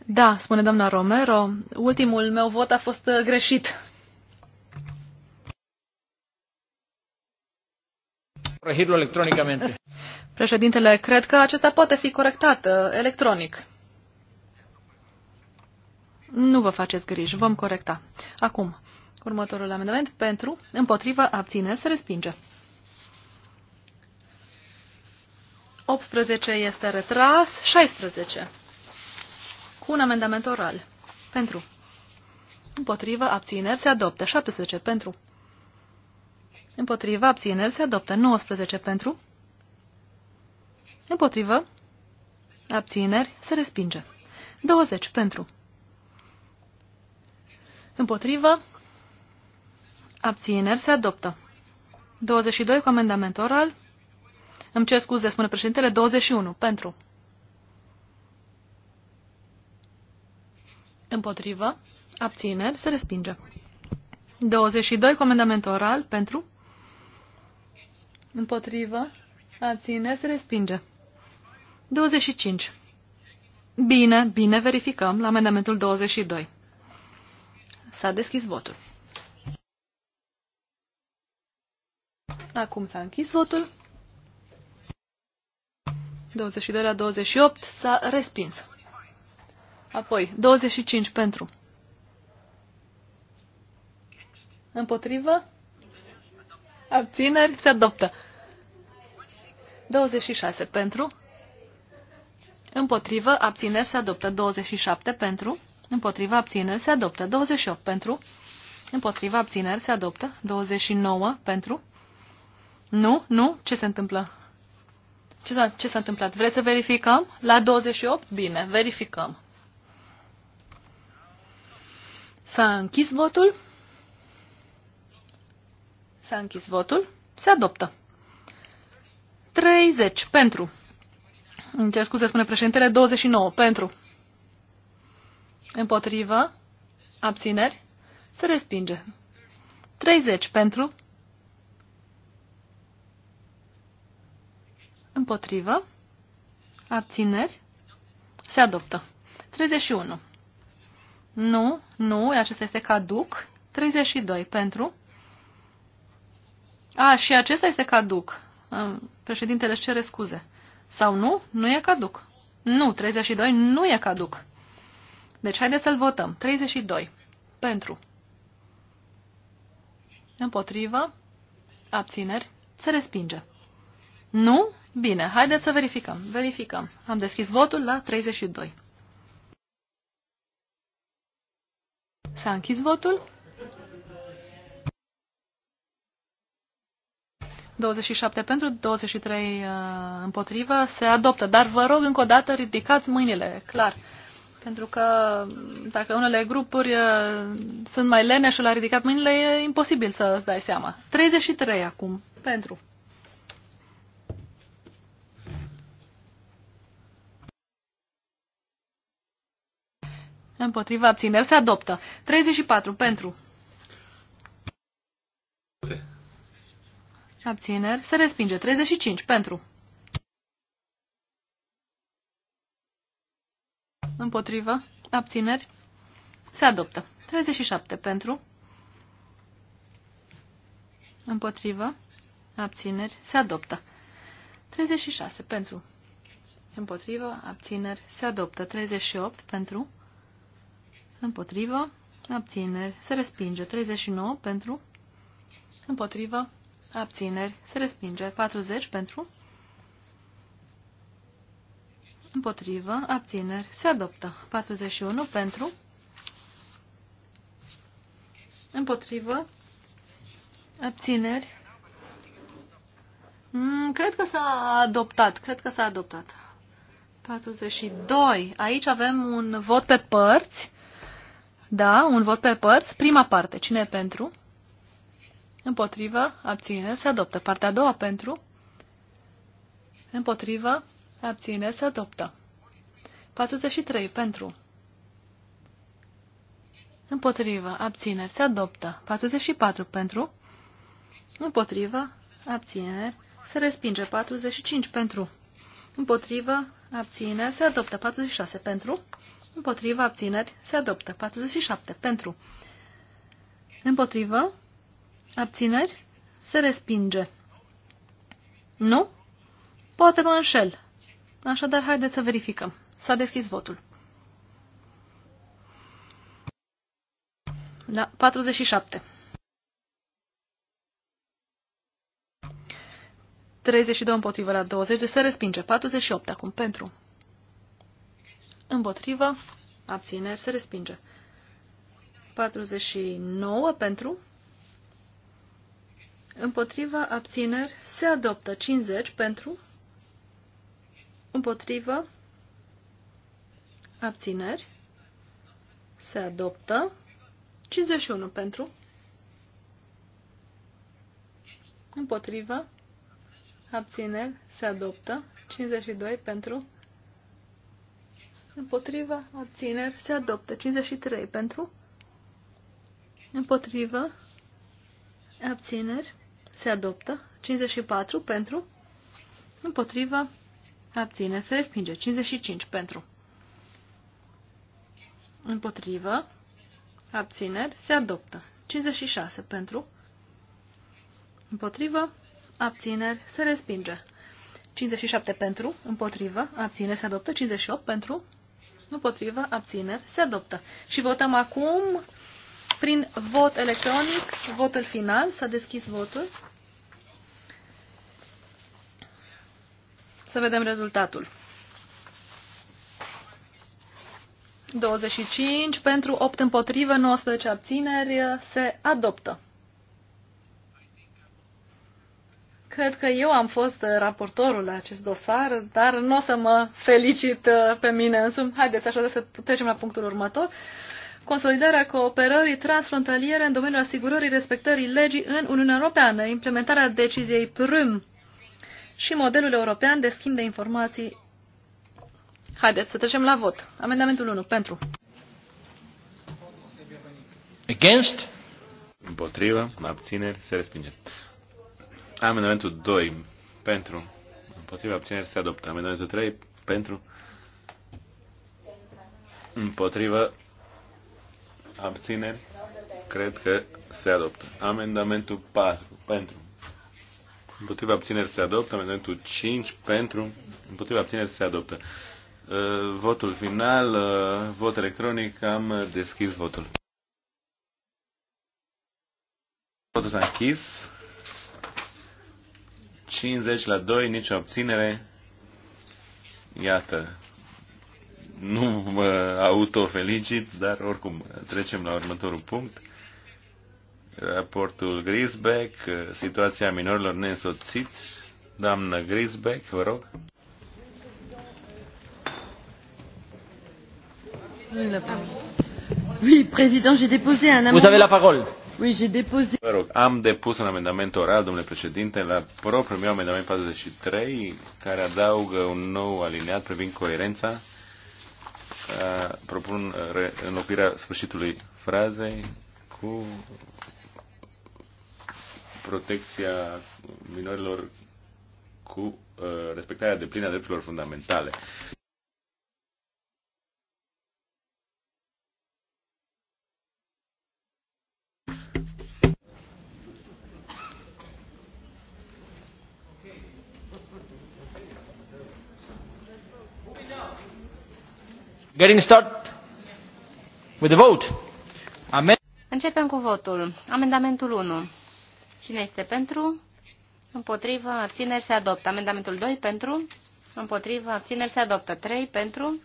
Da, spune doamna Romero, ultimul meu vot a fost greșit. Președintele, cred că acesta poate fi corectat uh, electronic. Nu vă faceți griji, vom corecta. Acum, următorul amendament pentru, împotrivă, abțineri, se respinge. 18 este retras, 16. Cu un amendament oral. Pentru. Împotrivă, abțineri, se adoptă. 17 pentru. Împotrivă, abțineri, se adoptă. 19 pentru. Împotrivă, abțineri, se respinge. 20 pentru. Împotrivă. Abțineri se adoptă. 22 cu amendament oral. Îmi cer scuze, spune președintele. 21. Pentru. Împotrivă. Abțineri se respinge. 22 cu amendament oral. Pentru. Împotrivă. Abțineri se respinge. 25. Bine, bine, verificăm la amendamentul 22. S-a deschis votul. Acum s-a închis votul. 22 la 28 s-a respins. Apoi, 25 pentru. Împotrivă? Abțineri? Se adoptă. 26 pentru. Împotrivă? Abțineri? Se adoptă. 27 pentru împotriva abțineri se adoptă. 28 pentru, împotriva abțineri se adoptă. 29 pentru, nu, nu, ce se întâmplă? Ce s-a, ce s-a întâmplat? Vreți să verificăm? La 28? Bine, verificăm. S-a închis votul? S-a închis votul? Se adoptă. 30 pentru. Încerc scuze, spune președintele, 29 pentru. Împotrivă. Abțineri. Se respinge. 30 pentru. Împotrivă. Abțineri. Se adoptă. 31. Nu, nu, acesta este caduc. 32 pentru. A, și acesta este caduc. Președintele își cere scuze. Sau nu? Nu e caduc. Nu, 32 nu e caduc. Deci haideți să-l votăm. 32. Pentru. Împotrivă. Abțineri. Se respinge. Nu? Bine, haideți să verificăm. Verificăm. Am deschis votul la 32. S-a închis votul. 27 pentru, 23 uh, împotrivă, se adoptă. Dar vă rog încă o dată, ridicați mâinile, clar. Pentru că dacă unele grupuri uh, sunt mai lene și l-a ridicat mâinile, e imposibil să îți dai seama. 33 acum, pentru. Împotriva abțineri se adoptă. 34 pentru. Abțineri se respinge. 35 pentru. Împotrivă. Abțineri. Se adoptă. 37 pentru. Împotrivă. Abțineri. Se adoptă. 36 pentru. Împotrivă. Abțineri. Se adoptă. 38 pentru. Împotrivă. Abțineri. Se respinge. 39 pentru. Împotrivă. Abțineri. Se respinge. 40 pentru împotrivă, abțineri, se adoptă. 41 pentru, împotrivă, abțineri. Mm, cred că s-a adoptat, cred că s-a adoptat. 42. Aici avem un vot pe părți. Da, un vot pe părți. Prima parte, cine e pentru? Împotrivă, abțineri, se adoptă. Partea a doua pentru? Împotrivă, Abține, să adoptă. 43. Pentru. Împotrivă. Abțineri. Se adoptă. 44. Pentru. Împotrivă. Abțineri. Se respinge. 45. Pentru. Împotrivă. Abțineri. Se adoptă. 46. Pentru. Împotrivă. Abțineri. Se adoptă. 47. Pentru. Împotrivă. Abțineri. Se respinge. Nu? Poate mă înșel. Așadar, haideți să verificăm. S-a deschis votul. Da, 47. 32 împotrivă la 20, se respinge. 48 acum pentru. Împotrivă, abțineri, se respinge. 49 pentru. Împotriva abțineri se adoptă 50 pentru. Împotrivă. Abțineri. Se adoptă. 51 pentru. Împotrivă. Abțineri. Se adoptă. 52 pentru. Împotrivă. Abțineri. Se adoptă. 53 pentru. Împotrivă. Abțineri. Se adoptă. 54 pentru. Împotrivă abține, se respinge. 55 pentru, împotrivă, abțineri, se adoptă. 56 pentru, împotrivă, abțineri, se respinge. 57 pentru, împotrivă, abțineri, se adoptă. 58 pentru, împotrivă, abțineri, se adoptă. Și votăm acum prin vot electronic, votul final, s-a deschis votul. Să vedem rezultatul. 25 pentru 8 împotrivă, 19 abțineri, se adoptă. Cred că eu am fost raportorul la acest dosar, dar nu o să mă felicit uh, pe mine însumi. Haideți așa să trecem la punctul următor. Consolidarea cooperării transfrontaliere în domeniul asigurării respectării legii în Uniunea Europeană, implementarea deciziei PRM și modelul european de schimb de informații. Haideți să trecem la vot. Amendamentul 1. Pentru. Against. Împotrivă. Abțineri. Se respinge. Amendamentul 2. Pentru. Împotrivă. Abțineri. Se adoptă. Amendamentul 3. Pentru. Împotrivă. Abțineri. Cred că se adoptă. Amendamentul 4. Pentru împotriva abțineri se adoptă. Amendamentul 5 pentru, împotriva abțineri se adoptă. Uh, votul final, uh, vot electronic, am deschis votul. Votul s-a închis. 50 la 2, nicio obținere. Iată, nu mă autofelicit, dar oricum trecem la următorul punct raportul Grisbeck, situația minorilor neînsoțiți. Doamnă Grisbeck, vă rog. Oui, président, j'ai déposé un Vous avez la parole. Oui, j'ai déposé. Vă rog, am depus un amendament oral, domnule președinte, la propriul meu amendament 43, care adaugă un nou aliniat privind coerența. Propun uh, înlocuirea sfârșitului frazei cu protecția minorilor cu uh, respectarea de plină a drepturilor fundamentale. Getting start with the vote. Amen. Începem cu votul. Amendamentul 1. Cine este pentru? Împotrivă, abțineri se adoptă. Amendamentul 2 pentru, împotrivă, abțineri se adoptă. 3 pentru,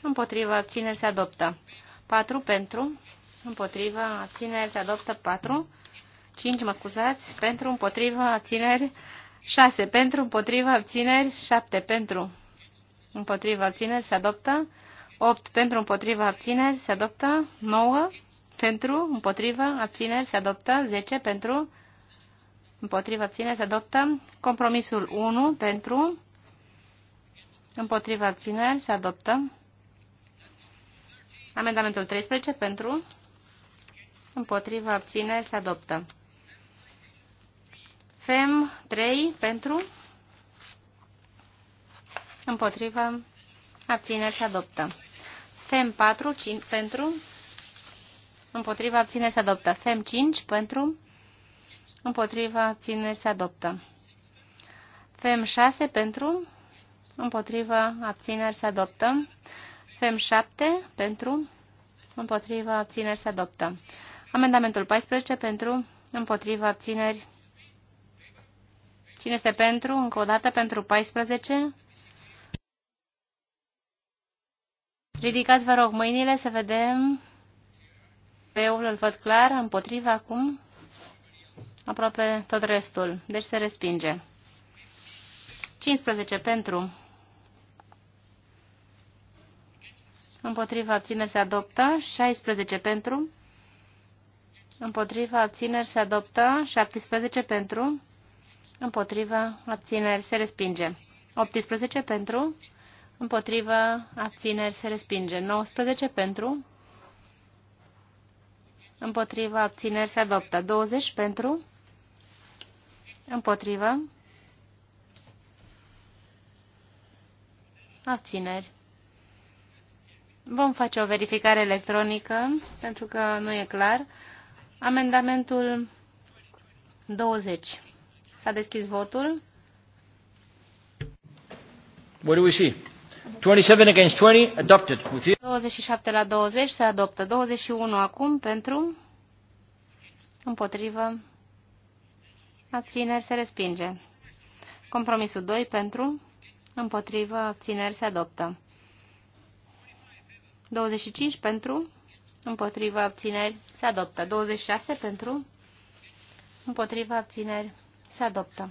împotrivă, abțineri se adoptă. 4 pentru, împotrivă, abțineri se adoptă. 4, 5, mă scuzați, pentru, împotrivă, abțineri, 6 pentru, împotrivă, abțineri, 7 pentru, împotrivă, abțineri se adoptă. 8 pentru, împotrivă, abțineri se adoptă. 9 pentru, împotrivă, abțineri se adoptă. 10 pentru, Împotrivă abțineri se adoptă. Compromisul 1 pentru. Împotrivă abțineri se adoptă. Amendamentul 13 pentru. Împotrivă abțineri se adoptă. FEM 3 pentru. Împotrivă abțineri se adoptă. FEM 4 5, pentru. Împotrivă abțineri se adoptă. FEM 5 pentru împotriva abțineri se adoptă. FEM 6 pentru, împotriva abțineri se adoptă. FEM 7 pentru, împotriva abțineri se adoptă. Amendamentul 14 pentru, împotriva abțineri. Cine este pentru? Încă o dată pentru 14. Ridicați, vă rog, mâinile să vedem. Pe eu îl văd clar, împotriva acum aproape tot restul, deci se respinge. 15 pentru, împotriva abțineri se adoptă, 16 pentru, împotriva abțineri se adoptă, 17 pentru, împotriva abțineri se respinge, 18 pentru, împotriva abțineri se respinge, 19 pentru, Împotriva abțineri se adoptă. 20 pentru. Împotriva. Abțineri. Vom face o verificare electronică, pentru că nu e clar. Amendamentul 20. S-a deschis votul. What do 27 against 20, adopted. 27 la 20 se adoptă. 21 acum pentru, împotrivă, abțineri se respinge. Compromisul 2 pentru, împotrivă, abțineri se adoptă. 25 pentru, împotrivă, abțineri se adoptă. 26 pentru, împotrivă, abțineri se adoptă.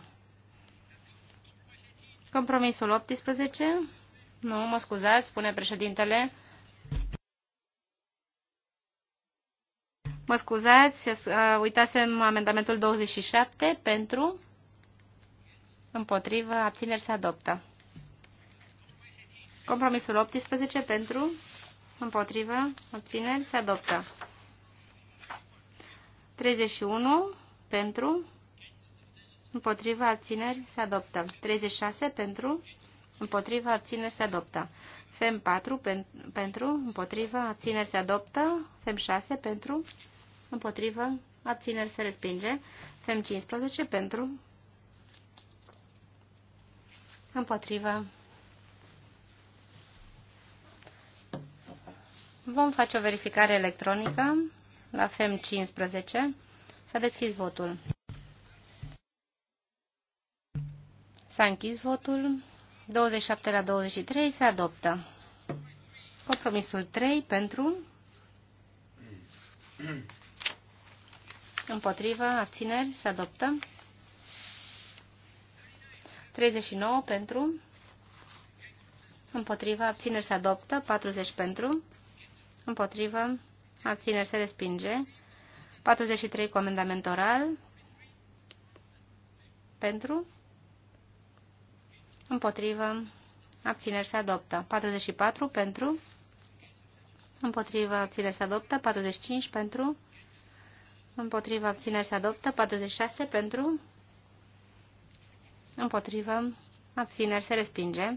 Compromisul 18 nu, mă scuzați, spune președintele. Mă scuzați, uh, uitasem amendamentul 27 pentru, împotrivă, abțineri se adoptă. Compromisul 18 pentru, împotrivă, abțineri se adoptă. 31 pentru, împotrivă, abțineri se adoptă. 36 pentru, împotriva, abțineri se adoptă. FEM 4 pen, pentru, împotriva, abțineri se adoptă. FEM 6 pentru, împotriva, abțineri se respinge. FEM 15 pentru, împotriva. Vom face o verificare electronică la FEM 15. S-a deschis votul. S-a închis votul. 27 la 23 se adoptă. Compromisul 3 pentru împotrivă, abțineri, se adoptă. 39 pentru împotrivă, abțineri, se adoptă. 40 pentru împotrivă, abțineri, se respinge. 43 cu amendament oral pentru împotrivă, abțineri se adoptă. 44 pentru, împotrivă, abțineri se adoptă. 45 pentru, împotrivă, abțineri se adoptă. 46 pentru, împotrivă, abțineri se respinge.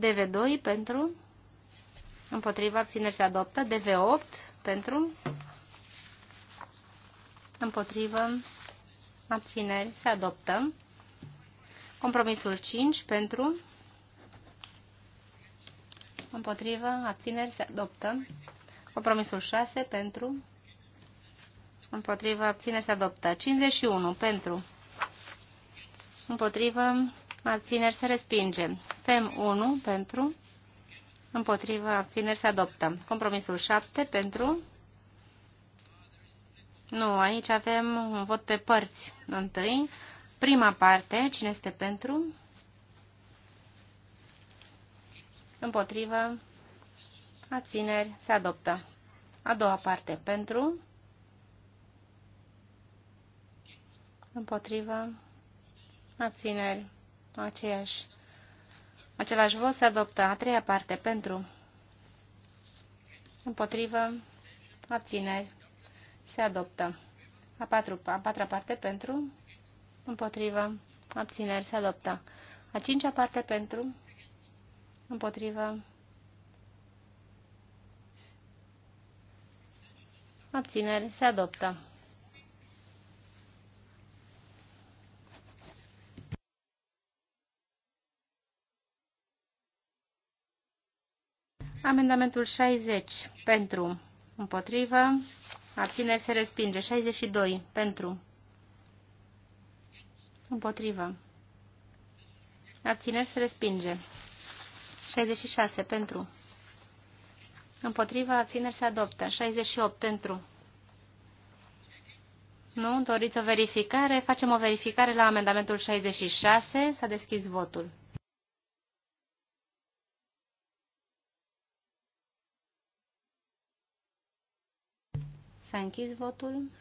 DV2 pentru, împotrivă, abțineri se adoptă. DV8 pentru, împotrivă, abțineri se adoptă. Compromisul 5 pentru, împotrivă, abțineri, se adoptă. Compromisul 6 pentru, împotrivă, abțineri, se adoptă. 51 pentru, împotrivă, abțineri, se respinge. FEM 1 pentru, împotrivă, abțineri, se adoptă. Compromisul 7 pentru, nu, aici avem un vot pe părți întâi. Prima parte, cine este pentru? Împotrivă. Abțineri. Se adoptă. A doua parte, pentru. Împotrivă. Abțineri. Aceeași. Același vot se adoptă. A treia parte, pentru. Împotrivă. Abțineri. Se adoptă. A, patru, a patra parte, pentru împotrivă, abțineri, se adoptă. A cincea parte pentru, împotrivă, abțineri, se adoptă. Amendamentul 60 pentru, împotrivă, abțineri se respinge. 62 pentru, Împotrivă. Abțineri se respinge. 66 pentru. Împotrivă, abțineri se adoptă. 68 pentru. Nu? Doriți o verificare? Facem o verificare la amendamentul 66. S-a deschis votul. S-a închis votul.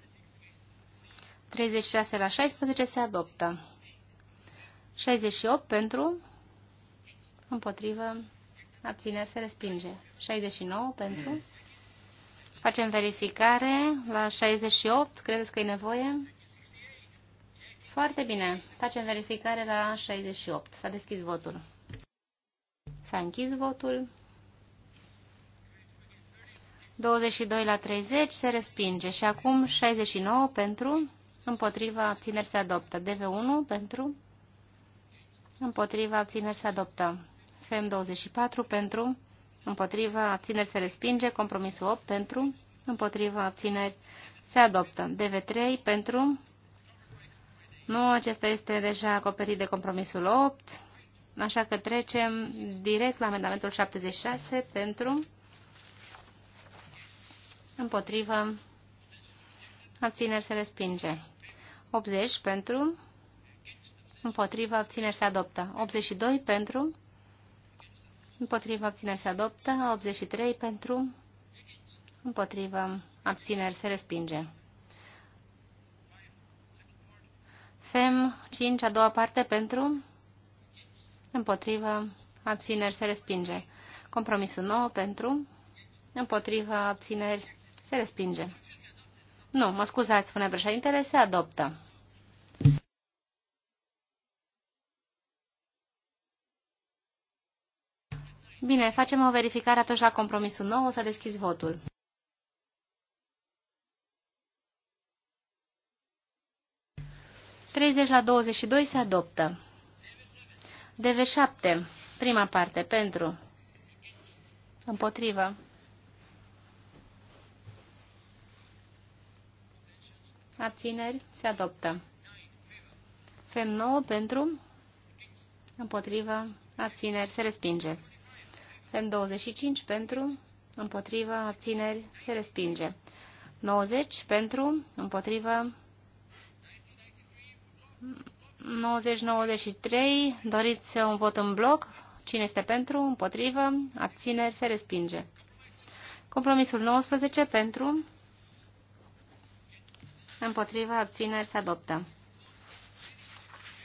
36 la 16 se adoptă. 68 pentru, împotrivă, abțineri se respinge. 69 pentru. Facem verificare la 68. Credeți că e nevoie? Foarte bine. Facem verificare la 68. S-a deschis votul. S-a închis votul. 22 la 30 se respinge. Și acum 69 pentru împotriva abțineri se adoptă. DV1 pentru, împotriva abțineri se adoptă. FM24 pentru, împotriva abțineri se respinge. Compromisul 8 pentru, împotriva abțineri se adoptă. DV3 pentru, nu, acesta este deja acoperit de compromisul 8, așa că trecem direct la amendamentul 76 pentru, împotriva Abțineri se respinge. 80 pentru, împotriva obțineri se adoptă. 82 pentru, împotriva obțineri se adoptă. 83 pentru, împotriva abțineri se respinge. FEM 5, a doua parte pentru, împotriva abțineri se respinge. Compromisul 9 pentru, împotriva abțineri se respinge. Nu, mă scuzați, spune președintele, se adoptă. Bine, facem o verificare atunci la compromisul nou, o să deschizi votul. Treizeci la 22 se adoptă. DV7, prima parte, pentru, împotrivă. abțineri, se adoptă. FEM 9 pentru, împotrivă, abțineri, se respinge. FEM 25 pentru, împotrivă, abțineri, se respinge. 90 pentru, împotrivă, 90-93, doriți un vot în bloc, cine este pentru, împotrivă, abțineri, se respinge. Compromisul 19 pentru, împotriva, abțineri, se adoptă.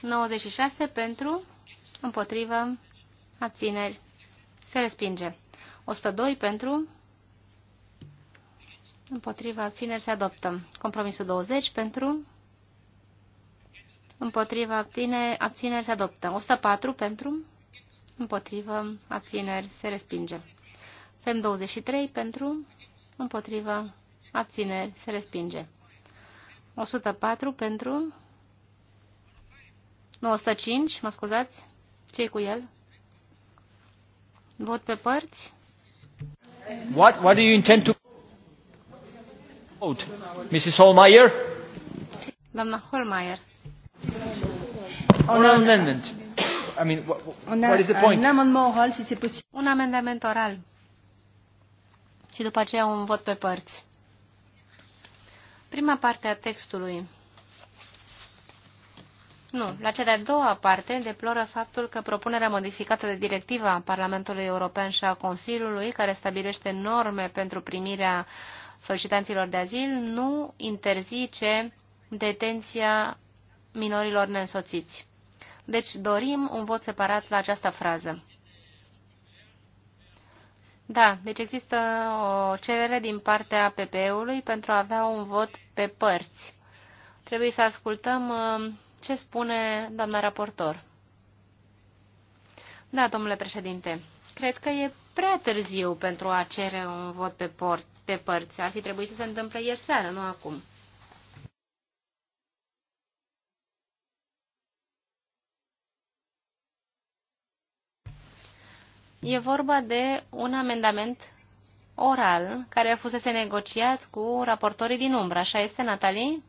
96 pentru, împotrivă, abțineri, se respinge. 102 pentru, împotriva, abțineri, se adoptă. Compromisul 20 pentru, împotriva, abține, abțineri, se adoptă. 104 pentru, împotrivă, abțineri, se respinge. FEM 23 pentru, împotriva, abțineri, se respinge. 104 pentru... Nu, mă scuzați. ce cu el? Vot pe părți. What, what do you intend to vote? Mrs. Holmeyer? Doamna Holmeyer. Un amendment. I mean, what, what is the point? Un amendament oral, si c'est possible. Un amendament oral. Și după aceea un vot pe părți prima parte a textului. Nu, la cea de-a doua parte deploră faptul că propunerea modificată de directiva Parlamentului European și a Consiliului, care stabilește norme pentru primirea solicitanților de azil, nu interzice detenția minorilor neînsoțiți. Deci dorim un vot separat la această frază. Da, deci există o cerere din partea PPE-ului pentru a avea un vot pe părți. Trebuie să ascultăm uh, ce spune doamna raportor. Da, domnule președinte, cred că e prea târziu pentru a cere un vot pe, port, pe părți. Ar fi trebuit să se întâmple ieri seară, nu acum. E vorba de un amendament oral care fusese negociat cu raportorii din umbră. Așa este, Natalie?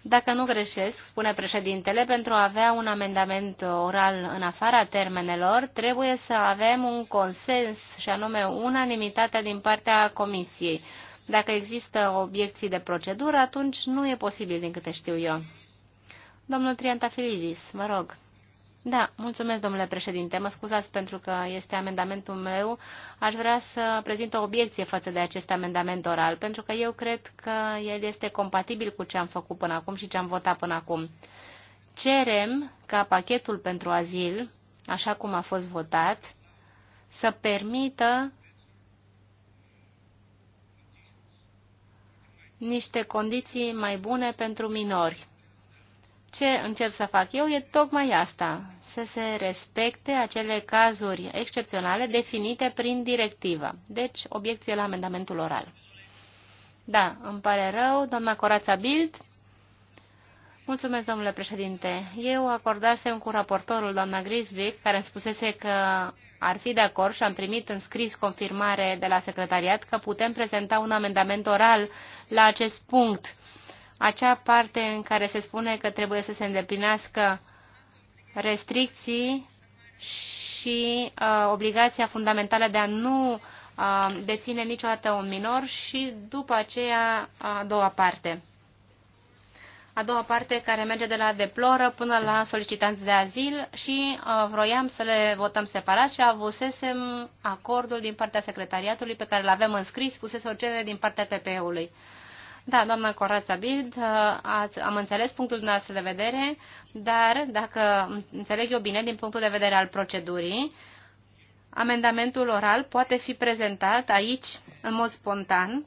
Dacă nu greșesc, spune președintele, pentru a avea un amendament oral în afara termenelor, trebuie să avem un consens, și anume unanimitatea din partea Comisiei. Dacă există obiecții de procedură, atunci nu e posibil, din câte știu eu. Domnul Triantafilidis, vă rog. Da, mulțumesc, domnule președinte. Mă scuzați pentru că este amendamentul meu. Aș vrea să prezint o obiecție față de acest amendament oral, pentru că eu cred că el este compatibil cu ce am făcut până acum și ce am votat până acum. Cerem ca pachetul pentru azil, așa cum a fost votat, să permită niște condiții mai bune pentru minori. Ce încerc să fac eu e tocmai asta, să se respecte acele cazuri excepționale definite prin directivă. Deci, obiecție la amendamentul oral. Da, îmi pare rău, doamna Corața Bild. Mulțumesc, domnule președinte. Eu acordasem cu raportorul, doamna Grisbic, care îmi spusese că ar fi de acord și am primit în scris confirmare de la secretariat că putem prezenta un amendament oral la acest punct. Acea parte în care se spune că trebuie să se îndeplinească restricții și uh, obligația fundamentală de a nu uh, deține niciodată un minor și după aceea a doua parte a doua parte care merge de la deploră până la solicitanți de azil și uh, vroiam să le votăm separat și avusesem acordul din partea secretariatului pe care l-avem înscris, pusese o cerere din partea PPE-ului. Da, doamna Corața Bild, uh, ați, am înțeles punctul dumneavoastră de vedere, dar dacă înțeleg eu bine din punctul de vedere al procedurii, amendamentul oral poate fi prezentat aici în mod spontan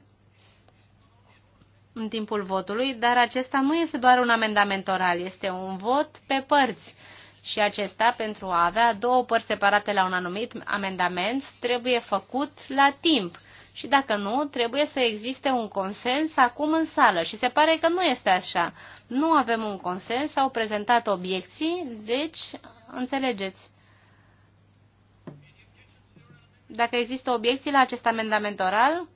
în timpul votului, dar acesta nu este doar un amendament oral, este un vot pe părți. Și acesta, pentru a avea două părți separate la un anumit amendament, trebuie făcut la timp. Și dacă nu, trebuie să existe un consens acum în sală. Și se pare că nu este așa. Nu avem un consens, au prezentat obiecții, deci înțelegeți. Dacă există obiecții la acest amendament oral,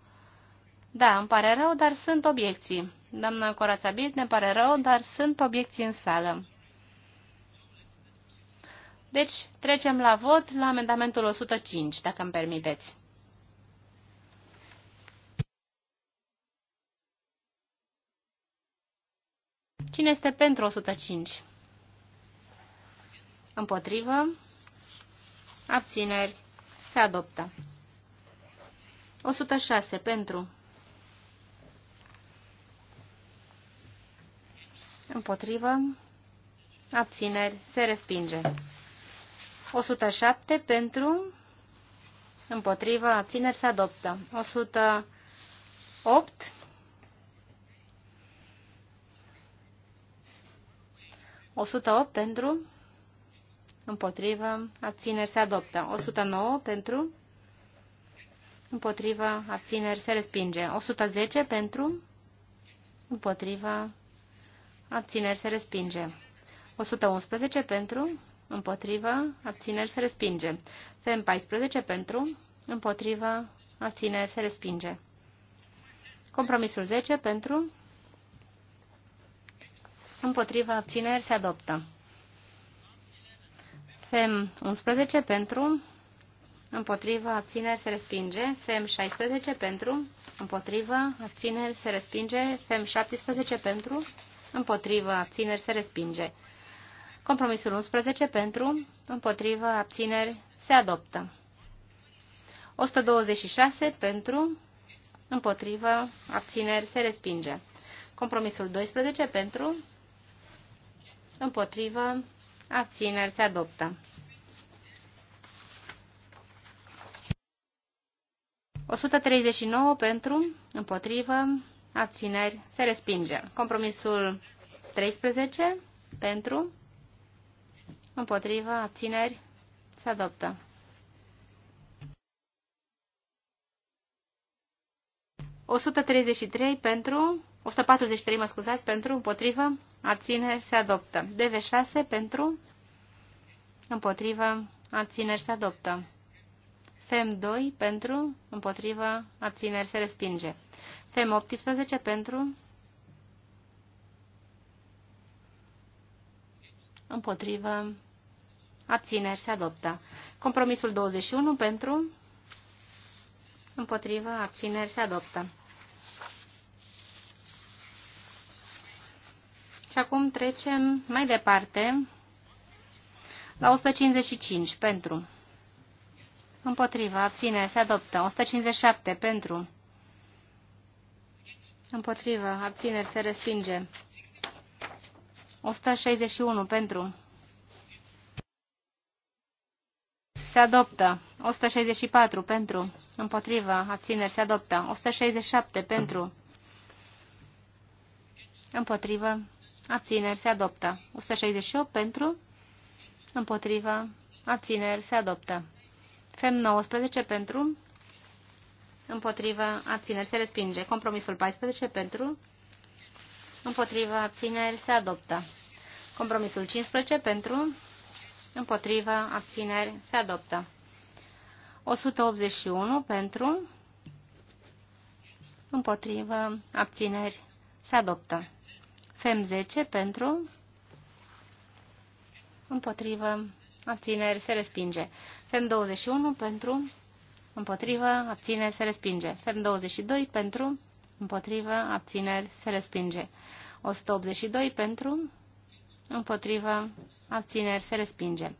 da, îmi pare rău, dar sunt obiecții. Doamna Corața Bilt, ne pare rău, dar sunt obiecții în sală. Deci, trecem la vot la amendamentul 105, dacă îmi permiteți. Cine este pentru 105? Împotrivă. Abțineri. Se adoptă. 106 pentru. împotrivă, abțineri, se respinge. 107 pentru, împotrivă, abțineri, se adoptă. 108 108 pentru, împotrivă, abțineri se adoptă. 109 pentru, împotrivă, abțineri se respinge. 110 pentru, împotrivă, abțineri se respinge. 111 pentru, împotrivă, abțineri se respinge. FEM 14 pentru, împotrivă, abțineri se respinge. Compromisul 10 pentru, împotrivă, abțineri se adoptă. FEM 11 pentru, împotrivă, abțineri se respinge, FEM 16 pentru, împotrivă, abțineri se respinge, FEM 17 pentru, împotrivă, abțineri, se respinge. Compromisul 11 pentru, împotrivă, abțineri, se adoptă. 126 pentru, împotrivă, abțineri, se respinge. Compromisul 12 pentru, împotrivă, abțineri, se adoptă. 139 pentru, împotrivă, abțineri, se respinge. Compromisul 13, pentru, împotrivă, abțineri, se adoptă. O 133 pentru, 143, mă scuzați, pentru, împotrivă, abțineri, se adoptă. DV6 pentru, împotrivă, abțineri, se adoptă. FEM2 pentru, împotrivă, abțineri, se respinge. FEM 18 pentru, împotrivă, abțineri, se adoptă. Compromisul 21 pentru, împotrivă, abțineri, se adoptă. Și acum trecem mai departe la 155 pentru. Împotrivă. abține, se adoptă. 157 pentru. Împotrivă. Abțineri. Se respinge. 161 pentru. Se adoptă. 164 pentru. Împotrivă. Abțineri. Se adoptă. 167 pentru. Împotrivă. Abțineri. Se adoptă. 168 pentru. Împotrivă. Abțineri. Se adoptă. FEM 19 pentru împotrivă, abțineri, se respinge. Compromisul 14 pentru, împotrivă, abțineri, se adoptă. Compromisul 15 pentru, împotrivă, abțineri, se adoptă. 181 pentru, împotrivă, abțineri, se adoptă. FEM 10 pentru, împotrivă, abțineri, se respinge. FEM 21 pentru, împotrivă, abțineri, se respinge. FEM 22 pentru, împotrivă, abțineri, se respinge. 182 pentru, împotrivă, abțineri, se respinge.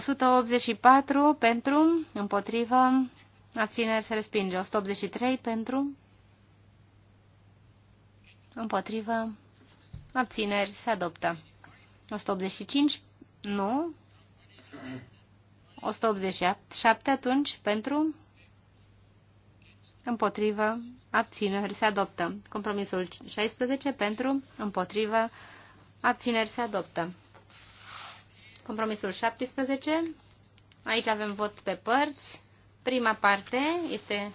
184 pentru, împotrivă, abțineri se respinge. 183 pentru, împotrivă, abțineri se adoptă. 185, nu. 187 atunci pentru, împotrivă, abțineri se adoptă. Compromisul 16 pentru, împotrivă, abțineri se adoptă. Compromisul 17. Aici avem vot pe părți. Prima parte este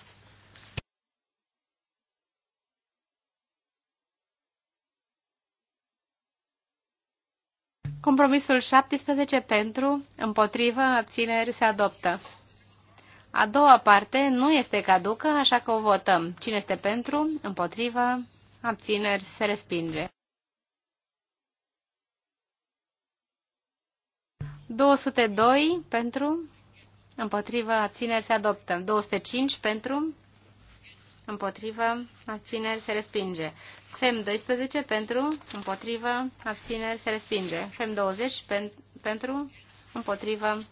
Compromisul 17 pentru, împotrivă, abțineri se adoptă. A doua parte nu este caducă, așa că o votăm. Cine este pentru, împotrivă, abțineri se respinge. 202 pentru, împotrivă, abțineri se adoptă. 205 pentru, împotrivă, abțineri se respinge. FEM 12 pentru, împotrivă, abțineri se respinge. FEM 20 pen, pentru, împotrivă.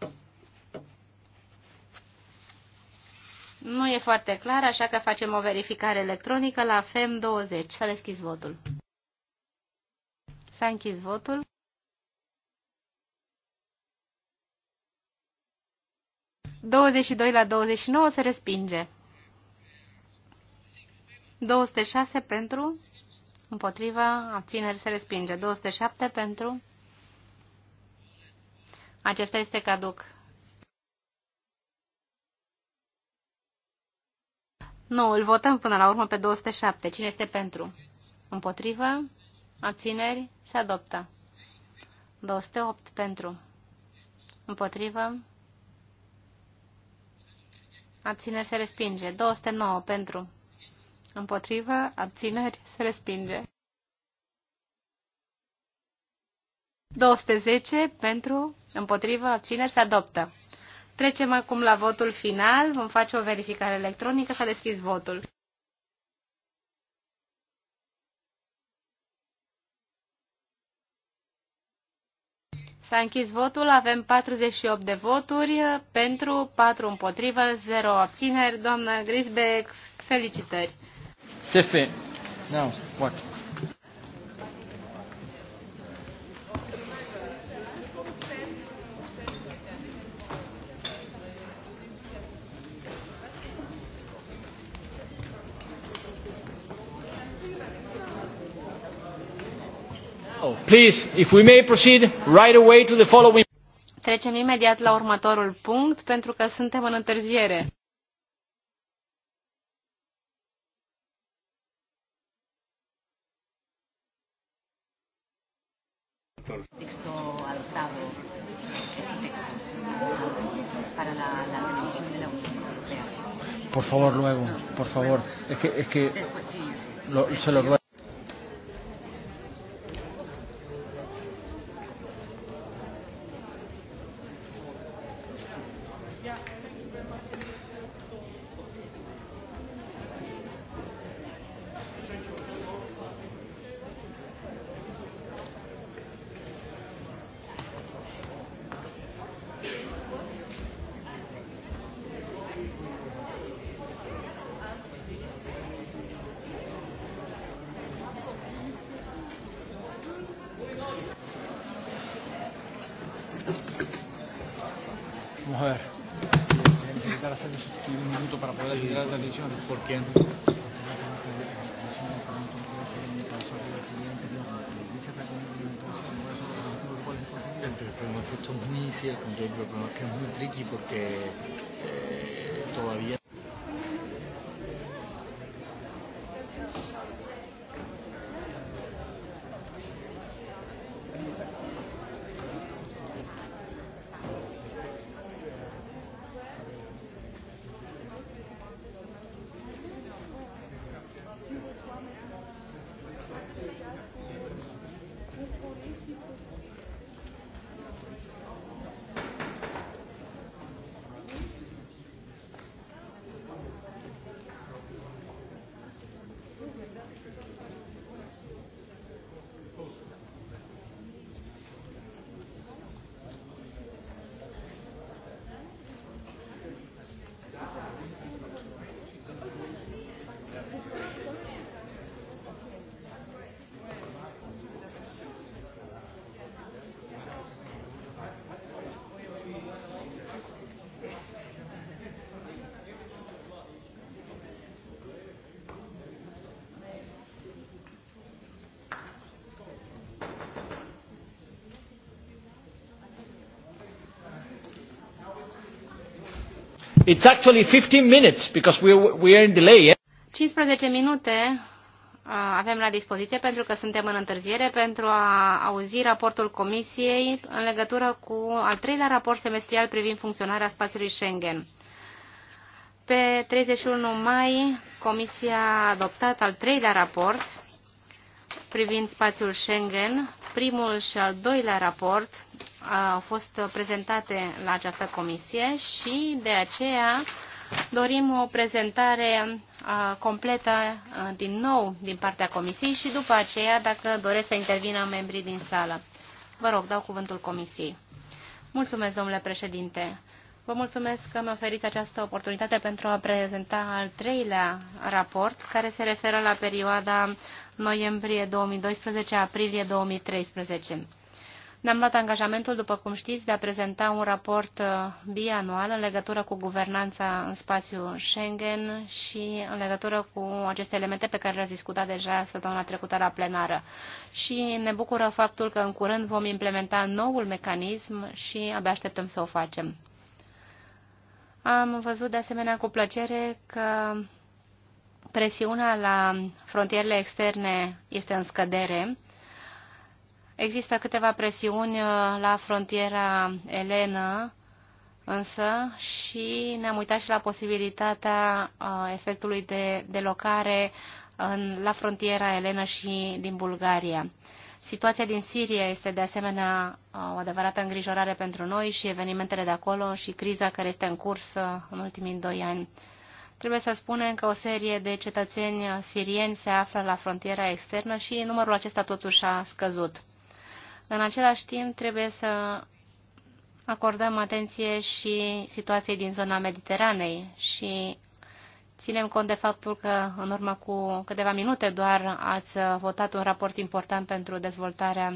Nu e foarte clar, așa că facem o verificare electronică la FEM 20. S-a deschis votul. S-a închis votul. 22 la 29 se respinge. 206 pentru, împotriva, abțineri se respinge. 207 pentru, acesta este caduc. 9 îl votăm până la urmă pe 207. Cine este pentru? Împotrivă? Abțineri? Se adoptă. 208 pentru. Împotrivă? abțineri se respinge. 209 pentru, împotrivă, abțineri se respinge. 210 pentru, împotrivă, abțineri se adoptă. Trecem acum la votul final. Vom face o verificare electronică. S-a deschis votul. S-a închis votul, avem 48 de voturi pentru, 4 împotrivă, 0 abțineri. Doamnă Grisbeck, felicitări! Se nu, Now, what? Please, if we may proceed right away to the following. Trecem imediat la următorul punct pentru că suntem în întârziere. Texto para la, la televisión de la Unión Europea. Por favor, luego, por favor. Es que, es que lo, se lo ruego. It's actually 15 minutes because we we are in delay. 15 eh? minute uh, avem la dispoziție pentru că suntem în întârziere pentru a auzi raportul Comisiei în legătură cu al treilea raport semestrial privind funcționarea spațiului Schengen. Pe 31 mai, Comisia a adoptat al treilea raport privind spațiul Schengen, primul și al doilea raport au fost prezentate la această comisie și de aceea dorim o prezentare uh, completă uh, din nou din partea comisiei și după aceea dacă doresc să intervină membrii din sală. Vă rog, dau cuvântul comisiei. Mulțumesc, domnule președinte. Vă mulțumesc că mi oferiți această oportunitate pentru a prezenta al treilea raport, care se referă la perioada noiembrie 2012-aprilie 2013. Ne-am luat angajamentul, după cum știți, de a prezenta un raport uh, bianual în legătură cu guvernanța în spațiul Schengen și în legătură cu aceste elemente pe care le-ați discutat deja săptămâna trecută la plenară. Și ne bucură faptul că în curând vom implementa noul mecanism și abia așteptăm să o facem. Am văzut de asemenea cu plăcere că presiunea la frontierele externe este în scădere Există câteva presiuni uh, la frontiera elenă, însă, și ne-am uitat și la posibilitatea uh, efectului de delocare în, la frontiera elenă și din Bulgaria. Situația din Siria este de asemenea uh, o adevărată îngrijorare pentru noi și evenimentele de acolo și criza care este în curs în ultimii doi ani. Trebuie să spunem că o serie de cetățeni sirieni se află la frontiera externă și numărul acesta totuși a scăzut. În același timp, trebuie să acordăm atenție și situației din zona Mediteranei și ținem cont de faptul că în urmă cu câteva minute doar ați votat un raport important pentru dezvoltarea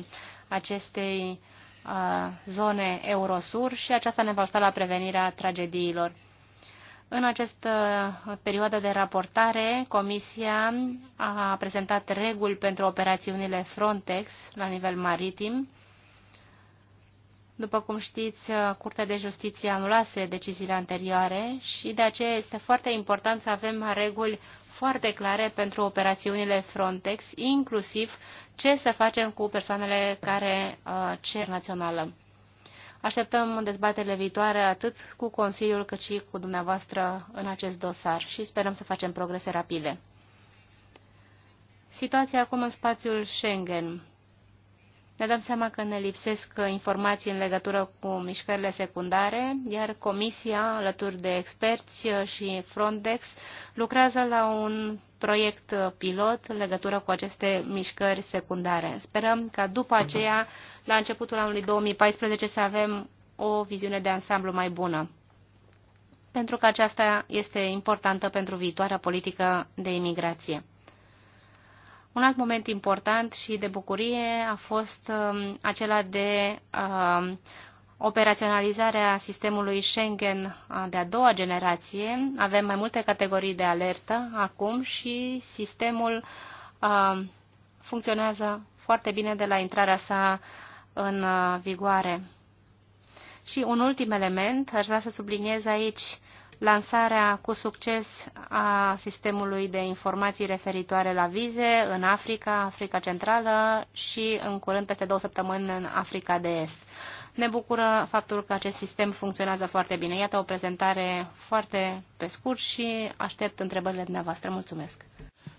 acestei uh, zone Eurosur și aceasta ne va ajuta la prevenirea tragediilor. În această uh, perioadă de raportare, Comisia a prezentat reguli pentru operațiunile Frontex la nivel maritim. După cum știți, uh, Curtea de Justiție anulase deciziile anterioare și de aceea este foarte important să avem reguli foarte clare pentru operațiunile Frontex, inclusiv ce să facem cu persoanele care uh, cer națională. Așteptăm dezbaterile viitoare atât cu Consiliul cât și cu dumneavoastră în acest dosar și sperăm să facem progrese rapide. Situația acum în spațiul Schengen. Ne dăm seama că ne lipsesc informații în legătură cu mișcările secundare, iar Comisia, alături de experți și Frontex, lucrează la un proiect pilot în legătură cu aceste mișcări secundare. Sperăm ca după aceea, la începutul anului 2014, să avem o viziune de ansamblu mai bună pentru că aceasta este importantă pentru viitoarea politică de imigrație. Un alt moment important și de bucurie a fost um, acela de um, operaționalizarea sistemului Schengen uh, de-a doua generație. Avem mai multe categorii de alertă acum și sistemul um, funcționează foarte bine de la intrarea sa în uh, vigoare. Și un ultim element, aș vrea să subliniez aici lansarea cu succes a sistemului de informații referitoare la vize în Africa, Africa Centrală și în curând peste două săptămâni în Africa de Est. Ne bucură faptul că acest sistem funcționează foarte bine. Iată o prezentare foarte pe scurt și aștept întrebările dumneavoastră. Mulțumesc!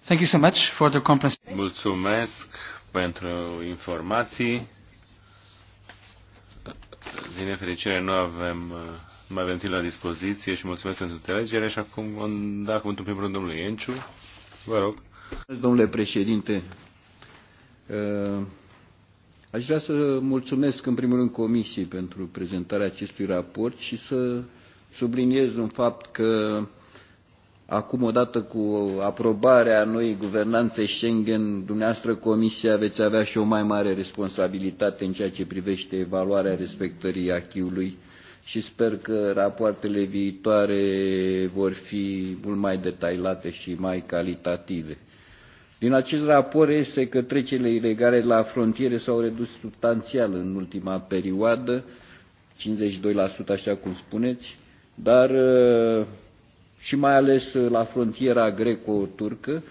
Thank you so much for the Mulțumesc pentru informații. Din nefericire nu avem uh, mai avem timp la dispoziție și mulțumesc pentru înțelegere și acum da cuvântul primul rând domnului Enciu. Vă rog. Domnule președinte, uh, aș vrea să mulțumesc în primul rând comisiei pentru prezentarea acestui raport și să subliniez un fapt că acum odată cu aprobarea noii guvernanței Schengen, dumneavoastră Comisia veți avea și o mai mare responsabilitate în ceea ce privește evaluarea respectării acquis și sper că rapoartele viitoare vor fi mult mai detaliate și mai calitative. Din acest raport este că trecerile ilegale la frontiere s-au redus substanțial în ultima perioadă, 52% așa cum spuneți, dar uh, și mai ales la frontiera greco-turcă,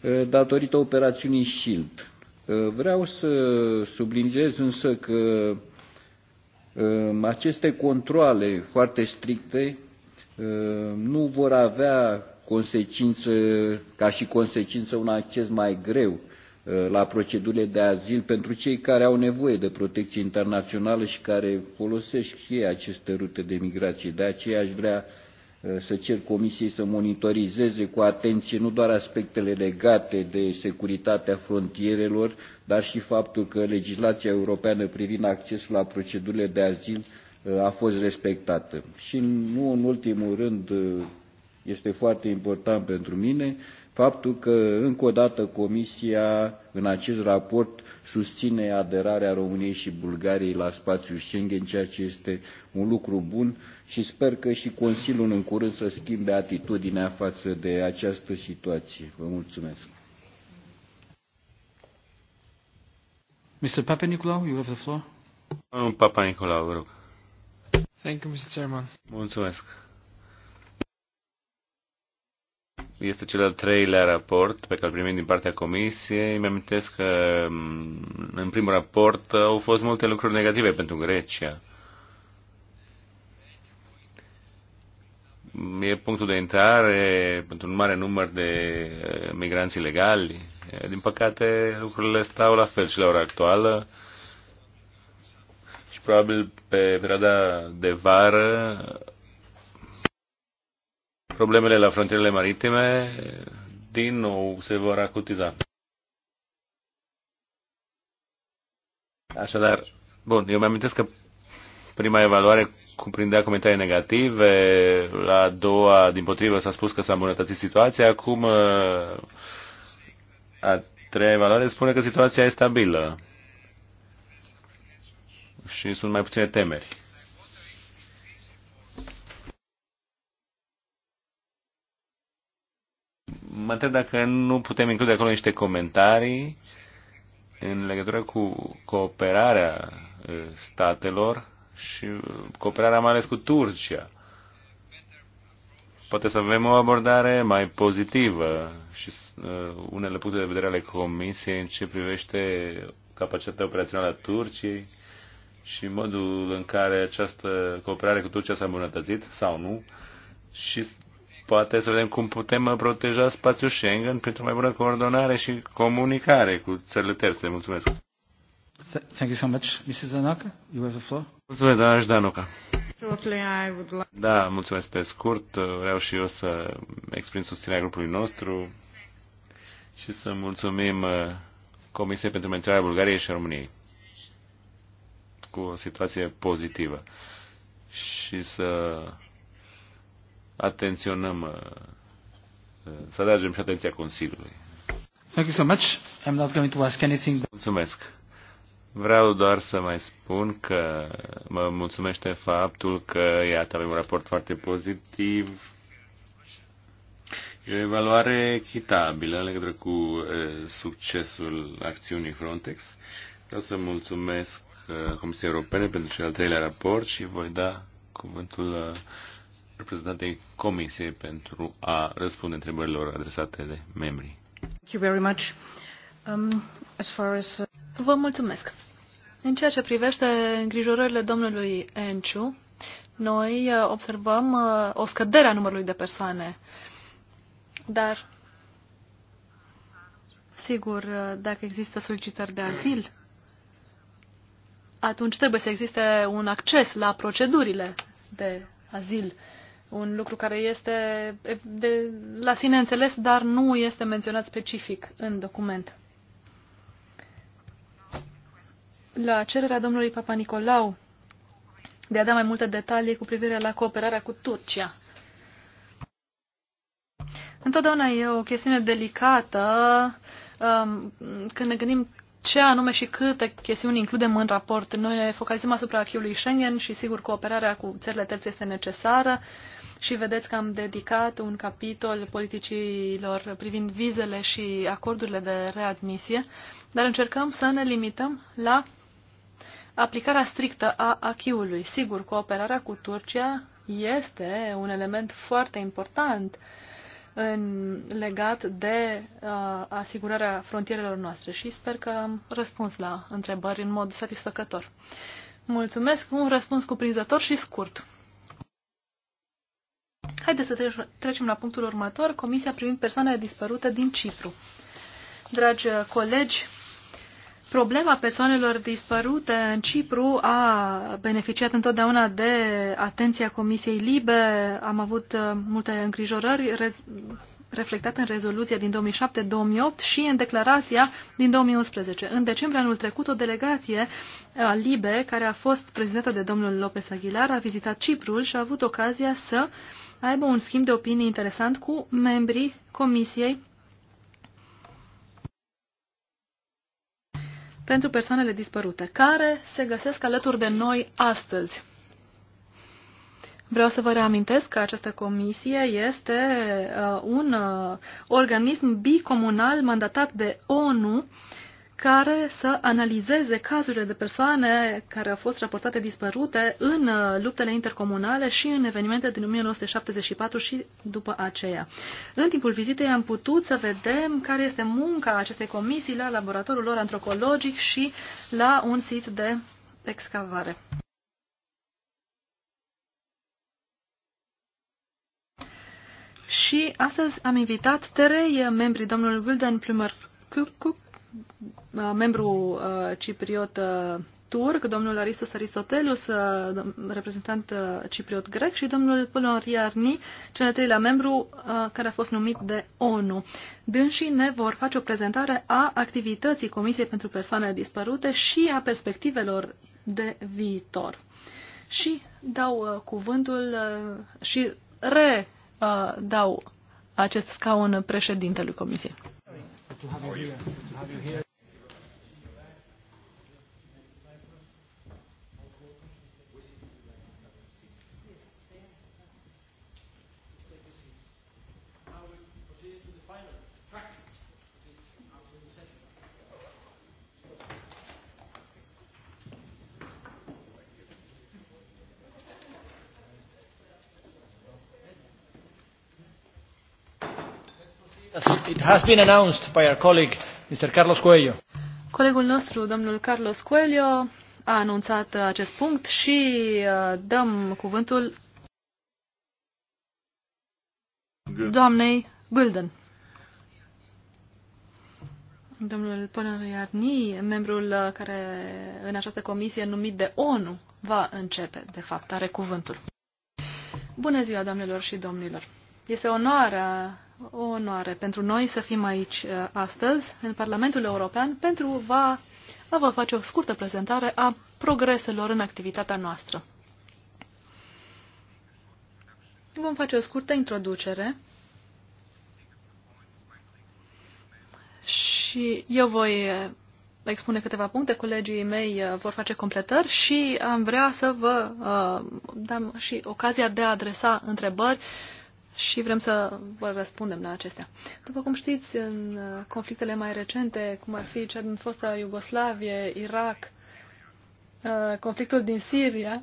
uh, datorită operațiunii SHIELD. Uh, vreau să subliniez însă că Ehm, aceste controle foarte stricte ehm, nu vor avea consecință, ca și consecință un acces mai greu ehm, la procedurile de azil pentru cei care au nevoie de protecție internațională și care folosesc și ei aceste rute de migrație. De aceea aș vrea Eh, să cer Comisiei să monitorizeze cu atenție nu doar aspectele legate de securitatea frontierelor, dar și faptul că legislația europeană privind accesul la procedurile de azil eh, a fost respectată. Și nu în ultimul rând eh, este foarte important pentru mine faptul că încă o dată Comisia în acest raport susține aderarea României și Bulgariei la spațiul Schengen, ceea ce este un lucru bun și sper că și Consiliul în curând să schimbe atitudinea față de această situație. Vă mulțumesc. Mr. Papa Nicolau, you have the floor. Papa Nicolau, vă rog. Thank you, Mr. Chairman. Mulțumesc. Este cel al treilea raport pe care îl primim din partea Comisiei. Mi-amintesc că mm, în primul raport au fost multe lucruri negative pentru Grecia. E punctul de intrare pentru un mare număr de eh, migranți ilegali. Eh, din păcate, lucrurile stau la fel și la ora actuală și probabil pe perioada de vară problemele la frontierele maritime din nou se vor acutiza. Așadar, bun, eu mi-amintesc că prima evaluare cuprindea comentarii negative, la a doua, din potrivă, s-a spus că s-a îmbunătățit situația, acum uh, a treia evaluare spune că situația e stabilă și sunt mai puține temeri. mă întreb dacă nu putem include acolo niște comentarii în legătură cu cooperarea uh, statelor și uh, cooperarea mai ales cu Turcia. Poate să avem o abordare mai pozitivă și uh, unele puncte de vedere ale Comisiei în ce privește capacitatea operațională a Turciei și modul în care această cooperare cu Turcia s-a îmbunătățit sau nu și poate să vedem cum putem proteja spațiul Schengen pentru mai bună coordonare și comunicare cu țările terțe. Mulțumesc! Thank you so much. Mrs. Zanaka. you have the floor. Mulțumesc, doamna Danoka. Da, mulțumesc pe scurt. Vreau și eu să exprim susținerea grupului nostru și să mulțumim uh, Comisiei pentru menționarea Bulgariei și României cu o situație pozitivă și să atenționăm, uh, uh, să atragem și atenția Consiliului. Thank you so much. I'm not going to ask anything. Mulțumesc. Vreau doar să mai spun că mă mulțumește faptul că, iată, avem un raport foarte pozitiv, E o evaluare echitabilă în legătură cu e, uh, succesul acțiunii Frontex. Vreau să mulțumesc Comisiei Europene pentru cel al treilea raport și voi da cuvântul La reprezentantei Comisiei pentru a răspunde întrebărilor adresate de membrii. Thank you very much. Um, as far as, uh, Vă mulțumesc. În ceea ce privește îngrijorările domnului Enciu, noi uh, observăm uh, o scădere a numărului de persoane. Dar, sigur, dacă există solicitări de azil, atunci trebuie să existe un acces la procedurile de azil un lucru care este de la sine înțeles, dar nu este menționat specific în document. La cererea domnului Papa Nicolau de a da mai multe detalii cu privire la cooperarea cu Turcia. Întotdeauna e o chestiune delicată um, când ne gândim ce anume și câte chestiuni includem în raport. Noi ne focalizăm asupra acquis Schengen și, sigur, cooperarea cu țările terțe este necesară. Uh, și vedeți că am dedicat un capitol politicilor privind vizele și acordurile de readmisie, dar încercăm să ne limităm la aplicarea strictă a achiului. Sigur, cooperarea cu Turcia este un element foarte important în, legat de uh, asigurarea frontierelor noastre și sper că am răspuns la întrebări în mod satisfăcător. Mulțumesc, un răspuns cuprinzător și scurt. Haideți să trecem la punctul următor, Comisia privind persoanele dispărute din Cipru. Dragi colegi, problema persoanelor dispărute în Cipru a beneficiat întotdeauna de atenția Comisiei Libe. Am avut uh, multe îngrijorări reflectate în rezoluția din 2007-2008 și în declarația din 2011. În decembrie anul trecut, o delegație a uh, Libe, care a fost prezentată de domnul Lopez Aguilar, a vizitat Ciprul și a avut ocazia să uh, aibă un schimb de opinii interesant cu membrii Comisiei pentru persoanele dispărute, care se găsesc alături de noi astăzi. Vreau să vă reamintesc că această comisie este uh, un uh, organism bicomunal mandatat de ONU care să analizeze cazurile de persoane care au fost raportate dispărute în uh, luptele intercomunale și în evenimente din 1974 și după aceea. În timpul vizitei am putut să vedem care este munca acestei comisii la laboratorul lor antropologic și la un sit de excavare. Și astăzi am invitat trei membri, domnul Wilden Plumer Kukuk, Uh, membru uh, cipriot uh, turc, domnul Aristos Aristotelus, reprezentant cipriot grec, și domnul Polon Riarni, cel treilea membru care a fost numit de ONU. Dânsii ne vor face o prezentare a activității Comisiei pentru Persoane Dispărute și a perspectivelor de viitor. Și dau cuvântul și redau acest scaun președintelui Comisiei to have you here. To have you here. Carlos Coelho. Colegul nostru, domnul Carlos Coelho, a anunțat acest punct și uh, dăm cuvântul doamnei Gulden. Domnul Polariarni, membrul uh, care în această comisie numit de ONU va începe, de fapt, are cuvântul. Bună ziua, doamnelor și domnilor! Este onoarea o onoare pentru noi să fim aici uh, astăzi, în Parlamentul European, pentru va, a vă face o scurtă prezentare a progreselor în activitatea noastră. Vom face o scurtă introducere și eu voi uh, expune câteva puncte, colegii mei uh, vor face completări și am vrea să vă uh, dăm și ocazia de a adresa întrebări uh, și vrem să vă răspundem la acestea. După cum știți, în uh, conflictele mai recente, cum ar fi cea din fosta Iugoslavie, Irak, uh, conflictul din Siria,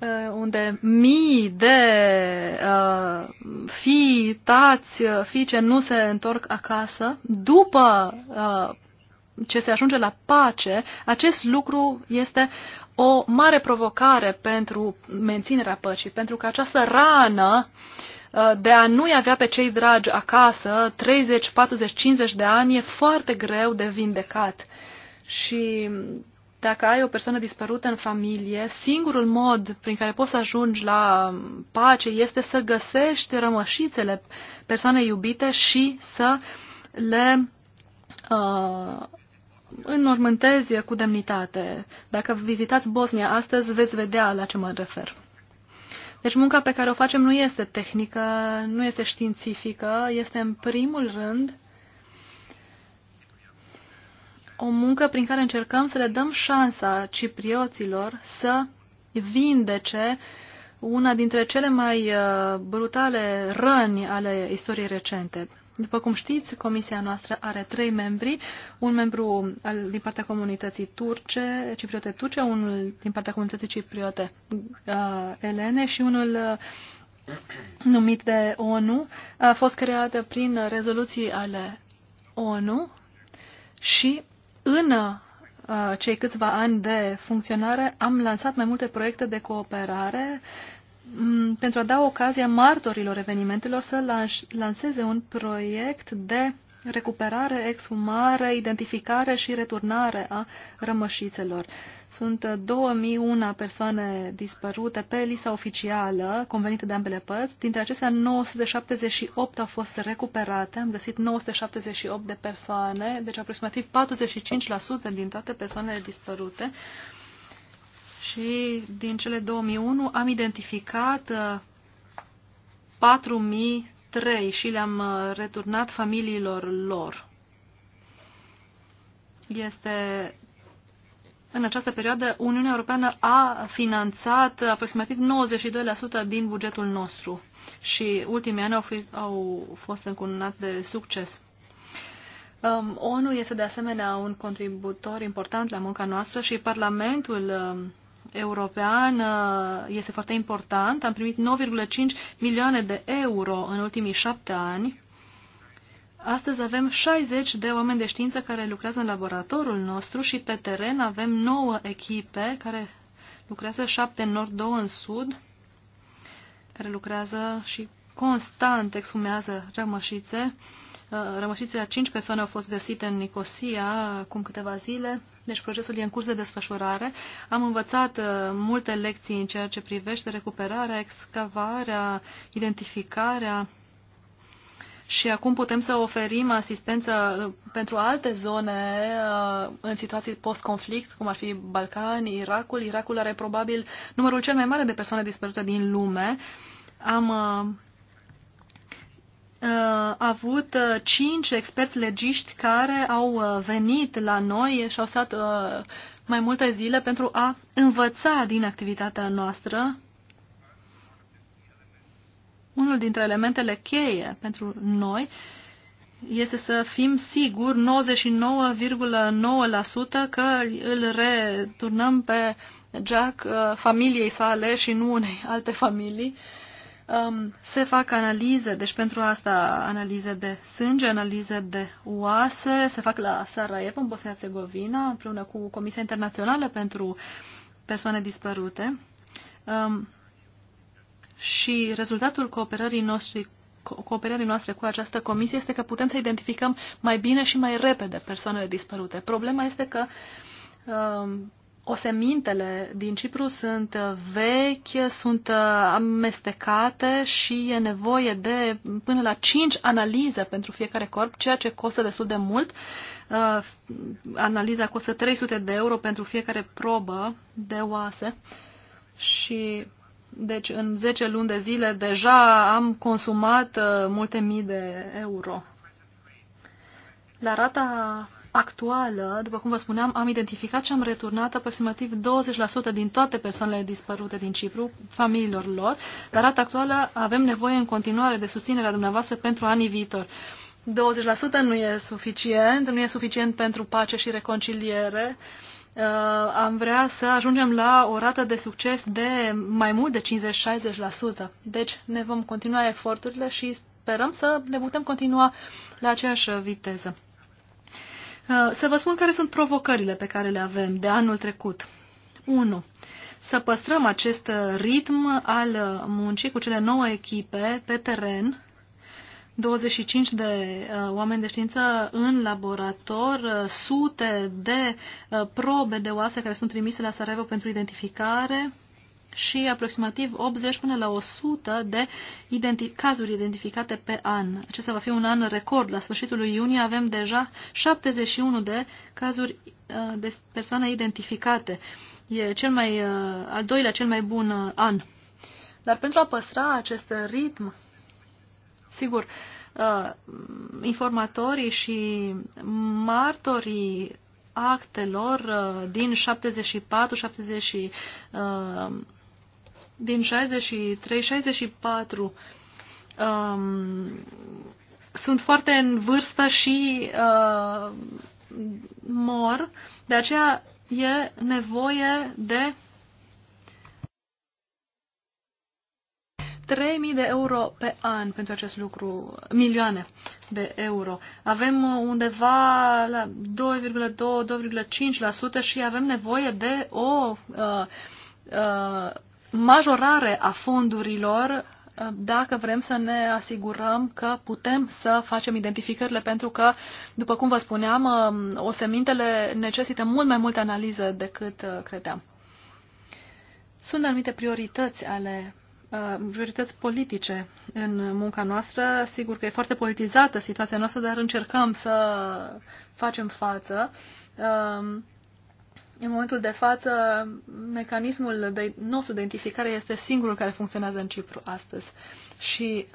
uh, unde mii de uh, fii, tați, fiice nu se întorc acasă, după uh, ce se ajunge la pace, acest lucru este o mare provocare pentru menținerea păcii, pentru că această rană uh, de a nu-i avea pe cei dragi acasă 30, 40, 50 de ani e foarte greu de vindecat. Și dacă ai o persoană dispărută în familie, singurul mod prin care poți să ajungi la pace este să găsești rămășițele persoanei iubite și să le uh, înnormântezi cu demnitate. Dacă vizitați Bosnia astăzi, veți vedea la ce mă refer. Deci munca pe care o facem nu este tehnică, nu este științifică, este în primul rând o muncă prin care încercăm să le dăm șansa ciprioților să vindece una dintre cele mai uh, brutale răni ale istoriei recente. După cum știți, comisia noastră are trei membri, un membru al, din partea comunității turce, cipriote turce, unul din partea comunității cipriote uh, elene și unul uh, numit de ONU, a fost creată prin rezoluții ale ONU și în uh, cei câțiva ani de funcționare am lansat mai multe proiecte de cooperare uh, Mm, pentru a da ocazia martorilor evenimentelor să lanseze un proiect de recuperare, exhumare, identificare și returnare a rămășițelor. Sunt 2001 persoane dispărute pe lista oficială convenită de ambele părți. Dintre acestea, 978 au fost recuperate. Am găsit 978 de persoane, deci aproximativ 45% din toate persoanele dispărute. Uh, și din cele 2001 am identificat 4003 uh, și le-am uh, returnat familiilor lor. Este în această perioadă, Uniunea Europeană a finanțat aproximativ 92% din bugetul nostru și ultimii ani au, fi, au fost încununați de succes. Um, ONU este de asemenea un contributor important la munca noastră și Parlamentul um, european uh, este foarte important. Am primit 9,5 milioane de euro în ultimii șapte ani. Astăzi avem 60 de oameni de știință care lucrează în laboratorul nostru și pe teren avem 9 echipe care lucrează 7 în nord, 2 în sud, care lucrează și constant exhumează rămășițe Uh, rămășițele a cinci persoane au fost găsite în Nicosia acum câteva zile, deci procesul e în curs de desfășurare. Am învățat uh, multe lecții în ceea ce privește recuperarea, excavarea, identificarea și acum putem să oferim asistență uh, pentru alte zone în situații post-conflict, cum ar fi Balcani, Irakul. Irakul are probabil numărul cel mai mare de persoane dispărute din lume. Am Uh, avut uh, cinci experți legiști care au uh, venit la noi și au stat mai multe zile pentru a învăța din activitatea noastră unul dintre elementele cheie pentru noi este să fim siguri 99,9% că îl returnăm pe Jack familiei sale și nu unei alte familii. Uh, um, se fac analize, deci pentru asta analize de sânge, analize de oase, se fac la Sarajevo, în Bosnia-Herzegovina, împreună cu Comisia Internațională pentru Persoane Dispărute. Um, și rezultatul cooperării co cooperării noastre cu această comisie este că putem să identificăm mai bine și mai repede persoanele dispărute. Problema este că um, osemintele din Cipru sunt uh, vechi, sunt uh, amestecate și e nevoie de până la 5 analize pentru fiecare corp, ceea ce costă destul de mult. Uh, analiza costă 300 de euro pentru fiecare probă de oase și deci în 10 luni de zile deja am consumat multe mii de euro. La rata actuală, după cum vă spuneam, am identificat și am returnat aproximativ 20% din toate persoanele dispărute din Cipru, familiilor lor, dar rata actuală avem nevoie în continuare de susținerea dumneavoastră pentru anii viitor. 20% nu e suficient, nu e suficient pentru pace și reconciliere. Uh, am vrea să ajungem la o rată de succes de mai mult de 50-60%. Deci ne vom continua eforturile și sperăm să le putem continua la aceeași viteză. Uh, să vă spun care sunt provocările pe care le avem de anul trecut. 1. Să păstrăm acest ritm al muncii cu cele 9 echipe pe teren, 25 de uh, oameni de știință în laborator, uh, sute de uh, probe de oase care sunt trimise la Sarajevo pentru identificare, și aproximativ 80 până la 100 de identi- cazuri identificate pe an. Acesta va fi un an record. La sfârșitul lui iunie avem deja 71 de cazuri uh, de persoane identificate. E cel mai, uh, al doilea cel mai bun uh, an. Dar pentru a păstra acest ritm, sigur, informatorii și martorii actelor din 74, 70, din 63-64 um, sunt foarte în vârstă și uh, mor, de aceea e nevoie de 3.000 de euro pe an pentru acest lucru, milioane de euro. Avem undeva la 2,2-2,5% și avem nevoie de o uh, uh, majorare a fondurilor uh, dacă vrem să ne asigurăm că putem să facem identificările, pentru că, după cum vă spuneam, um, osemintele necesită mult mai multă analiză decât uh, credeam. Sunt anumite priorități ale uh, priorități politice în munca noastră. Sigur că e foarte politizată situația noastră, dar încercăm să facem față. Um, în momentul de față, mecanismul de, nostru de identificare este singurul care funcționează în Cipru astăzi. Și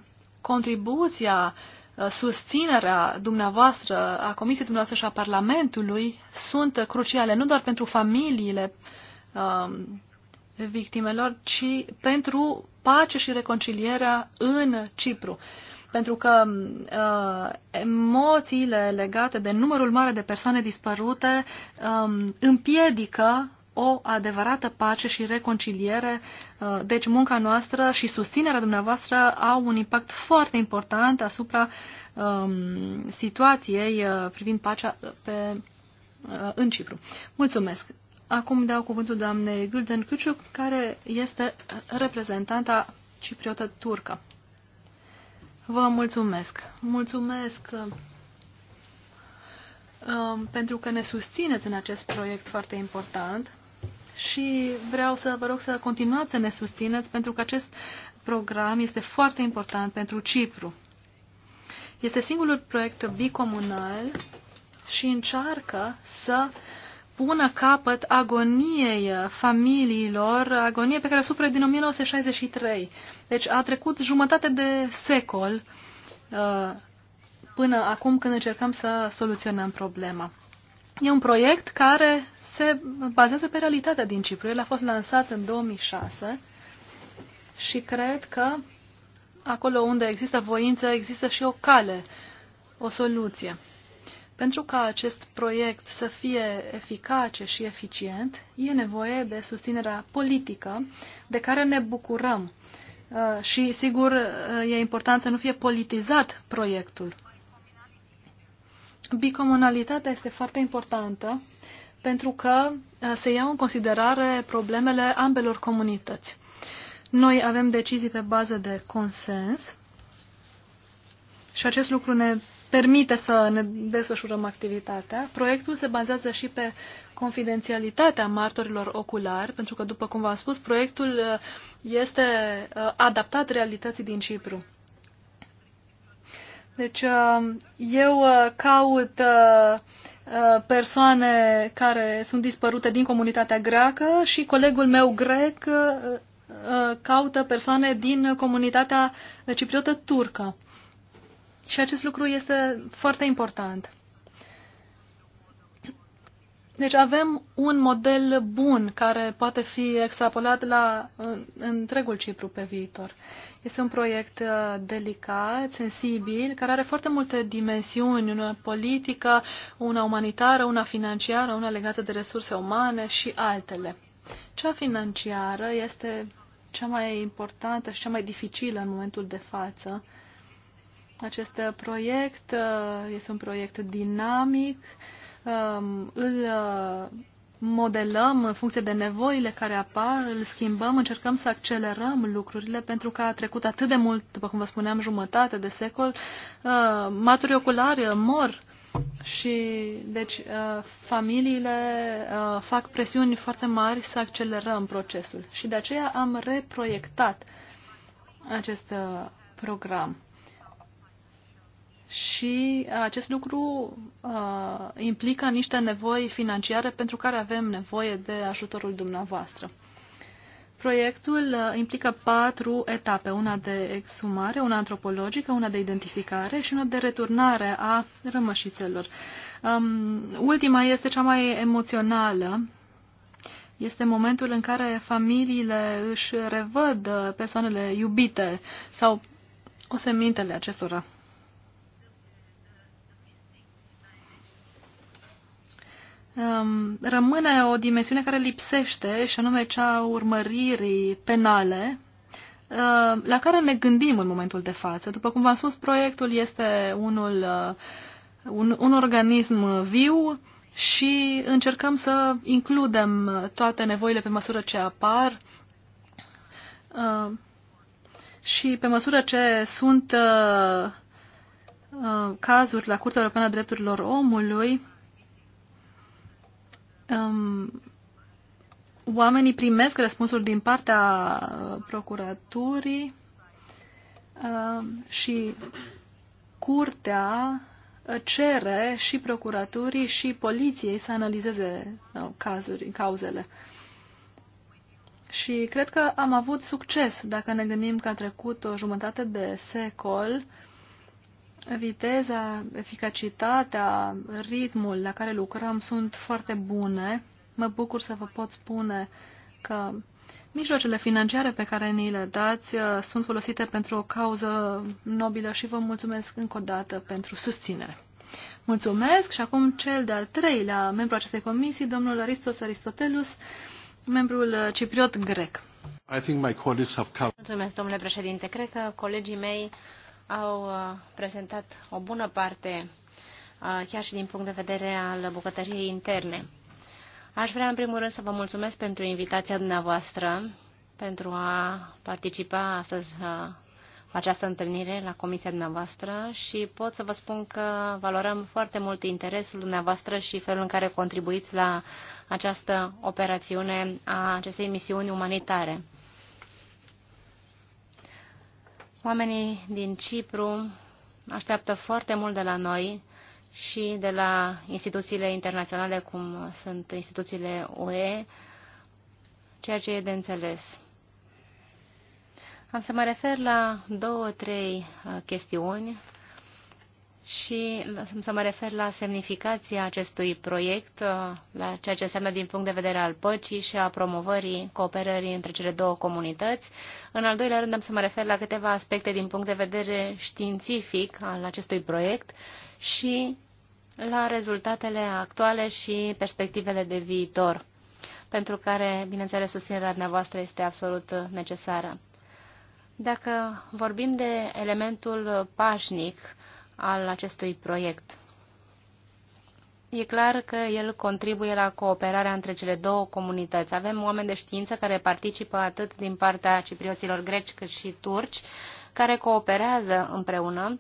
contribuția, uh, susținerea dumneavoastră, a Comisiei dumneavoastră și a Parlamentului sunt cruciale, nu doar pentru familiile um, victimelor, ci pentru pace și reconcilierea în Cipru. Uh, pentru că uh, emoțiile legate de numărul mare de persoane dispărute um, împiedică o adevărată pace și reconciliere. Uh, deci munca noastră și susținerea dumneavoastră au un impact foarte important asupra um, situației uh, privind pacea pe, uh, în Cipru. Mulțumesc! Acum dau cuvântul doamnei Gülden Küçük, care este reprezentanta cipriotă turcă. Vă mulțumesc. Mulțumesc um, pentru că ne susțineți în acest proiect foarte important și vreau să vă rog să continuați să ne susțineți pentru că acest program este foarte important pentru Cipru. Este singurul proiect bicomunal și încearcă să uh, pună capăt agoniei familiilor, agonie pe care o suferă din 1963. Deci a trecut jumătate de secol uh, până acum când încercăm să soluționăm problema. E un proiect care se bazează pe realitatea din Cipru. El a fost lansat în 2006 și cred că acolo unde există voință, există și o cale, o soluție. Pentru ca acest proiect să fie eficace și eficient, e nevoie de susținerea politică de care ne bucurăm. Uh, și, sigur, uh, e important să nu fie politizat proiectul. Bicomunalitatea este foarte importantă pentru că uh, se iau în considerare problemele ambelor comunități. Noi avem decizii pe bază de consens și acest lucru ne permite să ne desfășurăm activitatea. Proiectul se bazează și pe confidențialitatea martorilor oculari, pentru că, după cum v-am spus, proiectul uh, este uh, adaptat realității din Cipru. Deci, uh, eu caut persoane care sunt dispărute din comunitatea greacă și colegul meu grec caută persoane din comunitatea cipriotă turcă. Și acest lucru este foarte important. Deci avem un model bun care poate fi extrapolat la întregul Cipru pe viitor. Este un proiect uh, delicat, sensibil, care are foarte multe dimensiuni, una politică, una umanitară, una financiară, una legată de resurse umane și altele. Cea financiară este cea mai importantă și cea mai dificilă în momentul de față acest proiect uh, este un proiect dinamic, um, îl uh, modelăm în funcție de nevoile care apar, îl schimbăm, încercăm să accelerăm lucrurile pentru că a trecut atât de mult, după cum vă spuneam, jumătate de secol, uh, maturi oculari mor și deci familiile fac presiuni foarte mari să accelerăm procesul și de aceea am reproiectat acest program și uh, acest lucru uh, implică niște nevoi financiare pentru care avem nevoie de ajutorul dumneavoastră. Proiectul uh, implică patru etape, una de exumare, una antropologică, una de identificare și una de returnare a rămășițelor. Um, ultima este cea mai emoțională. Este momentul în care familiile își revăd uh, persoanele iubite sau osemintele acestora. Um, rămâne o dimensiune care lipsește, și anume cea a urmăririi penale, uh, la care ne gândim în momentul de față. După cum v-am spus, proiectul este unul, uh, un, un organism viu și încercăm să includem toate nevoile pe măsură ce apar uh, și pe măsură ce sunt cazuri la Curtea Europeană a Drepturilor Omului, um, oamenii primesc răspunsuri din partea uh, procuraturii uh, și curtea uh, cere și procuraturii și poliției să analizeze uh, cazuri, cauzele. Și cred că am avut succes dacă ne gândim că a trecut o jumătate de secol uh, viteza, eficacitatea, ritmul la care lucrăm sunt foarte bune. Mă bucur să vă pot spune că mijloacele financiare pe care ni le dați uh, sunt folosite pentru o cauză nobilă și vă mulțumesc încă o dată pentru susținere. Mulțumesc și acum cel de-al treilea membru acestei comisii, domnul Aristos Aristotelus, membrul uh, cipriot grec. I think my colleagues have covered. Mulțumesc, domnule președinte. Cred că colegii mei au uh, prezentat o bună parte, uh, chiar și din punct de vedere al bucătăriei interne. Aș vrea, în primul rând, să vă mulțumesc pentru invitația dumneavoastră, pentru a participa astăzi uh, această întâlnire la comisia dumneavoastră și pot să vă spun că valorăm foarte mult interesul dumneavoastră și felul în care contribuiți la această operațiune a acestei misiuni umanitare. Oamenii din Cipru așteaptă foarte mult de la noi și de la instituțiile internaționale, cum sunt instituțiile UE, ceea ce e de înțeles. Am să mă refer la două, trei uh, chestiuni și să mă refer la semnificația acestui proiect, uh, la ceea ce înseamnă din punct de vedere al păcii și a promovării cooperării între cele două comunități. În al doilea rând am să mă refer la câteva aspecte din punct de vedere științific al acestui proiect și la rezultatele actuale și perspectivele de viitor, pentru care, bineînțeles, susținerea dumneavoastră este absolut necesară. Dacă vorbim de elementul pașnic, al acestui proiect. E clar că el contribuie la cooperarea între cele două comunități. Avem oameni de știință care participă atât din partea ciprioților greci cât și turci, care cooperează împreună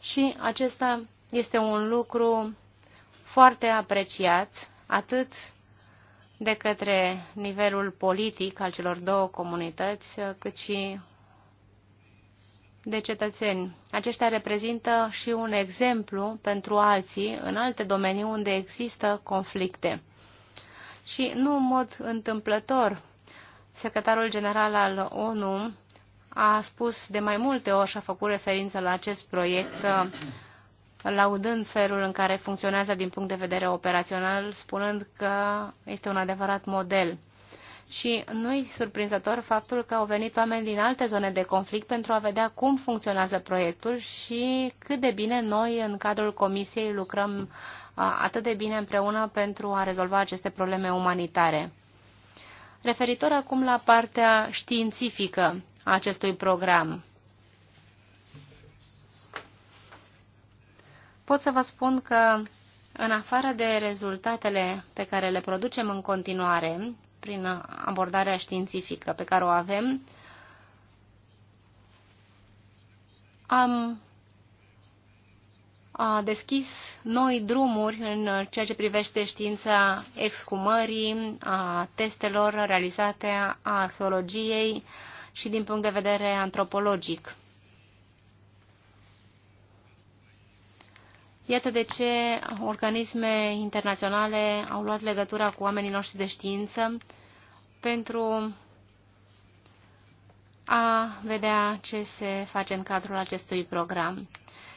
și acesta este un lucru foarte apreciat atât de către nivelul politic al celor două comunități, cât și de cetățeni. Aceștia reprezintă și un exemplu pentru alții în alte domenii unde există conflicte. Și nu în mod întâmplător, secretarul general al ONU a spus de mai multe ori și a făcut referință la acest proiect, laudând felul în care funcționează din punct de vedere operațional, spunând că este un adevărat model și nu-i surprinzător faptul că au venit oameni din alte zone de conflict pentru a vedea cum funcționează proiectul și cât de bine noi, în cadrul Comisiei, lucrăm atât de bine împreună pentru a rezolva aceste probleme umanitare. Referitor acum la partea științifică a acestui program, pot să vă spun că, în afară de rezultatele pe care le producem în continuare, prin abordarea științifică pe care o avem, am a deschis noi drumuri în ceea ce privește știința excumării, a testelor realizate, a arheologiei și din punct de vedere antropologic. Iată de ce organisme internaționale au luat legătura cu oamenii noștri de știință pentru a vedea ce se face în cadrul acestui program.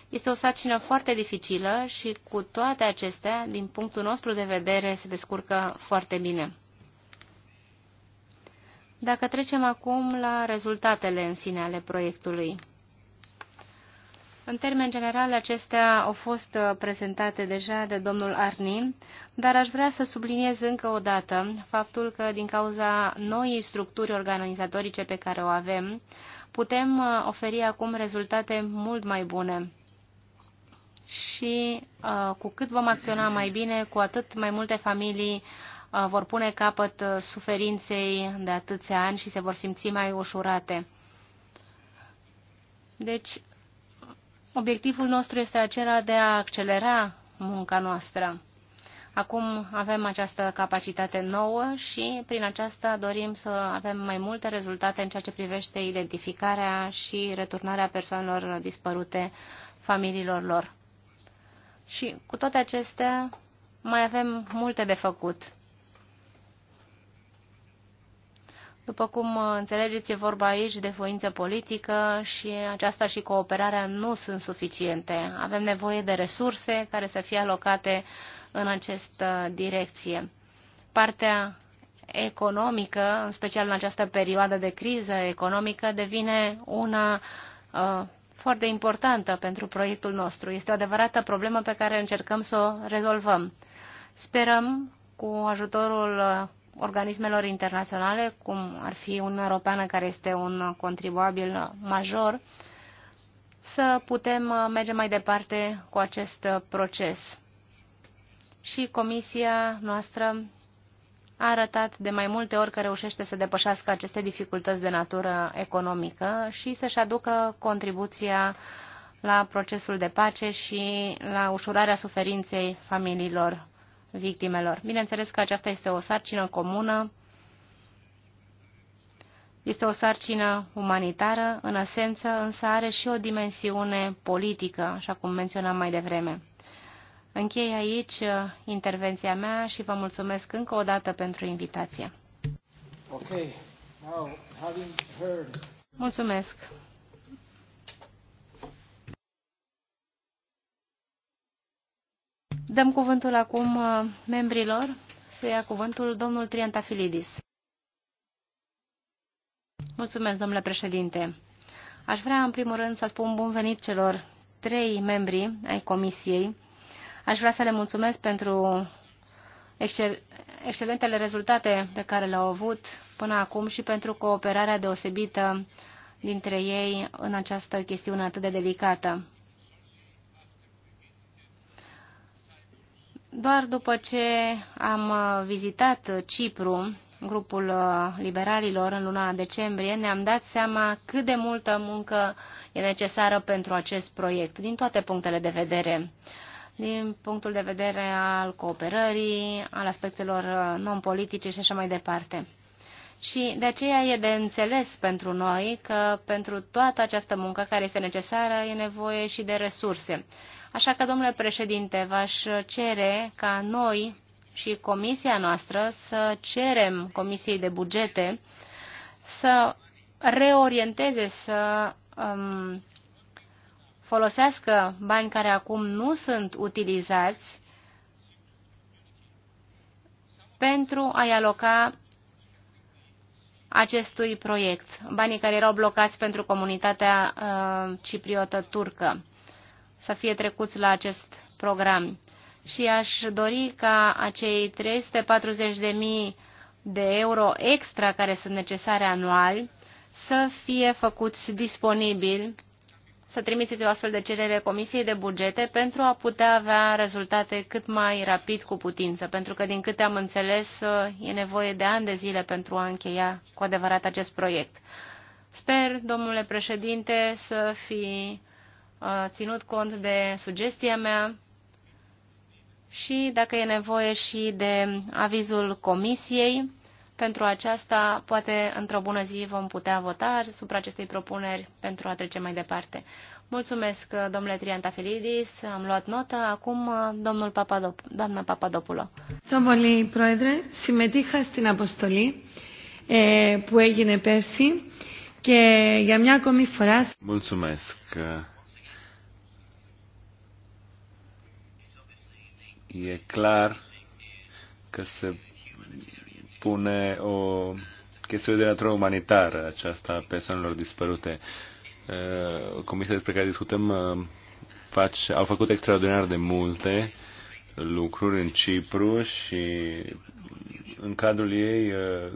Este o sarcină foarte dificilă și cu toate acestea, din punctul nostru de vedere, se descurcă foarte bine. Dacă trecem acum la rezultatele în sine ale proiectului. În termen general, acestea au fost uh, prezentate deja de domnul Arnin, dar aș vrea să subliniez încă o dată faptul că din cauza noii structuri organizatorice pe care o avem, putem uh, oferi acum rezultate mult mai bune. Și uh, cu cât vom acționa mai bine, cu atât mai multe familii vor pune capăt suferinței de atâția ani și se vor simți mai ușurate. Deci Obiectivul nostru este acela de a accelera munca noastră. Acum avem această capacitate nouă și prin aceasta dorim să avem mai multe rezultate în ceea ce privește identificarea și returnarea persoanelor dispărute familiilor lor. Și cu toate acestea mai avem multe de făcut. După cum uh, înțelegeți, e vorba aici de voință politică și aceasta și cooperarea nu sunt suficiente. Avem nevoie de resurse care să fie alocate în această direcție. Partea economică, în special în această perioadă de criză economică, devine una uh, foarte importantă pentru proiectul nostru. Este o adevărată problemă pe care încercăm să o rezolvăm. Sperăm, cu ajutorul uh, organismelor internaționale, cum ar fi Uniunea Europeană, care este un contribuabil major, să putem uh, merge mai departe cu acest uh, proces. Și comisia noastră a arătat de mai multe ori că reușește să depășească aceste dificultăți de natură economică și să-și aducă contribuția la procesul de pace și la ușurarea suferinței familiilor victimelor. Bineînțeles că aceasta este o sarcină comună, este o sarcină umanitară, în esență, însă are și o dimensiune politică, așa cum menționam mai devreme. Închei aici uh, intervenția mea și vă mulțumesc încă o dată pentru invitație. Okay. Now, having heard... Mulțumesc. Dăm cuvântul acum uh, membrilor să ia cuvântul domnul Triantafilidis. Mulțumesc, domnule președinte. Aș vrea, în primul rând, să spun bun venit celor trei membri ai comisiei. Aș vrea să le mulțumesc pentru excel excelentele rezultate pe care le-au avut până acum și pentru cooperarea deosebită dintre ei în această chestiune atât de delicată. Doar după ce am uh, vizitat uh, Cipru, grupul uh, liberalilor în luna decembrie, ne-am dat seama cât de multă muncă e necesară pentru acest proiect, din toate punctele de vedere. Din punctul de vedere al cooperării, al aspectelor non-politice și așa mai departe. Și de aceea e de înțeles pentru noi că pentru toată această muncă care este necesară e nevoie și de resurse. Așa că, domnule președinte, v-aș cere ca noi și comisia noastră să cerem Comisiei de Bugete să reorienteze, să um, folosească bani care acum nu sunt utilizați pentru a-i aloca acestui proiect, banii care erau blocați pentru comunitatea uh, cipriotă turcă să fie trecuți la acest program. Și aș dori ca acei 340.000 de euro extra care sunt necesare anual să fie făcuți disponibili, să trimiteți o astfel de cerere Comisiei de Bugete pentru a putea avea rezultate cât mai rapid cu putință, pentru că, din câte am înțeles, e nevoie de ani de zile pentru a încheia cu adevărat acest proiect. Sper, domnule președinte, să fi ținut cont de sugestia mea și, dacă e nevoie, și de avizul comisiei. Pentru aceasta, poate într-o bună zi vom putea vota supra acestei propuneri pentru a trece mai departe. Mulțumesc, domnule Triantafilidis, am luat notă. Acum, domnul Papadop doamna Papadopulo. Domnule Proedre, simetiha στην αποστολή που έγινε πέρσι και για μια ακόμη φορά... Mulțumesc, e clar că se pune o chestiune de natură umanitară aceasta a persoanelor dispărute. Uh, comisia despre care discutăm uh, face, au făcut extraordinar de multe lucruri în Cipru și în cadrul ei uh,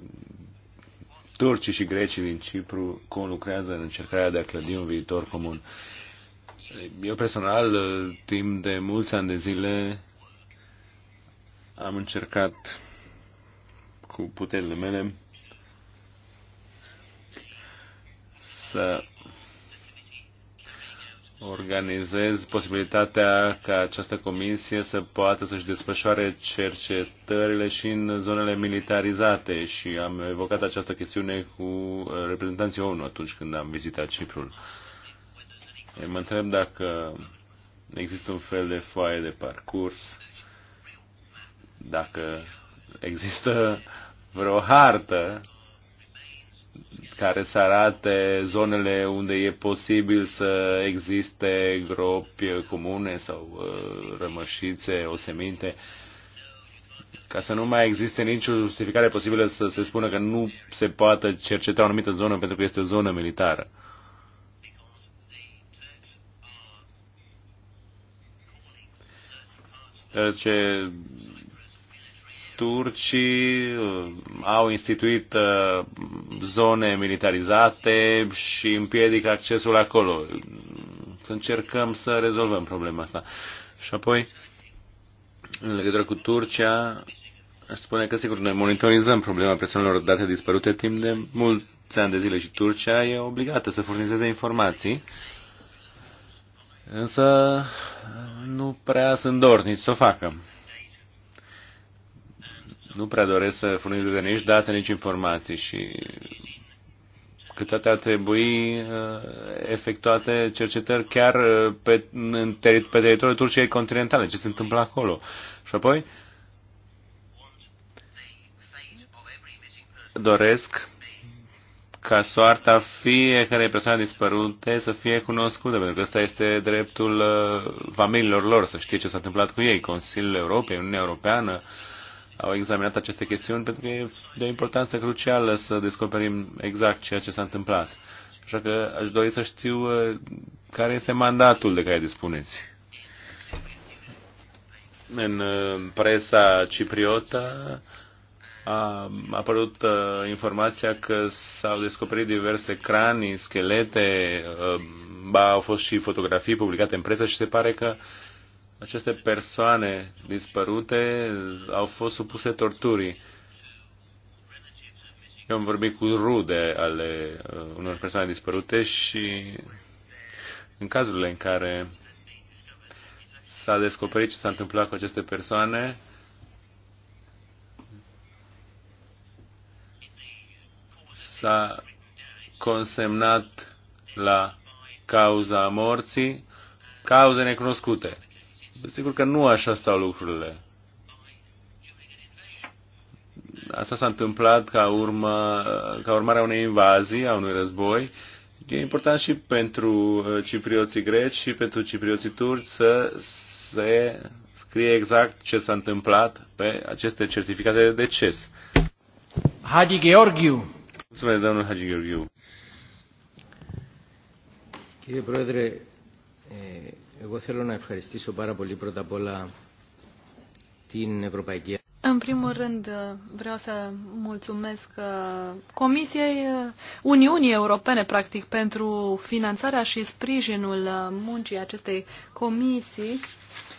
turcii și grecii din Cipru conlucrează în încercarea de a clădi un viitor comun. Eu personal, timp de mulți ani de zile, am încercat cu puterile mele să organizez posibilitatea ca această comisie să poată să-și desfășoare cercetările și în zonele militarizate și am evocat această chestiune cu uh, reprezentanții ONU atunci când am vizitat Ciprul. Mă întreb dacă există un fel de foaie de parcurs dacă există vreo hartă care să arate zonele unde e posibil să existe gropi comune sau uh, rămășițe, oseminte, ca să nu mai existe nicio justificare posibilă să se spună că nu se poate cerceta o anumită zonă pentru că este o zonă militară. Deoarece turcii uh, au instituit uh, zone militarizate și împiedic accesul acolo. Să încercăm să rezolvăm problema asta. Și apoi, în legătură cu Turcia, spune că, sigur, noi monitorizăm problema persoanelor date dispărute timp de mulți ani de zile și Turcia e obligată să furnizeze informații, însă nu prea sunt dornici să o facă nu prea doresc să furnizeze nici date, nici informații și că toate ar trebui uh, efectuate cercetări chiar uh, pe, în teri- pe teritoriul Turciei continentale, ce se întâmplă acolo. Și apoi doresc ca soarta fiecarei persoane dispărute să fie cunoscută, pentru că ăsta este dreptul uh, familiilor lor, să știe ce s-a întâmplat cu ei. Consiliul Europei, Uniunea Europeană, uh, au examinat aceste chestiuni pentru că e de o importanță crucială să descoperim exact ceea ce s-a întâmplat. Așa că aș dori să știu uh, care este mandatul de care dispuneți. În uh, presa cipriotă a apărut uh, informația că s-au descoperit diverse cranii, schelete, ba au fost și fotografii publicate în presă și se pare că uh, aceste persoane dispărute au fost supuse torturii. Eu am vorbit cu rude ale uh, unor persoane dispărute și în cazurile în care s-a descoperit ce s-a întâmplat cu aceste persoane, s-a consemnat la cauza morții cauze necunoscute. Sigur că nu așa stau lucrurile. Asta s-a întâmplat ca, urmă, ca urmare a unei invazii, a unui război. E important și pentru uh, ciprioții greci și pentru ciprioții turci să se scrie exact ce s-a întâmplat pe aceste certificate de deces. Hagi Georgiu. Mulțumesc, domnul Hagi Georgiu. Κύριε Εγώ θέλω να ευχαριστήσω πάρα πολύ πρώτα απ' όλα την Ευρωπαϊκή În primul rând uh, vreau să mulțumesc uh, Comisiei uh, Uniunii Europene, practic, pentru finanțarea și sprijinul muncii acestei comisii.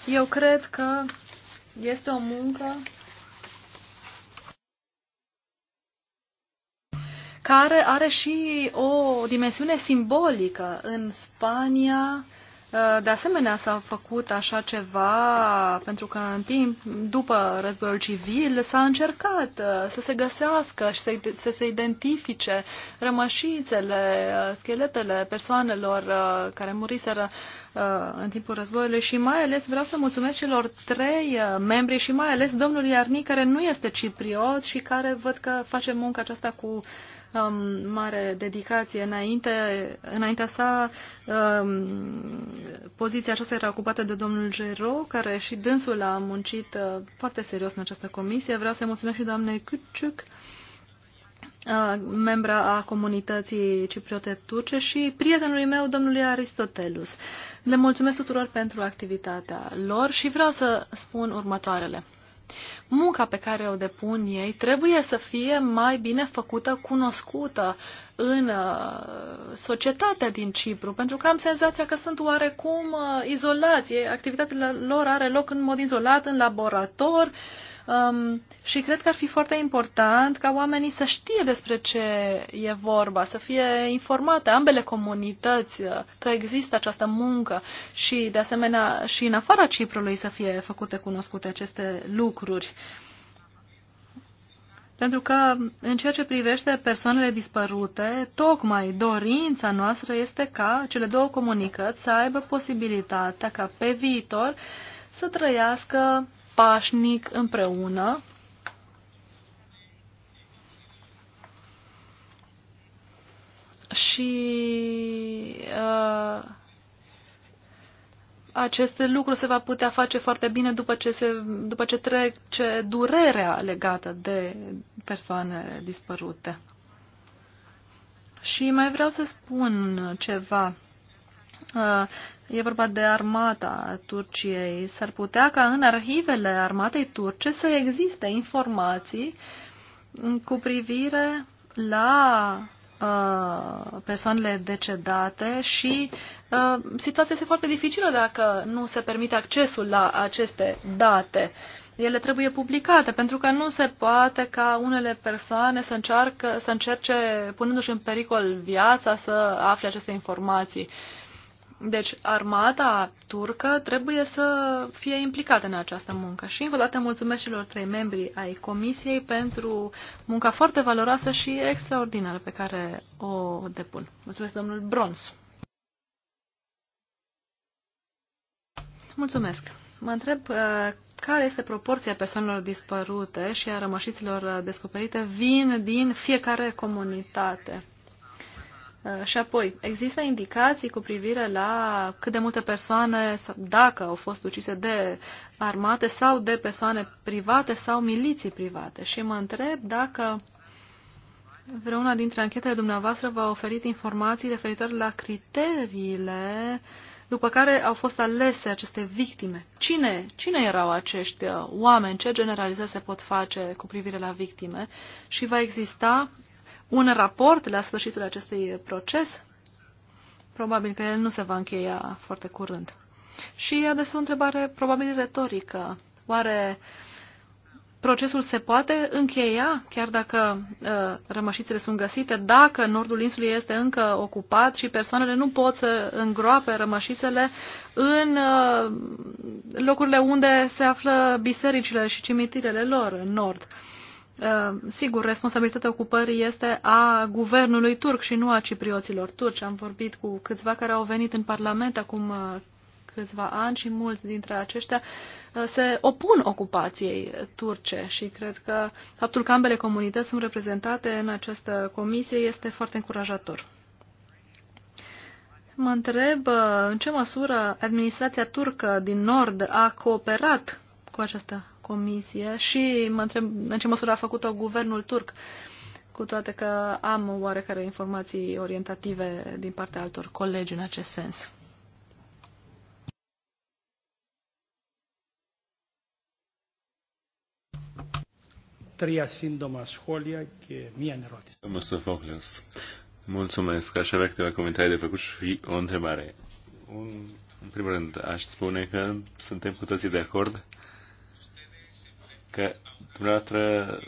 Eu cred că este o muncă care are și o dimensiune simbolică. În Spania, Uh, de asemenea, s-a făcut așa ceva pentru că în timp, după războiul civil, s-a încercat uh, să se găsească și să, se identifice rămășițele, uh, scheletele persoanelor care muriseră în timpul războiului și mai ales vreau să mulțumesc celor trei membri și mai ales domnului Arni, care nu este cipriot și care văd că face munca aceasta cu uh, um, mare dedicație înainte, înaintea sa. Um, poziția aceasta era ocupată de domnul Gero, care și dânsul a muncit uh, foarte serios în această comisie. Vreau să-i mulțumesc și doamnei Kuciuc, uh, membra a comunității cipriote turce și prietenului meu, domnului Aristotelus. Le mulțumesc tuturor pentru activitatea lor și vreau să spun următoarele munca pe care o depun ei trebuie să fie mai bine făcută, cunoscută în uh, societatea din Cipru, pentru că am senzația că sunt oarecum uh, izolați. Activitatea lor are loc în mod izolat, în laborator, uh, Um, și cred că ar fi foarte important ca oamenii să știe despre ce e vorba, să fie informate ambele comunități uh, că există această muncă și, de asemenea, și în afara Ciprului să fie făcute cunoscute aceste lucruri. Pentru că, în ceea ce privește persoanele dispărute, tocmai dorința noastră este ca cele două comunicăți să aibă posibilitatea ca pe viitor să trăiască pașnic împreună și uh, acest lucru se va putea face foarte bine după ce, se, după ce trece durerea legată de persoanele dispărute. Și mai vreau să spun ceva. Uh, E vorba de armata Turciei. S-ar putea ca în arhivele armatei turce să existe informații cu privire la uh, persoanele decedate și uh, situația este foarte dificilă dacă nu se permite accesul la aceste date. Ele trebuie publicate pentru că nu se poate ca unele persoane să, încearcă, să încerce, punându-și în pericol viața, să afle aceste informații. Uh, deci, armata turcă trebuie să fie implicată în această muncă. Și încă o dată mulțumesc celor trei membri ai Comisiei pentru munca foarte valoroasă și extraordinară pe care o depun. Mulțumesc, domnul Brons. Mulțumesc. Mă întreb uh, care este proporția persoanelor dispărute și a rămășiților descoperite vin din fiecare comunitate. Uh, și apoi, există indicații cu privire la cât de multe persoane, dacă au fost ucise de armate sau de persoane private sau miliții private. Și mă întreb dacă vreuna dintre anchetele dumneavoastră v-a oferit informații referitoare la criteriile după care au fost alese aceste victime. Cine, cine erau acești uh, oameni? Ce generalizări se pot face cu privire la victime? Și va exista un raport la sfârșitul acestui proces. Probabil că el nu se va încheia foarte curând. Și adesea o întrebare probabil retorică. Oare procesul se poate încheia, chiar dacă uh, rămășițele sunt găsite, dacă nordul insulei este încă ocupat și persoanele nu pot să îngroape rămășițele în uh, locurile unde se află bisericile și cimitirele lor în nord. Uh, Uh, sigur, responsabilitatea ocupării este a guvernului turc și nu a ciprioților turci. Am vorbit cu câțiva care au venit în Parlament acum uh, câțiva ani și mulți dintre aceștia uh, se opun ocupației turce și cred că faptul că ambele comunități sunt reprezentate în această comisie este foarte încurajator. Mă întreb în ce măsură administrația turcă din Nord a cooperat cu această comisie și mă întreb în ce măsură a făcut-o guvernul turc, cu toate că am oarecare informații orientative din partea altor colegi în acest sens. Τρία σύντομα σχόλια και μία ερώτηση. Είμαι στο Mulțumesc. Aș avea câteva comentarii de făcut și o întrebare. Un, în primul rând, aș spune că suntem cu toții de acord că dumneavoastră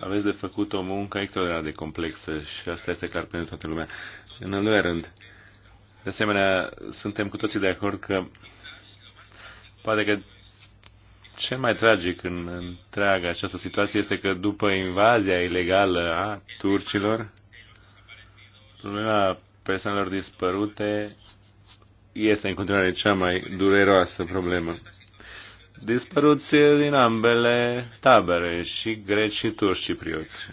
aveți de făcut o muncă extraordinar de complexă și asta este clar pentru toată lumea. În al doilea rând, de asemenea, suntem cu toții de acord că poate că cel mai tragic în întreaga această situație este că după invazia ilegală a turcilor, problema persoanelor dispărute este în continuare cea mai dureroasă problemă dispăruți din ambele tabere, și greci și turci ciprioți.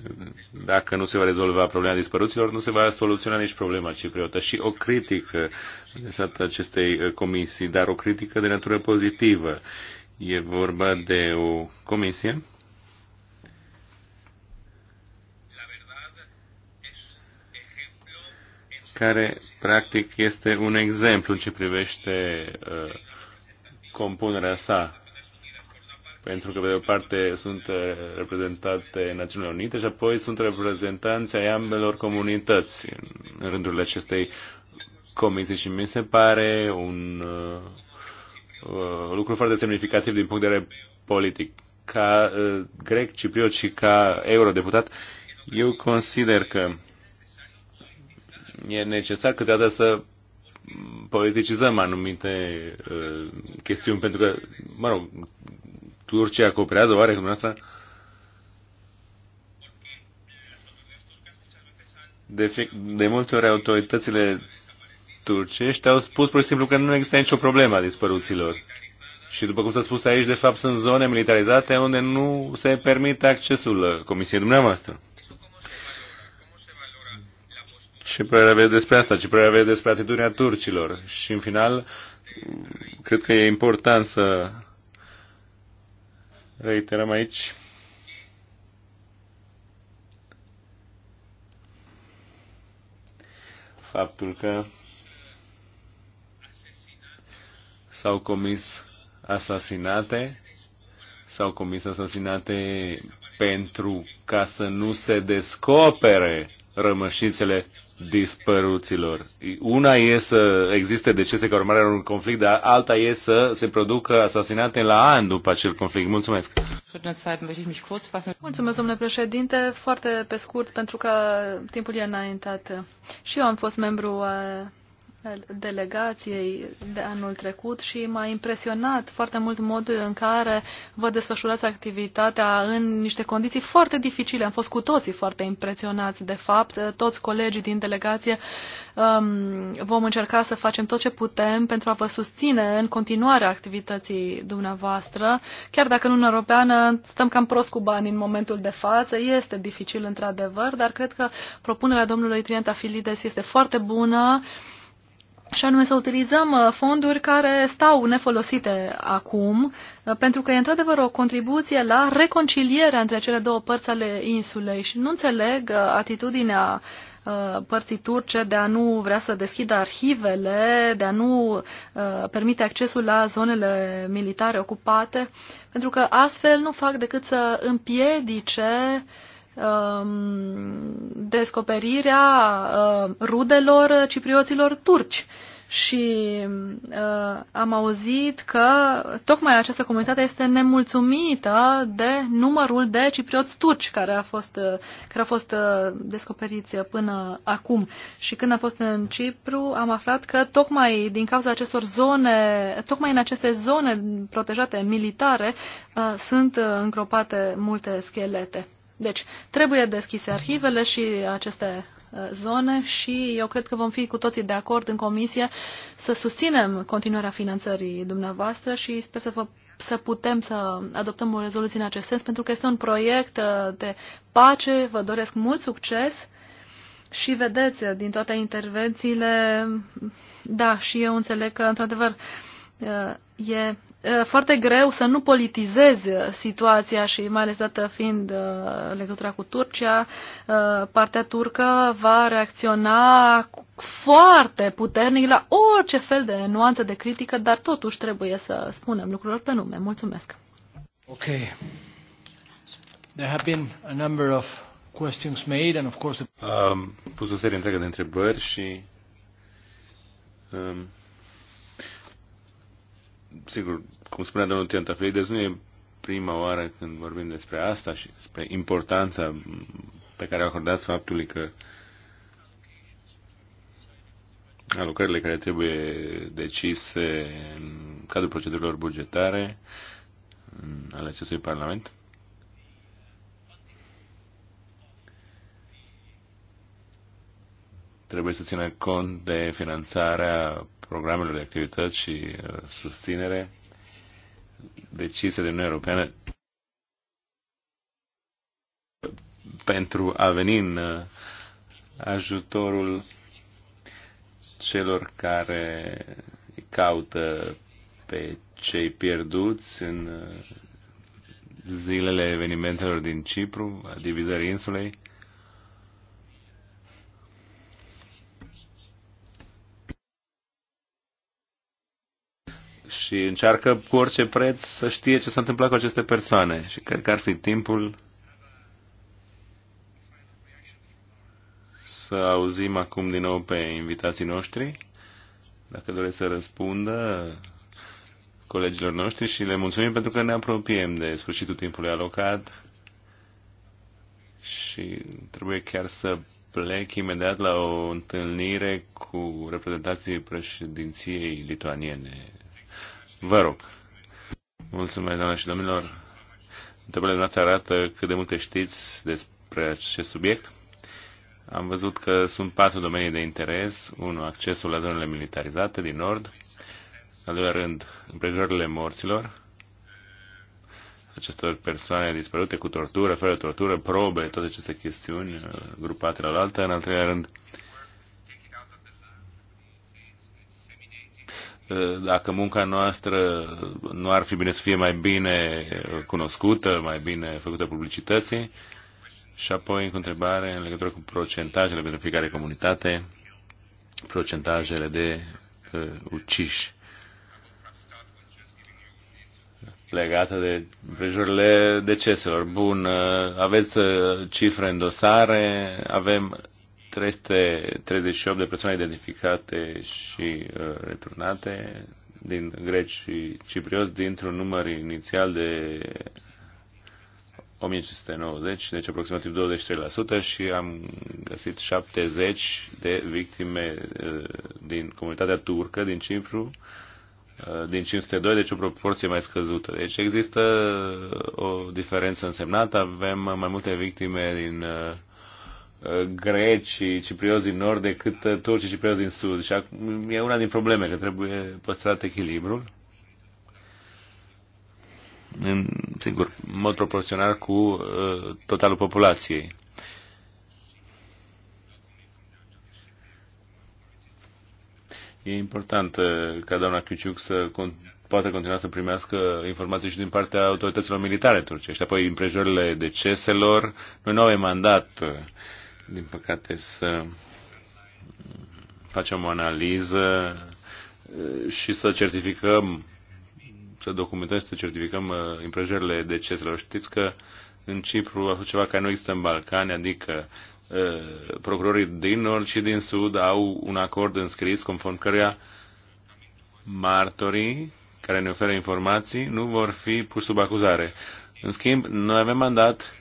Dacă nu se va rezolva problema dispăruților, nu se va soluționa nici problema cipriotă. Și o critică de acestei comisii, dar o critică de natură pozitivă. E vorba de o comisie care practic este un exemplu în ce privește uh, compunerea sa pentru că, pe de o parte, sunt uh, reprezentate Națiunile Unite și apoi sunt reprezentanți ai ambelor comunități în rândul acestei comisii și mi se pare un uh, uh, lucru foarte semnificativ din punct de vedere politic. Ca uh, grec, cipriot și ca eurodeputat, eu consider că e necesar câteodată să politicizăm anumite uh, chestiuni, pentru că, mă rog, Turcia cooperează oare cu dumneavoastră? De, fi, de multe ori autoritățile turcești au spus pur și simplu că nu există nicio problemă a dispăruților. Și după cum s-a spus aici, de fapt sunt zone militarizate unde nu se permite accesul comisiei dumneavoastră. Ce părere aveți despre asta? Ce părere aveți despre atitudinea turcilor? Și în final, cred că e important să reiterăm aici faptul că s-au comis asasinate, s-au comis asasinate pentru ca să nu se descopere rămășițele dispăruților. Una e să existe decese ca urmare a unui conflict, dar alta e să se producă asasinate la an după acel conflict. Mulțumesc! Mulțumesc, domnule președinte. Foarte pe scurt, pentru că timpul e înaintat. Și eu am fost membru uh, delegației de anul trecut și m-a impresionat foarte mult modul în care vă desfășurați activitatea în niște condiții foarte dificile. Am fost cu toții foarte impresionați, de fapt, toți colegii din delegație um, vom încerca să facem tot ce putem pentru a vă susține în continuare activității dumneavoastră. Chiar dacă în Uniunea Europeană stăm cam prost cu bani în momentul de față, este dificil într-adevăr, dar cred că propunerea domnului Trienta Filides este foarte bună și anume să utilizăm uh, fonduri care stau nefolosite acum, uh, pentru că e într-adevăr o contribuție la reconcilierea între cele două părți ale insulei și nu înțeleg uh, atitudinea părții turce de a nu vrea să deschidă arhivele, de a nu permite accesul la zonele militare ocupate, pentru că astfel nu fac decât să împiedice uh, Um, descoperirea um, rudelor ciprioților turci. Și uh, am auzit că tocmai această comunitate este nemulțumită de numărul de ciprioți turci care a fost, uh, care a fost uh, descoperiți până acum. Și când am fost în Cipru, am aflat că tocmai din cauza acestor zone, tocmai în aceste zone protejate militare, uh, sunt uh, îngropate multe schelete. Deci, trebuie deschise arhivele și aceste uh, zone și eu cred că vom fi cu toții de acord în comisie să susținem continuarea finanțării dumneavoastră și sper să, vă, să putem să adoptăm o rezoluție în acest sens, pentru că este un proiect uh, de pace, vă doresc mult succes și vedeți uh, din toate intervențiile, da, și eu înțeleg că, într-adevăr, e foarte greu să nu politizezi situația și mai ales dată fiind legătura cu Turcia, partea turcă va reacționa foarte puternic la orice fel de nuanță de critică, dar totuși trebuie să spunem lucrurilor pe nume. Mulțumesc. Ok. There have been a number of questions made and of course... Am Um, pus o serie întreagă de întrebări și um, sigur, cum spunea domnul Tiantafilides, deci nu e prima oară când vorbim despre asta și despre importanța pe care acordați faptului că alocările care trebuie decise în cadrul procedurilor bugetare ale acestui Parlament trebuie să țină cont de finanțarea programelor de activități și uh, susținere decise de Uniunea Europeană pentru a veni în uh, ajutorul celor care caută pe cei pierduți în uh, zilele evenimentelor din Cipru, a divizării insulei. și încearcă cu orice preț să știe ce s-a întâmplat cu aceste persoane. Și cred că ar fi timpul să auzim acum din nou pe invitații noștri, dacă doresc să răspundă colegilor noștri și le mulțumim pentru că ne apropiem de sfârșitul timpului alocat și trebuie chiar să plec imediat la o întâlnire cu reprezentanții președinției lituaniene Vă rog. Mulțumesc, doamne și domnilor. Întrebările noastre arată cât de multe știți despre acest subiect. Am văzut că sunt patru domenii de interes. Unul, accesul la zonele militarizate din nord. Al doilea rând, împrejurările morților acestor persoane dispărute cu tortură, fără tortură, probe, toate aceste chestiuni uh, grupate la altă. În al treilea rând, uh, dacă munca noastră nu ar fi bine să fie mai bine cunoscută, mai bine făcută publicității. Și apoi, încă întrebare în legătură cu procentajele pentru fiecare comunitate, procentajele de uh, uciși legată de prejurile deceselor. Bun, uh, aveți uh, cifre în dosare, avem 338 de persoane identificate și uh, returnate din greci și ciprioți dintr-un număr inițial de 1590, deci aproximativ 23% și am găsit 70 de victime uh, din comunitatea turcă din Cipru, uh, din 502, deci o proporție mai scăzută. Deci există o diferență însemnată, avem mai multe victime din uh, Uh, greci, ciprioți din nord decât uh, și ciprioți din sud. Și acum mm, e una din probleme, că trebuie păstrat echilibrul. În, sigur, în mod proporțional cu uh, totalul populației. E important uh, ca doamna Chiuciuc să con- poată continua să primească informații și din partea autorităților militare turcești. Apoi, împrejurările deceselor, noi nu avem mandat uh, din păcate, să facem o analiză și să certificăm, să documentăm și să certificăm împrejurile uh, deceselor. Știți că în Cipru a fost ceva care nu există în Balcani, adică uh, procurorii din nord și din sud au un acord înscris conform căruia martorii care ne oferă informații nu vor fi puși sub acuzare. În schimb, noi avem mandat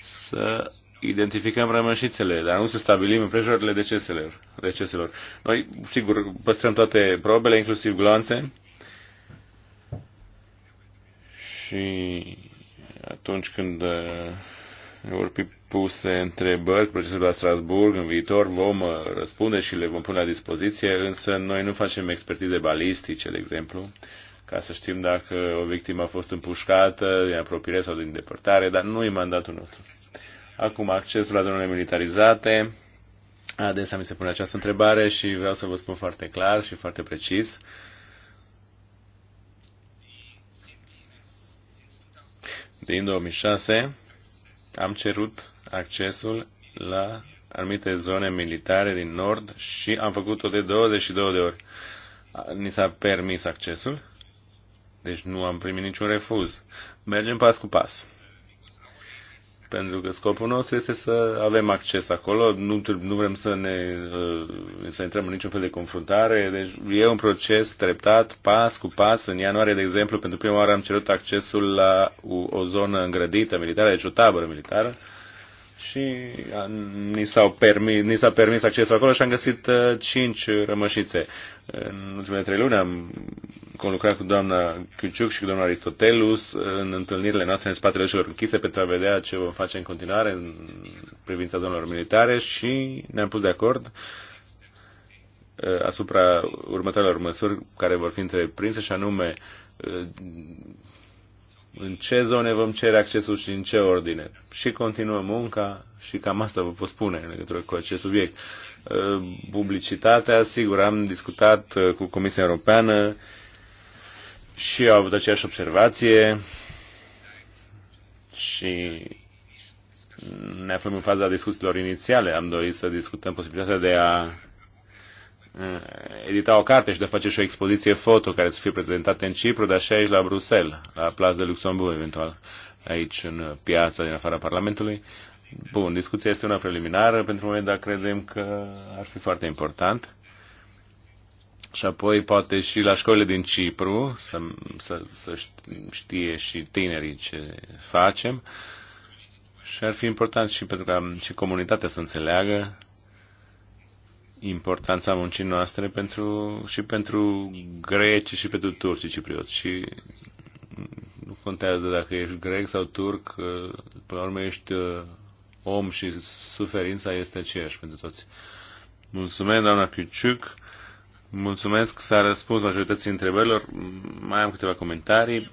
să identificăm rămășițele, dar nu să stabilim împrejurările deceselor. deceselor. Noi, sigur, păstrăm toate probele, inclusiv gloanțe, și atunci când uh, vor fi puse întrebări cu procesul la Strasburg, în viitor vom uh, răspunde și le vom pune la dispoziție, însă noi nu facem expertize balistice, de exemplu, ca să știm dacă o victimă a fost împușcată din apropiere sau din depărtare, dar nu e mandatul nostru. Acum, accesul la zonele militarizate. Adesea mi se pune această întrebare și vreau să vă spun foarte clar și foarte precis. Din 2006 am cerut accesul la anumite zone militare din nord și am făcut-o de 22 de ori. Ni s-a permis accesul, deci nu am primit niciun refuz. Mergem pas cu pas pentru că scopul nostru este să avem acces acolo, nu, nu vrem să ne uh, să intrăm în niciun fel de confruntare, deci e un proces treptat, pas cu pas. În ianuarie, de exemplu, pentru prima oară am cerut accesul la o, o zonă îngrădită militară, deci o tabără militară, și ni, s-au permis, ni s-a permis accesul acolo și am găsit uh, cinci rămășițe. În ultimele trei luni am conlucrat cu doamna Chiuciuc și cu doamna Aristotelus uh, în întâlnirile noastre în spatele celor închise pentru a vedea ce vom face în continuare în privința domnilor militare și ne-am pus de acord uh, asupra următoarelor măsuri care vor fi întreprinse și anume în ce zone vom cere accesul și în ce ordine. Și continuăm munca și cam asta vă pot spune în legătură cu acest subiect. Uh, publicitatea, sigur, am discutat uh, cu Comisia Europeană și au avut aceeași observație și ne aflăm în faza discuțiilor inițiale. Am dorit să discutăm posibilitatea de a Eh, edita o carte și de a face și o expoziție foto care să fie prezentată în Cipru, dar și aici la Bruxelles, la Place de Luxemburg eventual, aici în piața din afara Parlamentului. Bun, discuția este una preliminară pentru moment, dar credem că ar fi foarte important. Și apoi poate și la școlile din Cipru să, să, să știe și tinerii ce facem. Și ar fi important și pentru ca și comunitatea să înțeleagă importanța muncii noastre pentru, și pentru greci și pentru turci ciprioți. Și nu contează dacă ești grec sau turc, până la urmă ești uh, om și suferința este aceeași pentru toți. Mulțumesc, doamna Piuciuc. Mulțumesc, că s-a răspuns majorității întrebărilor. Mai am câteva comentarii.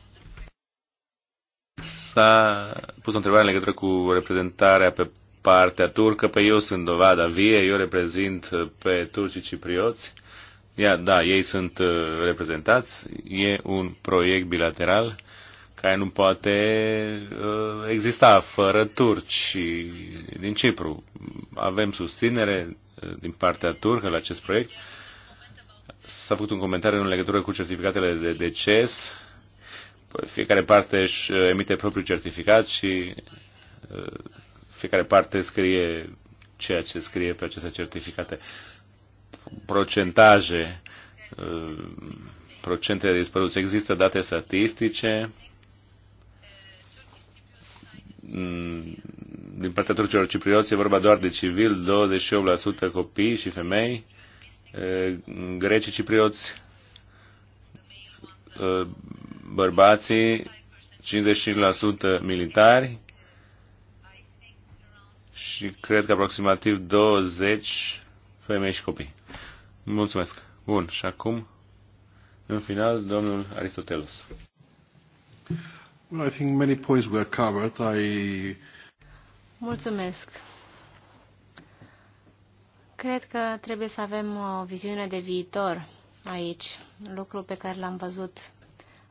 S-a pus o întrebare în legătură cu reprezentarea pe partea turcă, pe eu sunt dovada vie, eu reprezint uh, pe turcii ciprioți. Ia, da, ei sunt uh, reprezentați, e un proiect bilateral care nu poate uh, exista fără turci din Cipru. Avem susținere din partea turcă la acest proiect. S-a făcut un comentariu în legătură cu certificatele de deces. Păi, fiecare parte își emite propriul certificat și fiecare parte scrie ceea ce scrie pe aceste certificate. Procentaje, uh, procentele de dispăruți. Există date statistice mm, din partea turcilor ciprioți e vorba doar de civil, 28% copii și femei, uh, grecii ciprioți, uh, bărbații, 55% militari, și cred că aproximativ 20 femei și copii. Mulțumesc. Bun, și acum, în final, domnul Aristotelos. Well, I think many points were covered. I... Mulțumesc. Cred că trebuie să avem o viziune de viitor aici, lucru pe care l-am văzut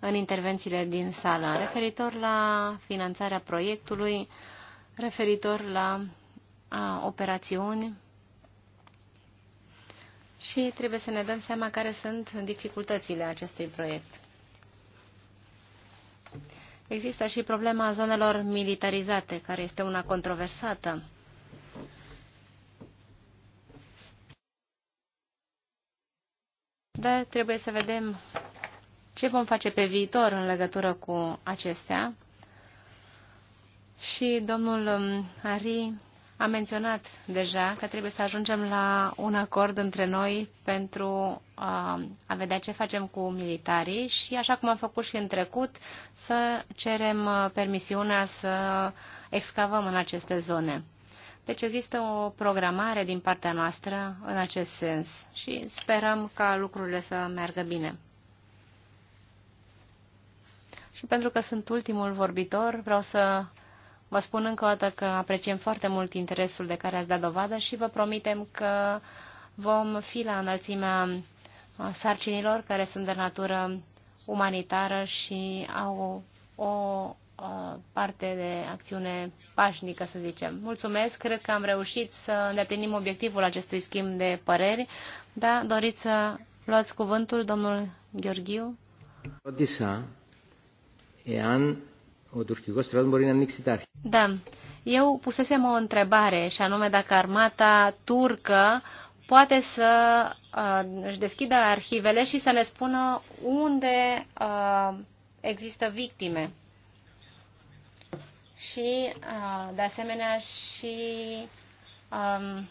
în intervențiile din sală, referitor la finanțarea proiectului, referitor la a, operațiuni și trebuie să ne dăm seama care sunt dificultățile acestui proiect. Există și problema zonelor militarizate, care este una controversată. Dar trebuie să vedem ce vom face pe viitor în legătură cu acestea și domnul um, Ari a menționat deja că trebuie să ajungem la un acord între noi pentru um, a vedea ce facem cu militarii și, așa cum am făcut și în trecut, să cerem uh, permisiunea să excavăm în aceste zone. Deci există o programare din partea noastră în acest sens și sperăm ca lucrurile să meargă bine. Și pentru că sunt ultimul vorbitor, vreau să Vă spun încă o dată că apreciem foarte mult interesul de care ați dat dovadă și vă promitem că vom fi la înălțimea uh, sarcinilor care sunt de natură umanitară și au o, o uh, parte de acțiune pașnică, să zicem. Mulțumesc, cred că am reușit să îndeplinim obiectivul acestui schimb de păreri. Da, doriți să luați cuvântul, domnul Gheorghiu? Odisa, an. Da, eu pusesem o întrebare și anume dacă armata turcă poate să uh, își deschidă arhivele și să ne spună unde uh, există victime. Și, uh, de asemenea, și um,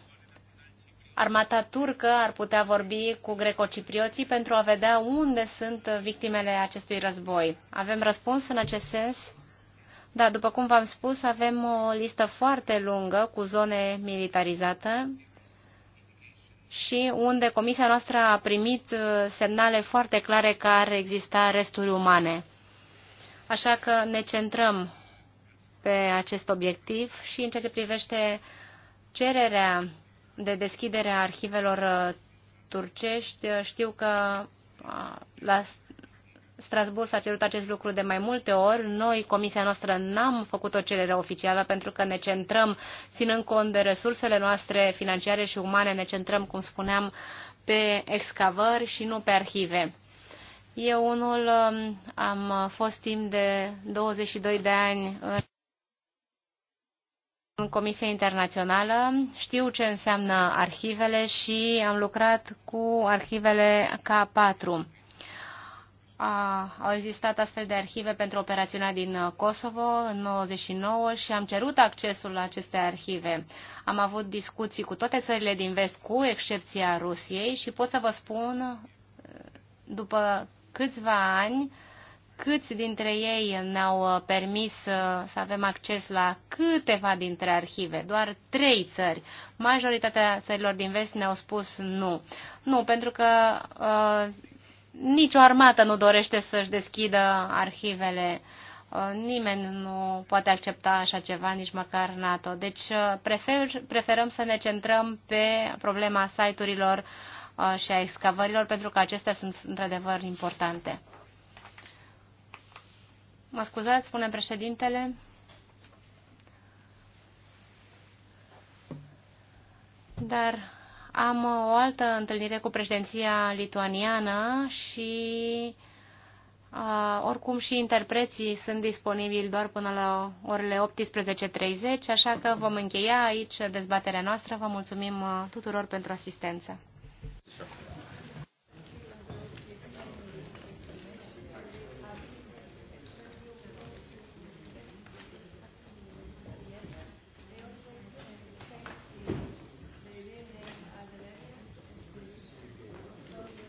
armata turcă ar putea vorbi cu grecociprioții pentru a vedea unde sunt victimele acestui război. Avem răspuns în acest sens? Da, după cum v-am spus, avem o listă foarte lungă cu zone militarizate și unde comisia noastră a primit uh, semnale foarte clare că ar exista resturi umane. Așa că ne centrăm pe acest obiectiv și în ceea ce privește cererea de deschidere a arhivelor uh, turcești, uh, știu că la Strasbourg s-a cerut acest lucru de mai multe ori. Noi, comisia noastră, n-am făcut o cerere oficială pentru că ne centrăm, ținând cont de resursele noastre financiare și umane, ne centrăm, cum spuneam, pe excavări și nu pe arhive. Eu unul um, am fost timp de 22 de ani în în Comisia Internațională, știu ce înseamnă arhivele și am lucrat cu arhivele K4 a, au existat astfel de arhive pentru operațiunea din uh, Kosovo în 1999 și am cerut accesul la aceste arhive. Am avut discuții cu toate țările din vest, cu excepția Rusiei și pot să vă spun, uh, după câțiva ani, câți dintre ei ne-au uh, permis să avem acces la câteva dintre arhive, doar trei țări. Majoritatea țărilor din vest ne-au spus nu. Nu, pentru că uh, nicio armată nu dorește să-și deschidă arhivele. Uh, nimeni nu poate accepta așa ceva, nici măcar NATO. Deci uh, prefer, preferăm să ne centrăm pe problema site-urilor uh, și a excavărilor, pentru că acestea sunt într-adevăr importante. Mă scuzați, spune președintele. Dar am uh, o altă întâlnire cu președinția lituaniană și Uh, oricum și interpreții sunt disponibili doar până la orele 18.30, așa că vom încheia aici dezbaterea noastră. Vă mulțumim uh, tuturor pentru asistență.